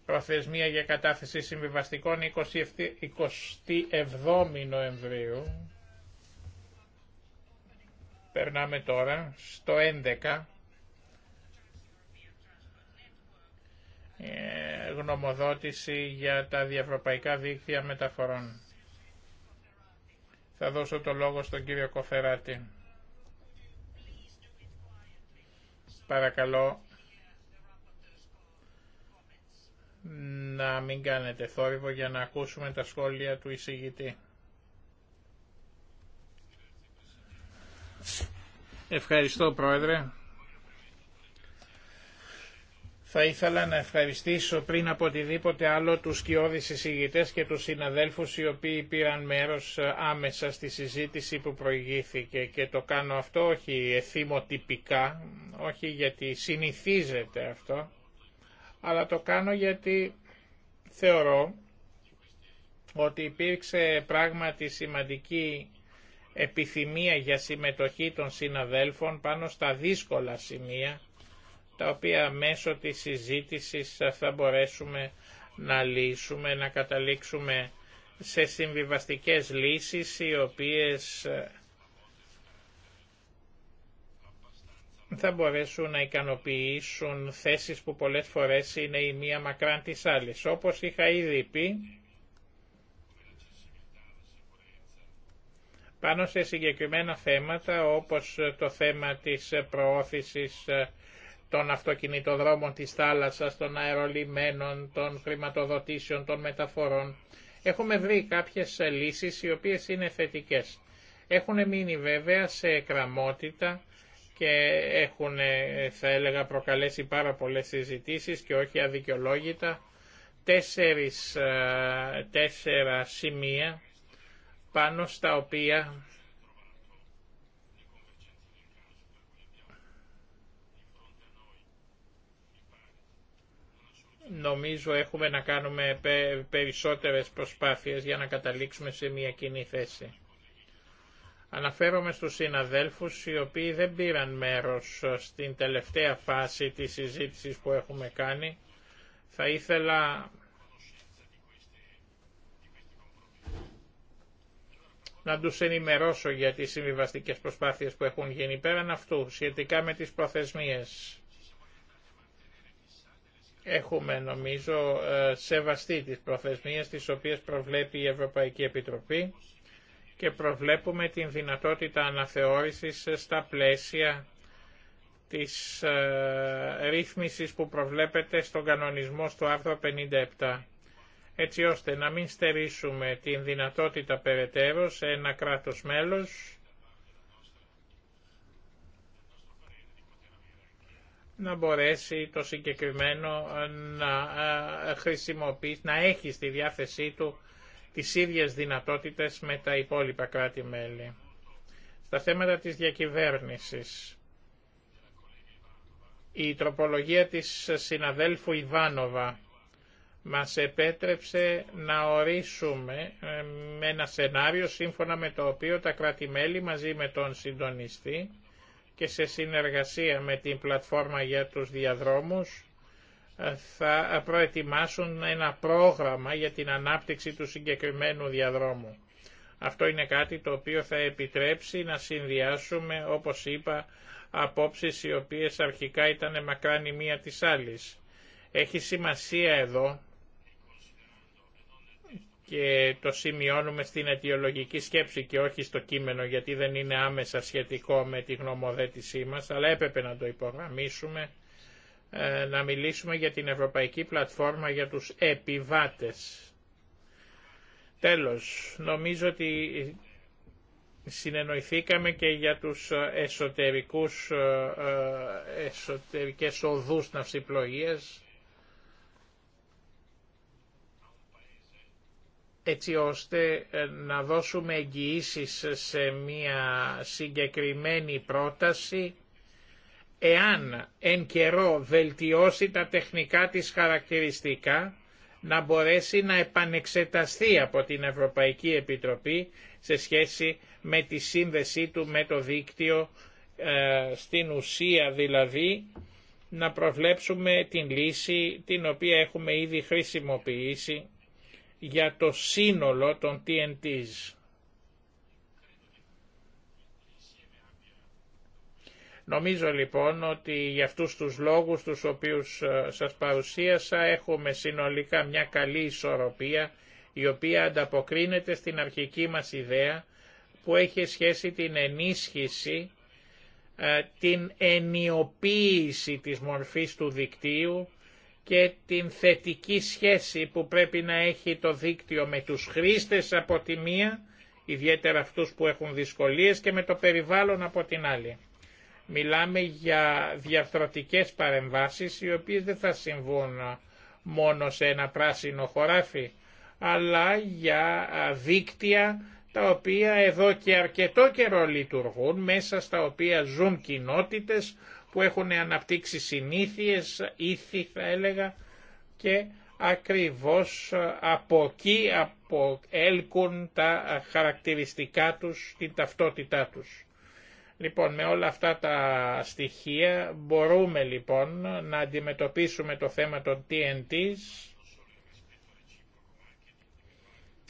Προθεσμία για κατάθεση συμβιβαστικών 27 Νοεμβρίου. Περνάμε τώρα στο 11. Ε, γνωμοδότηση για τα διευρωπαϊκά δίκτυα μεταφορών. Θα δώσω το λόγο στον κύριο Κοφεράτη. Παρακαλώ, να μην κάνετε θόρυβο για να ακούσουμε τα σχόλια του εισηγητή. Ευχαριστώ Πρόεδρε. Θα ήθελα να ευχαριστήσω πριν από οτιδήποτε άλλο τους σκιώδεις εισηγητές και τους συναδέλφους οι οποίοι πήραν μέρος ε, άμεσα στη συζήτηση που προηγήθηκε και το κάνω αυτό όχι τυπικά, όχι γιατί συνηθίζεται αυτό, αλλά το κάνω γιατί θεωρώ ότι υπήρξε πράγματι σημαντική επιθυμία για συμμετοχή των συναδέλφων πάνω στα δύσκολα σημεία, τα οποία μέσω της συζήτησης θα μπορέσουμε να λύσουμε, να καταλήξουμε σε συμβιβαστικές λύσεις οι οποίες ε, θα μπορέσουν να ικανοποιήσουν θέσεις που πολλές φορές είναι η μία μακράν της άλλης. Όπως είχα ήδη πει, πάνω σε συγκεκριμένα θέματα όπως το θέμα της προώθησης των αυτοκινητοδρόμων της θάλασσας, των αερολιμένων, των χρηματοδοτήσεων, των μεταφορών, έχουμε βρει κάποιες λύσεις οι οποίες είναι θετικές. Έχουν μείνει βέβαια σε εκραμότητα και έχουν, ε, θα έλεγα, προκαλέσει πάρα πολλές συζητήσεις και όχι αδικαιολόγητα. Τέσσερις, ε, τέσσερα σημεία πάνω στα οποία νομίζω έχουμε να κάνουμε περισσότερες προσπάθειες για να καταλήξουμε σε μια κοινή θέση. Αναφέρομαι στους συναδέλφους οι οποίοι δεν πήραν μέρος στην τελευταία φάση της συζήτησης που έχουμε κάνει. Θα ήθελα να τους ενημερώσω για τις συμβιβαστικές προσπάθειες που έχουν γίνει πέραν αυτού σχετικά με τις προθεσμίες. Έχουμε νομίζω ε, σεβαστεί τις προθεσμίες τις οποίες προβλέπει η Ευρωπαϊκή Επιτροπή και προβλέπουμε την δυνατότητα αναθεώρησης στα πλαίσια της ε, ρύθμισης που προβλέπεται στον κανονισμό στο άρθρο 57 έτσι ώστε να μην στερήσουμε την δυνατότητα περαιτέρω σε ένα κράτος μέλος να μπορέσει το συγκεκριμένο να, ε, να έχει στη διάθεσή του τις ίδιες δυνατότητες με τα υπόλοιπα κράτη-μέλη. Στα θέματα της διακυβέρνησης, η τροπολογία της συναδέλφου Ιβάνοβα μας επέτρεψε να ορίσουμε ε, με ένα σενάριο σύμφωνα με το οποίο τα κράτη-μέλη μαζί με τον συντονιστή και σε συνεργασία με την πλατφόρμα για τους διαδρόμους θα προετοιμάσουν ένα πρόγραμμα για την ανάπτυξη του συγκεκριμένου διαδρόμου. Αυτό είναι κάτι το οποίο θα επιτρέψει να συνδυάσουμε, όπως είπα, απόψεις οι οποίες αρχικά ήταν μακράν η μία της άλλης. Έχει σημασία εδώ και το σημειώνουμε στην αιτιολογική σκέψη και όχι στο κείμενο γιατί δεν είναι άμεσα σχετικό με τη γνωμοδέτησή μας, αλλά έπρεπε να το υπογραμμίσουμε ε, να μιλήσουμε για την Ευρωπαϊκή Πλατφόρμα για τους επιβάτες. Τέλος, νομίζω ότι συνεννοηθήκαμε και για τους εσωτερικούς, ε, ε, εσωτερικές οδούς ναυσιπλογίες. έτσι ώστε να δώσουμε εγγυήσεις σε μια συγκεκριμένη πρόταση εάν εν καιρό βελτιώσει τα τεχνικά της χαρακτηριστικά, να μπορέσει να επανεξεταστεί από την Ευρωπαϊκή Επιτροπή σε σχέση με τη σύνδεσή του με το δίκτυο, ε, στην ουσία δηλαδή να προβλέψουμε την λύση την οποία έχουμε ήδη χρησιμοποιήσει για το σύνολο των TNTs. Νομίζω λοιπόν ότι για αυτούς τους λόγους τους οποίους ε, σας παρουσίασα έχουμε συνολικά μια καλή ισορροπία η οποία ανταποκρίνεται στην αρχική μας ιδέα που έχει σχέση την ενίσχυση, ε, την ενιοποίηση της μορφής του δικτύου και την θετική σχέση που πρέπει να έχει το δίκτυο με τους χρήστες από τη μία, ιδιαίτερα αυτούς που έχουν δυσκολίες και με το περιβάλλον από την άλλη. Μιλάμε για διαρθρωτικές παρεμβάσεις οι οποίες δεν θα συμβούν μόνο σε ένα πράσινο χωράφι, αλλά για δίκτυα τα οποία εδώ και αρκετό καιρό λειτουργούν, μέσα στα οποία ζουν κοινότητες που έχουν αναπτύξει συνήθειες, ήθη θα έλεγα, και ακριβώς από εκεί έλκουν τα χαρακτηριστικά τους, την ταυτότητά τους. Λοιπόν, με όλα αυτά τα στοιχεία μπορούμε λοιπόν να αντιμετωπίσουμε το θέμα των TNTs,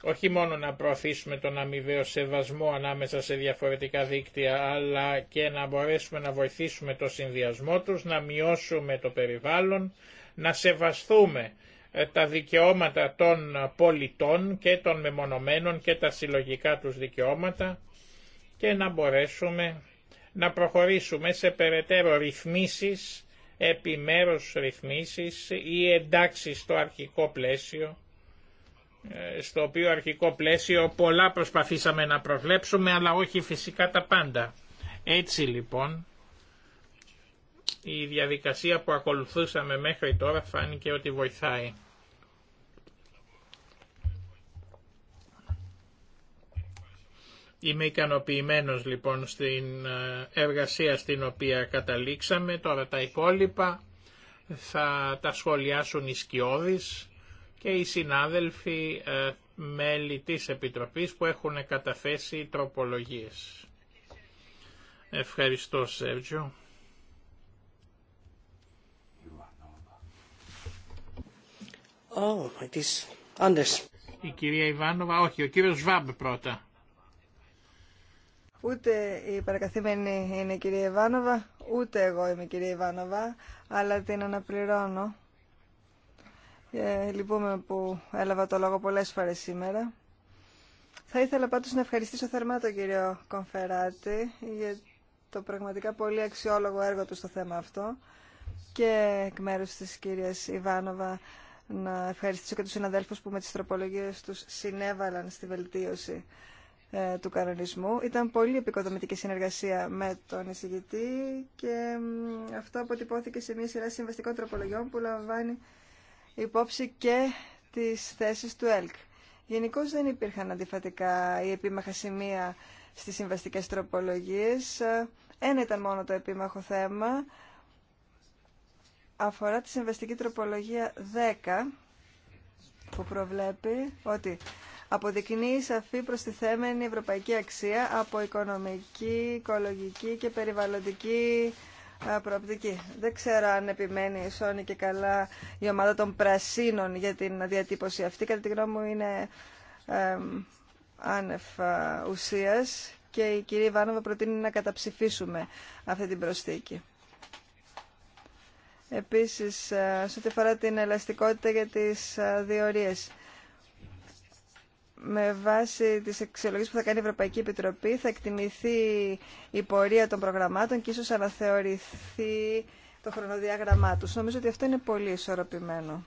όχι μόνο να προωθήσουμε τον αμοιβαίο σεβασμό ανάμεσα σε διαφορετικά δίκτυα, αλλά και να μπορέσουμε να βοηθήσουμε το συνδυασμό τους, να μειώσουμε το περιβάλλον, να σεβαστούμε ε, τα δικαιώματα των πολιτών και των μεμονωμένων και τα συλλογικά τους δικαιώματα και να μπορέσουμε να προχωρήσουμε σε περαιτέρω ρυθμίσεις, επιμέρους ρυθμίσεις ή εντάξει στο αρχικό πλαίσιο, ε, στο οποίο αρχικό πλαίσιο πολλά προσπαθήσαμε να προβλέψουμε, αλλά όχι φυσικά τα πάντα. Έτσι λοιπόν, η διαδικασία που ακολουθούσαμε μέχρι τώρα φάνηκε ότι βοηθάει. Είμαι ικανοποιημένος λοιπόν στην ε, εργασία στην οποία καταλήξαμε. Τώρα τα υπόλοιπα θα τα σχολιάσουν οι σκιώδεις και οι συνάδελφοι ε, μέλη της Επιτροπής που έχουν καταθέσει τροπολογίες. Ευχαριστώ Σέρτζιο. Oh, it is... Η κυρία Ιβάνοβα, όχι, ο κύριος Βάμπ πρώτα. Ούτε η παρακαθήμενη είναι η κυρία Ιβάνοβα, ούτε εγώ είμαι η κυρία Ιβάνοβα, αλλά την αναπληρώνω. Ε, λυπούμε που έλαβα το λόγο πολλές φορές σήμερα. Θα ήθελα πάντως να ευχαριστήσω θερμά τον κύριο Κομφεράτη για το πραγματικά πολύ αξιόλογο έργο του στο θέμα αυτό και εκ μέρους της κυρίας Ιβάνοβα να ευχαριστήσω και τους συναδέλφους που με τις τροπολογίες τους συνέβαλαν στη βελτίωση ε, του κανονισμού. Ήταν πολύ επικοδομητική συνεργασία με τον εισηγητή και αυτό αποτυπώθηκε σε μια σειρά συμβαστικών τροπολογιών που λαμβάνει υπόψη και τις θέσεις του ΕΛΚ. Γενικώ δεν υπήρχαν αντιφατικά ή επίμαχα σημεία στις συμβαστικές τροπολογίες. Ένα ήταν μόνο το επίμαχο θέμα. Αφορά τη συμβαστική τροπολογία 10 που προβλέπει ότι αποδεικνύει σαφή προστιθέμενη ευρωπαϊκή αξία από οικονομική, οικολογική και περιβαλλοντική ε, προοπτική. Δεν ξέρω αν επιμένει η και καλά η ομάδα των πρασίνων για την διατύπωση αυτή. Κατά τη γνώμη μου είναι άνευ ε, ουσίας και η κυρία Ιβάνοβα προτείνει να καταψηφίσουμε αυτή την προσθήκη. Επίσης, ε, σε ό,τι αφορά την ελαστικότητα για τις διορίες με βάση τις αξιολογίες που θα κάνει η Ευρωπαϊκή Επιτροπή θα εκτιμηθεί η πορεία των προγραμμάτων και ίσως αναθεωρηθεί το χρονοδιάγραμμά τους. Νομίζω ότι αυτό είναι πολύ ισορροπημένο.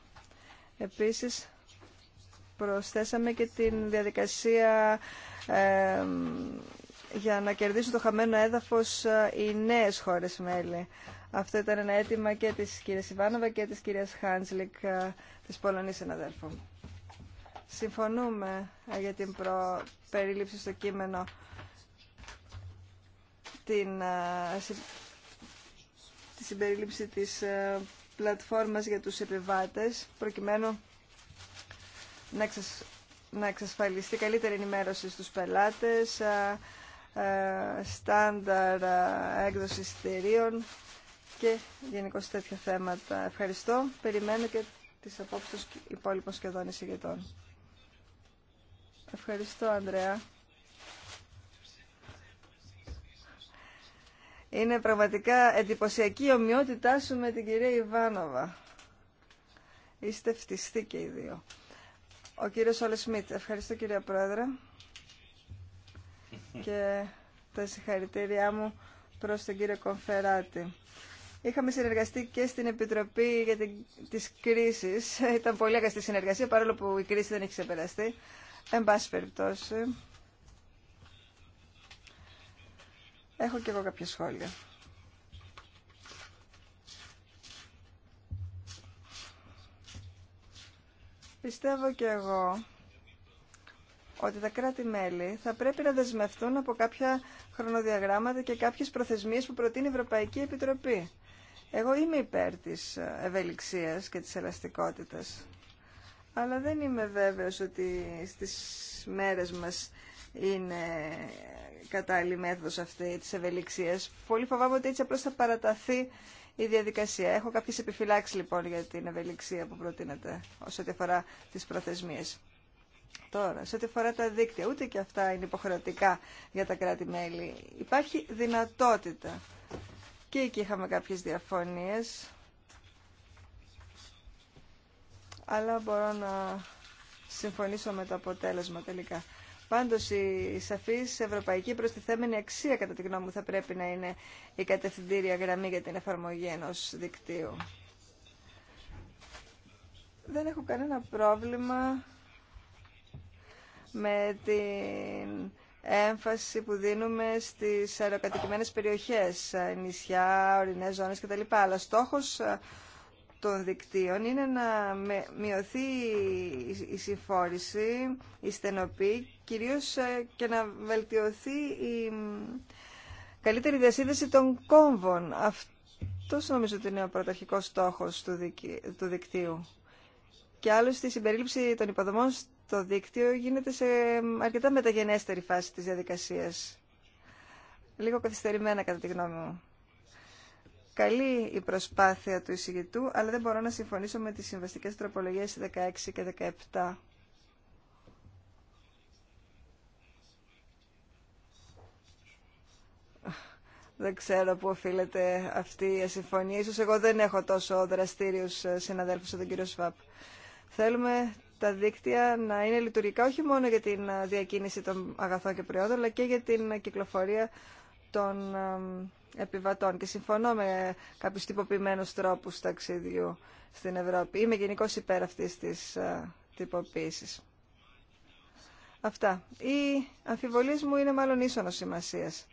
Επίσης, προσθέσαμε και την διαδικασία για να κερδίσουν το χαμένο έδαφος ε, οι νέες χώρες μέλη. Αυτό ήταν ένα αίτημα και της κυρίας Ιβάνοβα και της κυρίας Χάντζλικ, ε, της Πολωνής συναδέλφου συμφωνούμε ε, για την προ... περίληψη στο κείμενο την, ε, τη συμπερίληψη της ε, πλατφόρμας για τους επιβάτες προκειμένου να, εξασ... να εξασφαλιστεί καλύτερη ενημέρωση στους πελάτες, στάνταρ έκδοση εισιτηρίων και γενικώ τέτοια θέματα. Ευχαριστώ. Περιμένω και τις απόψεις των υπόλοιπων σχεδόν εισηγητών. Ευχαριστώ, Ανδρέα. Είναι πραγματικά εντυπωσιακή η ομοιότητά σου με την κυρία Ιβάνοβα. Είστε φτιστοί και οι δύο. Ο κύριος Όλε Σμιτ. Ευχαριστώ κυρία Πρόεδρε. Και τα συγχαρητήριά μου προς τον κύριο Κομφεράτη. Είχαμε συνεργαστεί και στην Επιτροπή για την... της κρίσης. Ήταν πολύ αγαστή συνεργασία, παρόλο που η κρίση δεν έχει ξεπεραστεί. Εν πάση περιπτώσει, έχω και εγώ κάποια σχόλια. Πιστεύω και εγώ ότι τα κράτη-μέλη θα πρέπει να δεσμευτούν από κάποια χρονοδιαγράμματα και κάποιες προθεσμίες που προτείνει η Ευρωπαϊκή Επιτροπή. Εγώ είμαι υπέρ της ευελιξίας και της ελαστικότητας αλλά δεν είμαι βέβαιος ότι στις μέρες μας είναι κατάλληλη μέθοδος αυτή της ευελιξίας. Πολύ φοβάμαι ότι έτσι απλώς θα παραταθεί η διαδικασία. Έχω κάποιες επιφυλάξεις λοιπόν για την ευελιξία που προτείνεται όσο αφορά τις προθεσμίες. Τώρα, σε ό,τι αφορά τα δίκτυα, ούτε και αυτά είναι υποχρεωτικά για τα κράτη-μέλη. Υπάρχει δυνατότητα. Και εκεί είχαμε κάποιες διαφωνίες αλλά μπορώ να συμφωνήσω με το αποτέλεσμα τελικά. Πάντως η σαφής ευρωπαϊκή προστιθέμενη αξία κατά τη γνώμη μου θα πρέπει να είναι η κατευθυντήρια γραμμή για την εφαρμογή ενό δικτύου. Δεν έχω κανένα πρόβλημα με την έμφαση που δίνουμε στις αεροκατοικημένες περιοχές, νησιά, ορεινές ζώνες κτλ. Αλλά στόχος των δικτύων είναι να μειωθεί η συμφόρηση, η στενοπή, κυρίως ε, και να βελτιωθεί η καλύτερη διασύνδεση των κόμβων. Αυτός νομίζω ότι είναι ο πρωταρχικός στόχος του δικτύου. Και άλλωστε η συμπερίληψη των υποδομών στο δίκτυο γίνεται σε αρκετά μεταγενέστερη φάση της διαδικασίας. Λίγο καθυστερημένα κατά τη γνώμη μου. Καλή η προσπάθεια του εισηγητού, αλλά δεν μπορώ να συμφωνήσω με τις συμβαστικές τροπολογίες 16 και 17. Δεν ξέρω πού οφείλεται αυτή η συμφωνία. Ίσως εγώ δεν έχω τόσο δραστήριους ε, συναδέλφους από τον κύριο Σβάπ. Θέλουμε τα δίκτυα να είναι λειτουργικά όχι μόνο για την ε, διακίνηση των αγαθών και προϊόντων, αλλά και για την ε, κυκλοφορία των επιβατών και συμφωνώ με κάποιους τυποποιημένους τρόπους ταξιδιού στην Ευρώπη. Είμαι γενικώ υπέρ αυτής της ε, τυποποίησης. Αυτά. Η αμφιβολίες μου είναι μάλλον ίσονος σημασίας.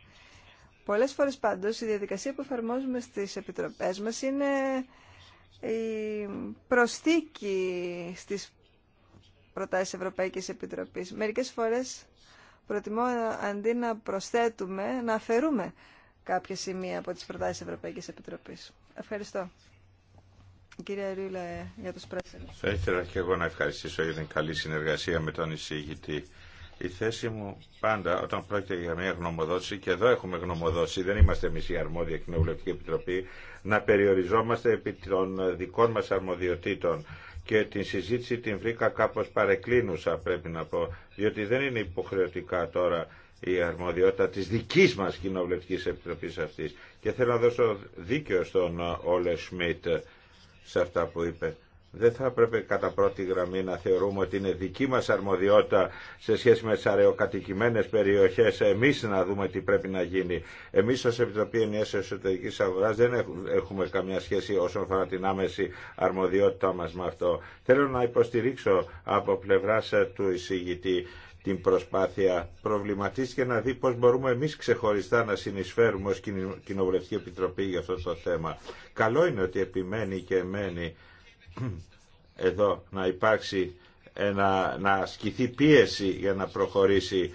Πολλές φορές πάντως η διαδικασία που εφαρμόζουμε στις επιτροπές μας είναι η προσθήκη στις προτάσεις Ευρωπαϊκής Επιτροπής. Μερικές φορές προτιμώ ε, αντί να προσθέτουμε, να αφαιρούμε κάποια σημεία από τις προτάσεις Ευρωπαϊκής Επιτροπής. Ευχαριστώ. Κύριε Ρίλα, ε, για τους πράσινου. Θα ήθελα και εγώ να ευχαριστήσω για την καλή συνεργασία με τον εισηγητή. Η θέση μου πάντα όταν πρόκειται για μια γνωμοδότηση, και εδώ έχουμε γνωμοδότηση, δεν είμαστε εμεί η αρμόδια κοινοβουλευτική επιτροπή, να περιοριζόμαστε επί των δικών μα αρμοδιοτήτων και την συζήτηση την βρήκα κάπως παρεκκλίνουσα πρέπει να πω, διότι δεν είναι υποχρεωτικά τώρα η αρμοδιότητα της δικής μας Κοινοβουλευτικής Επιτροπής αυτής. Και θέλω να δώσω δίκαιο στον Όλε Σμιτ σε αυτά που είπε δεν θα πρέπει κατά πρώτη γραμμή να θεωρούμε ότι είναι δική μας αρμοδιότητα σε σχέση με τις αραιοκατοικημένες περιοχές εμείς να δούμε τι πρέπει να γίνει. Εμείς ως Επιτροπή Ενιαίας Εσωτερικής Αγοράς δεν έχουμε καμιά σχέση όσον αφορά την άμεση αρμοδιότητά μας με αυτό. Θέλω να υποστηρίξω από πλευρά του εισηγητή την προσπάθεια προβληματίστηκε να δει πώς μπορούμε εμείς ξεχωριστά να συνεισφέρουμε ως Κοινοβουλευτική Επιτροπή για αυτό το θέμα. Καλό είναι ότι επιμένει και εμένει εδώ να υπάρξει ένα, να ασκηθεί πίεση για να προχωρήσει.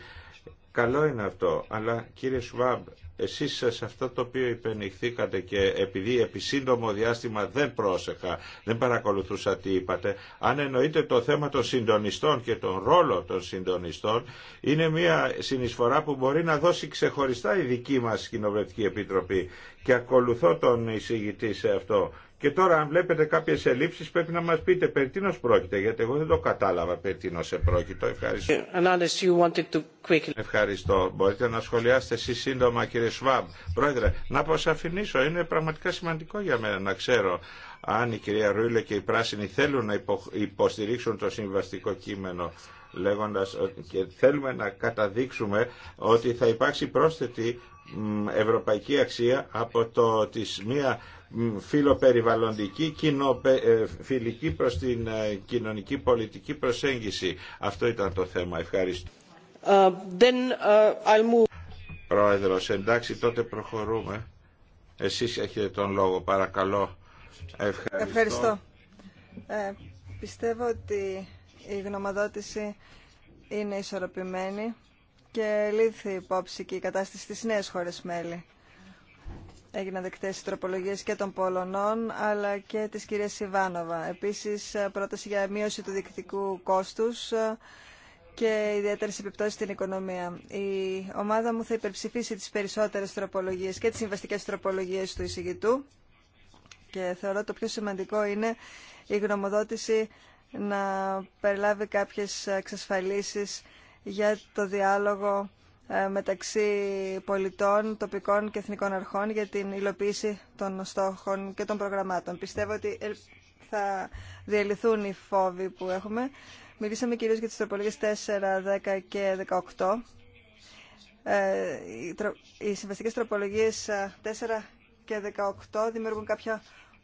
Καλό είναι αυτό, αλλά κύριε Σουβάμπ, εσείς σε αυτό το οποίο υπενηχθήκατε και επειδή επί σύντομο διάστημα δεν πρόσεχα, δεν παρακολουθούσα τι είπατε, αν εννοείται το θέμα των συντονιστών και τον ρόλο των συντονιστών, είναι μια συνεισφορά που μπορεί να δώσει ξεχωριστά η δική μας Κοινοβουλευτική Επιτροπή. Και ακολουθώ τον εισηγητή σε αυτό. Και τώρα αν βλέπετε κάποιες ελλείψεις πρέπει να μας πείτε περί τίνος πρόκειται, γιατί εγώ δεν το κατάλαβα περί τίνος πρόκειται. Ευχαριστώ. Ευχαριστώ. Μπορείτε να σχολιάσετε εσείς σύντομα κύριε Σβάμπ. Πρόεδρε, να αποσαφηνήσω. είναι πραγματικά σημαντικό για μένα να ξέρω αν η κυρία Ρούιλε και οι πράσινοι θέλουν να υποστηρίξουν το συμβαστικό κείμενο λέγοντας ότι και θέλουμε να καταδείξουμε ότι θα υπάρξει πρόσθετη ευρωπαϊκή αξία από το της μία φιλοπεριβαλλοντική, ε, φιλική προς την ε, κοινωνική πολιτική προσέγγιση. Αυτό ήταν το θέμα. Ευχαριστώ. Uh, then, Πρόεδρος, εντάξει, τότε προχωρούμε. Εσείς έχετε τον λόγο, παρακαλώ. Ευχαριστώ. Ευχαριστώ. πιστεύω ότι η γνωμοδότηση είναι ισορροπημένη και λύθη υπόψη και η κατάσταση στις νέες χώρες μέλη έγιναν δεκτέ οι τροπολογίε και των Πολωνών αλλά και τη κυρία Ιβάνοβα. Επίση, πρόταση για μείωση του διοικητικού κόστου και ιδιαίτερε επιπτώσει στην οικονομία. Η ομάδα μου θα υπερψηφίσει τι περισσότερε τροπολογίε και τι συμβαστικέ τροπολογίε του εισηγητού και θεωρώ το πιο σημαντικό είναι η γνωμοδότηση να περιλάβει κάποιες εξασφαλίσεις για το διάλογο ε, μεταξύ πολιτών, τοπικών και εθνικών αρχών για την υλοποίηση των στόχων και των προγραμμάτων. Πιστεύω ότι ε, θα διαλυθούν οι φόβοι που έχουμε. Μιλήσαμε κυρίως για τις τροπολογίες 4, 10 και 18. Ε, οι συμβαστικές τροπολογίες 4 και 18 δημιουργούν κάποια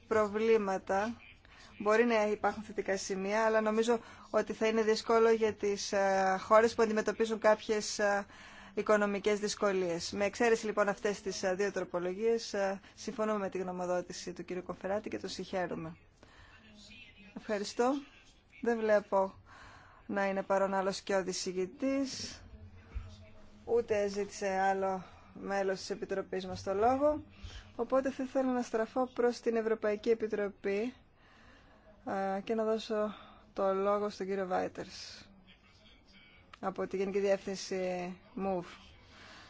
προβλήματα. Μπορεί να υπάρχουν θετικά σημεία, αλλά νομίζω ότι θα είναι δύσκολο για τις χώρες που αντιμετωπίζουν κάποιες οικονομικές δυσκολίες. Με εξαίρεση λοιπόν αυτές τις ε, δύο τροπολογίες, ε, συμφωνούμε με τη γνωμοδότηση του κ. Κοφεράτη και το συγχαίρουμε. Ευχαριστώ. Δεν βλέπω να είναι παρόν άλλος και ο Ούτε ζήτησε άλλο μέλος της Επιτροπής μας το λόγο. Οπότε θα ήθελα να στραφώ προς την Ευρωπαϊκή Επιτροπή ε, και να δώσω το λόγο στον κύριο Βάιτερς από τη Γενική Διεύθυνση MOVE.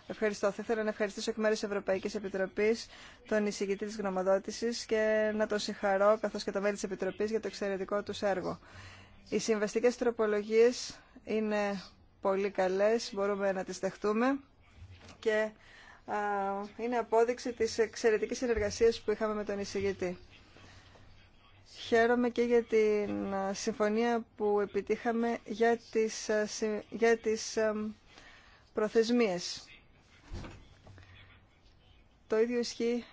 Ευχαριστώ. Θα ήθελα να ευχαριστήσω εκ μέρου τη Ευρωπαϊκή Επιτροπή τον εισηγητή τη γνωμοδότηση και να τον συγχαρώ καθώ και τα μέλη τη Επιτροπή για το εξαιρετικό του έργο. Οι συμβαστικέ τροπολογίε είναι πολύ καλέ, μπορούμε να τι δεχτούμε και είναι απόδειξη τη εξαιρετική συνεργασία που είχαμε με τον εισηγητή. Χαίρομαι και για την ε, συμφωνία που επιτύχαμε για τις, ε, για τις ε, προθεσμίες. Το ίδιο ισχύει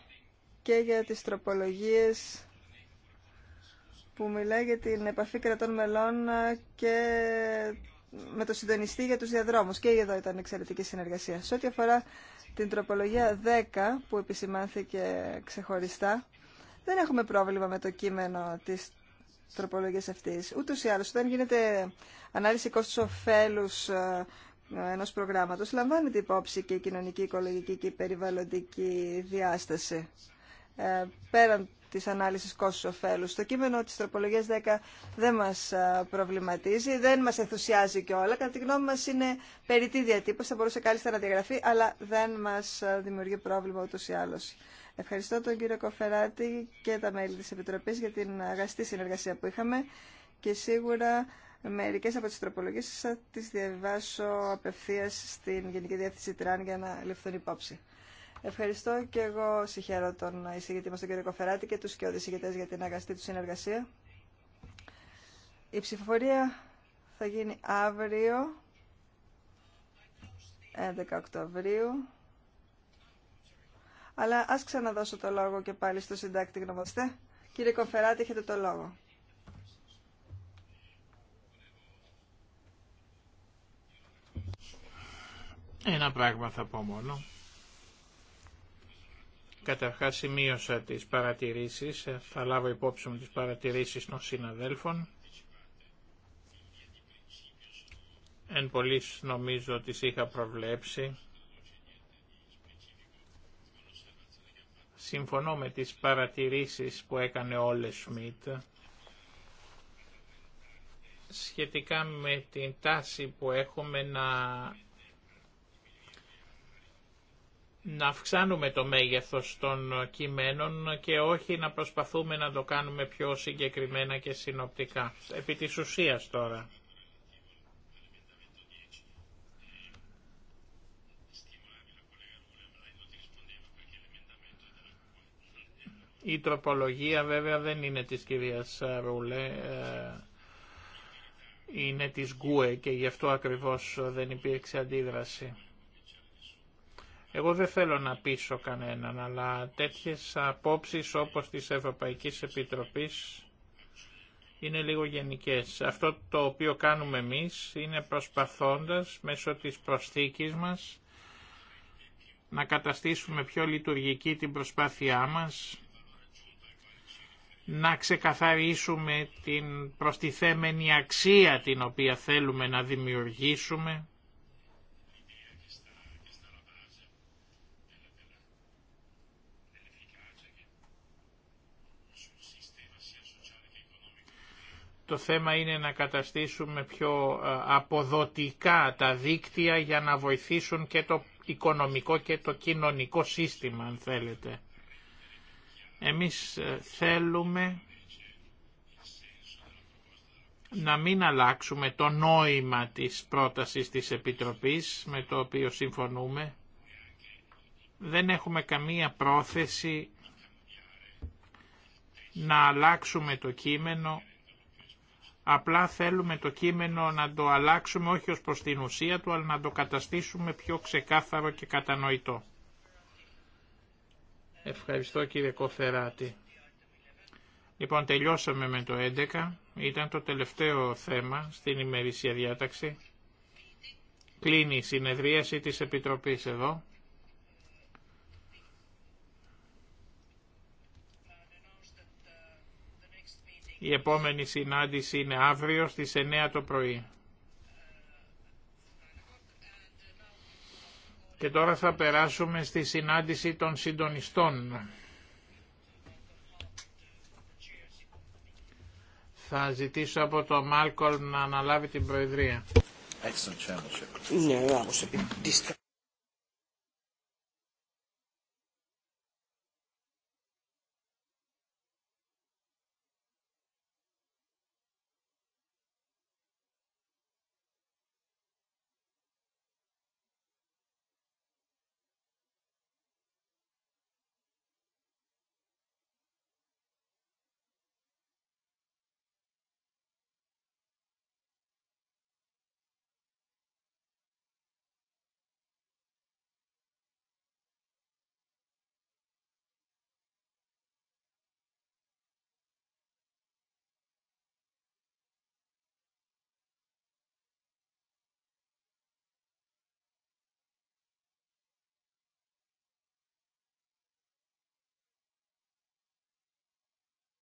και για τις τροπολογίες που μιλάει για την επαφή κρατών μελών και με το συντονιστή για τους διαδρόμους. Και εδώ ήταν εξαιρετική συνεργασία. Σε ό,τι αφορά την τροπολογία 10 που επισημάνθηκε ξεχωριστά, δεν έχουμε πρόβλημα με το κείμενο τη τροπολογίας αυτή. Ούτω ή άλλω, όταν γίνεται ανάλυση κόστου ωφέλου ε, ενό προγράμματο, λαμβάνεται υπόψη και η κοινωνική, οικολογική και η περιβαλλοντική διάσταση. Ε, πέραν της ανάλυσης κόστους ωφέλους. Το κείμενο τη τροπολογία 10 δεν μα ε, προβληματίζει, δεν μα ενθουσιάζει κιόλα. Κατά τη γνώμη μα είναι περιττή διατύπωση, θα μπορούσε κάλλιστα να διαγραφεί, αλλά δεν μα ε, δημιουργεί πρόβλημα ούτω ή άλλως. Ευχαριστώ τον κύριο Κοφεράτη και τα μέλη της Επιτροπής για την αγαστή συνεργασία που είχαμε και σίγουρα μερικέ από τις τροπολογίε θα τις διαβάσω απευθείας στην Γενική Διεύθυνση Τραν για να ληφθούν υπόψη. Ευχαριστώ και εγώ συγχαίρω τον εισηγητή μας τον κύριο Κοφεράτη και τους και για την αγαστή του συνεργασία. Η ψηφοφορία θα γίνει αύριο, 11 Οκτωβρίου. Αλλά ας ξαναδώσω το λόγο και πάλι στο συντάκτη γνωμοστέ. Κύριε Κοφεράτη, έχετε το λόγο. Ένα πράγμα θα πω μόνο. Καταρχάς σημείωσα τις παρατηρήσεις, ε, θα λάβω υπόψη μου τις παρατηρήσεις των συναδέλφων. Εν πολλής νομίζω τις είχα προβλέψει Συμφωνώ με τις παρατηρήσεις που έκανε όλε Σμιτ σχετικά με την τάση που έχουμε να να αυξάνουμε το μέγεθος των κειμένων και όχι να προσπαθούμε να το κάνουμε πιο συγκεκριμένα και συνοπτικά. Επί της ουσίας τώρα. Η τροπολογία βέβαια δεν είναι της κυρίας Ρούλε, ε, είναι της Γκουε και γι' αυτό ακριβώς δεν υπήρξε αντίδραση. Εγώ δεν θέλω να πείσω κανέναν, αλλά τέτοιες απόψεις όπως της Ευρωπαϊκής Επιτροπής είναι λίγο γενικές. Αυτό το οποίο κάνουμε εμείς είναι προσπαθώντας μέσω της προσθήκης μας να καταστήσουμε πιο λειτουργική την προσπάθειά μας, να ξεκαθαρίσουμε την προστιθέμενη αξία την οποία θέλουμε να δημιουργήσουμε. Το θέμα είναι να καταστήσουμε πιο ε, αποδοτικά τα δίκτυα για να βοηθήσουν και το οικονομικό και το κοινωνικό σύστημα, αν θέλετε. Εμείς ε, θέλουμε να μην αλλάξουμε το νόημα της πρότασης της Επιτροπής με το οποίο συμφωνούμε. Δεν έχουμε καμία πρόθεση να αλλάξουμε το κείμενο, απλά θέλουμε το κείμενο να το αλλάξουμε όχι ως προς την ουσία του, αλλά να το καταστήσουμε πιο ξεκάθαρο και κατανοητό. Ευχαριστώ κύριε Κοφεράτη. Λοιπόν, τελειώσαμε με το 11. Ήταν το τελευταίο θέμα στην ημερήσια διάταξη. Κλείνει η συνεδρίαση της Επιτροπής εδώ. Η επόμενη συνάντηση είναι αύριο στις 9 το πρωί. Και τώρα θα περάσουμε στη συνάντηση των συντονιστών. Θα ζητήσω από τον Μάλκολ να αναλάβει την Προεδρία.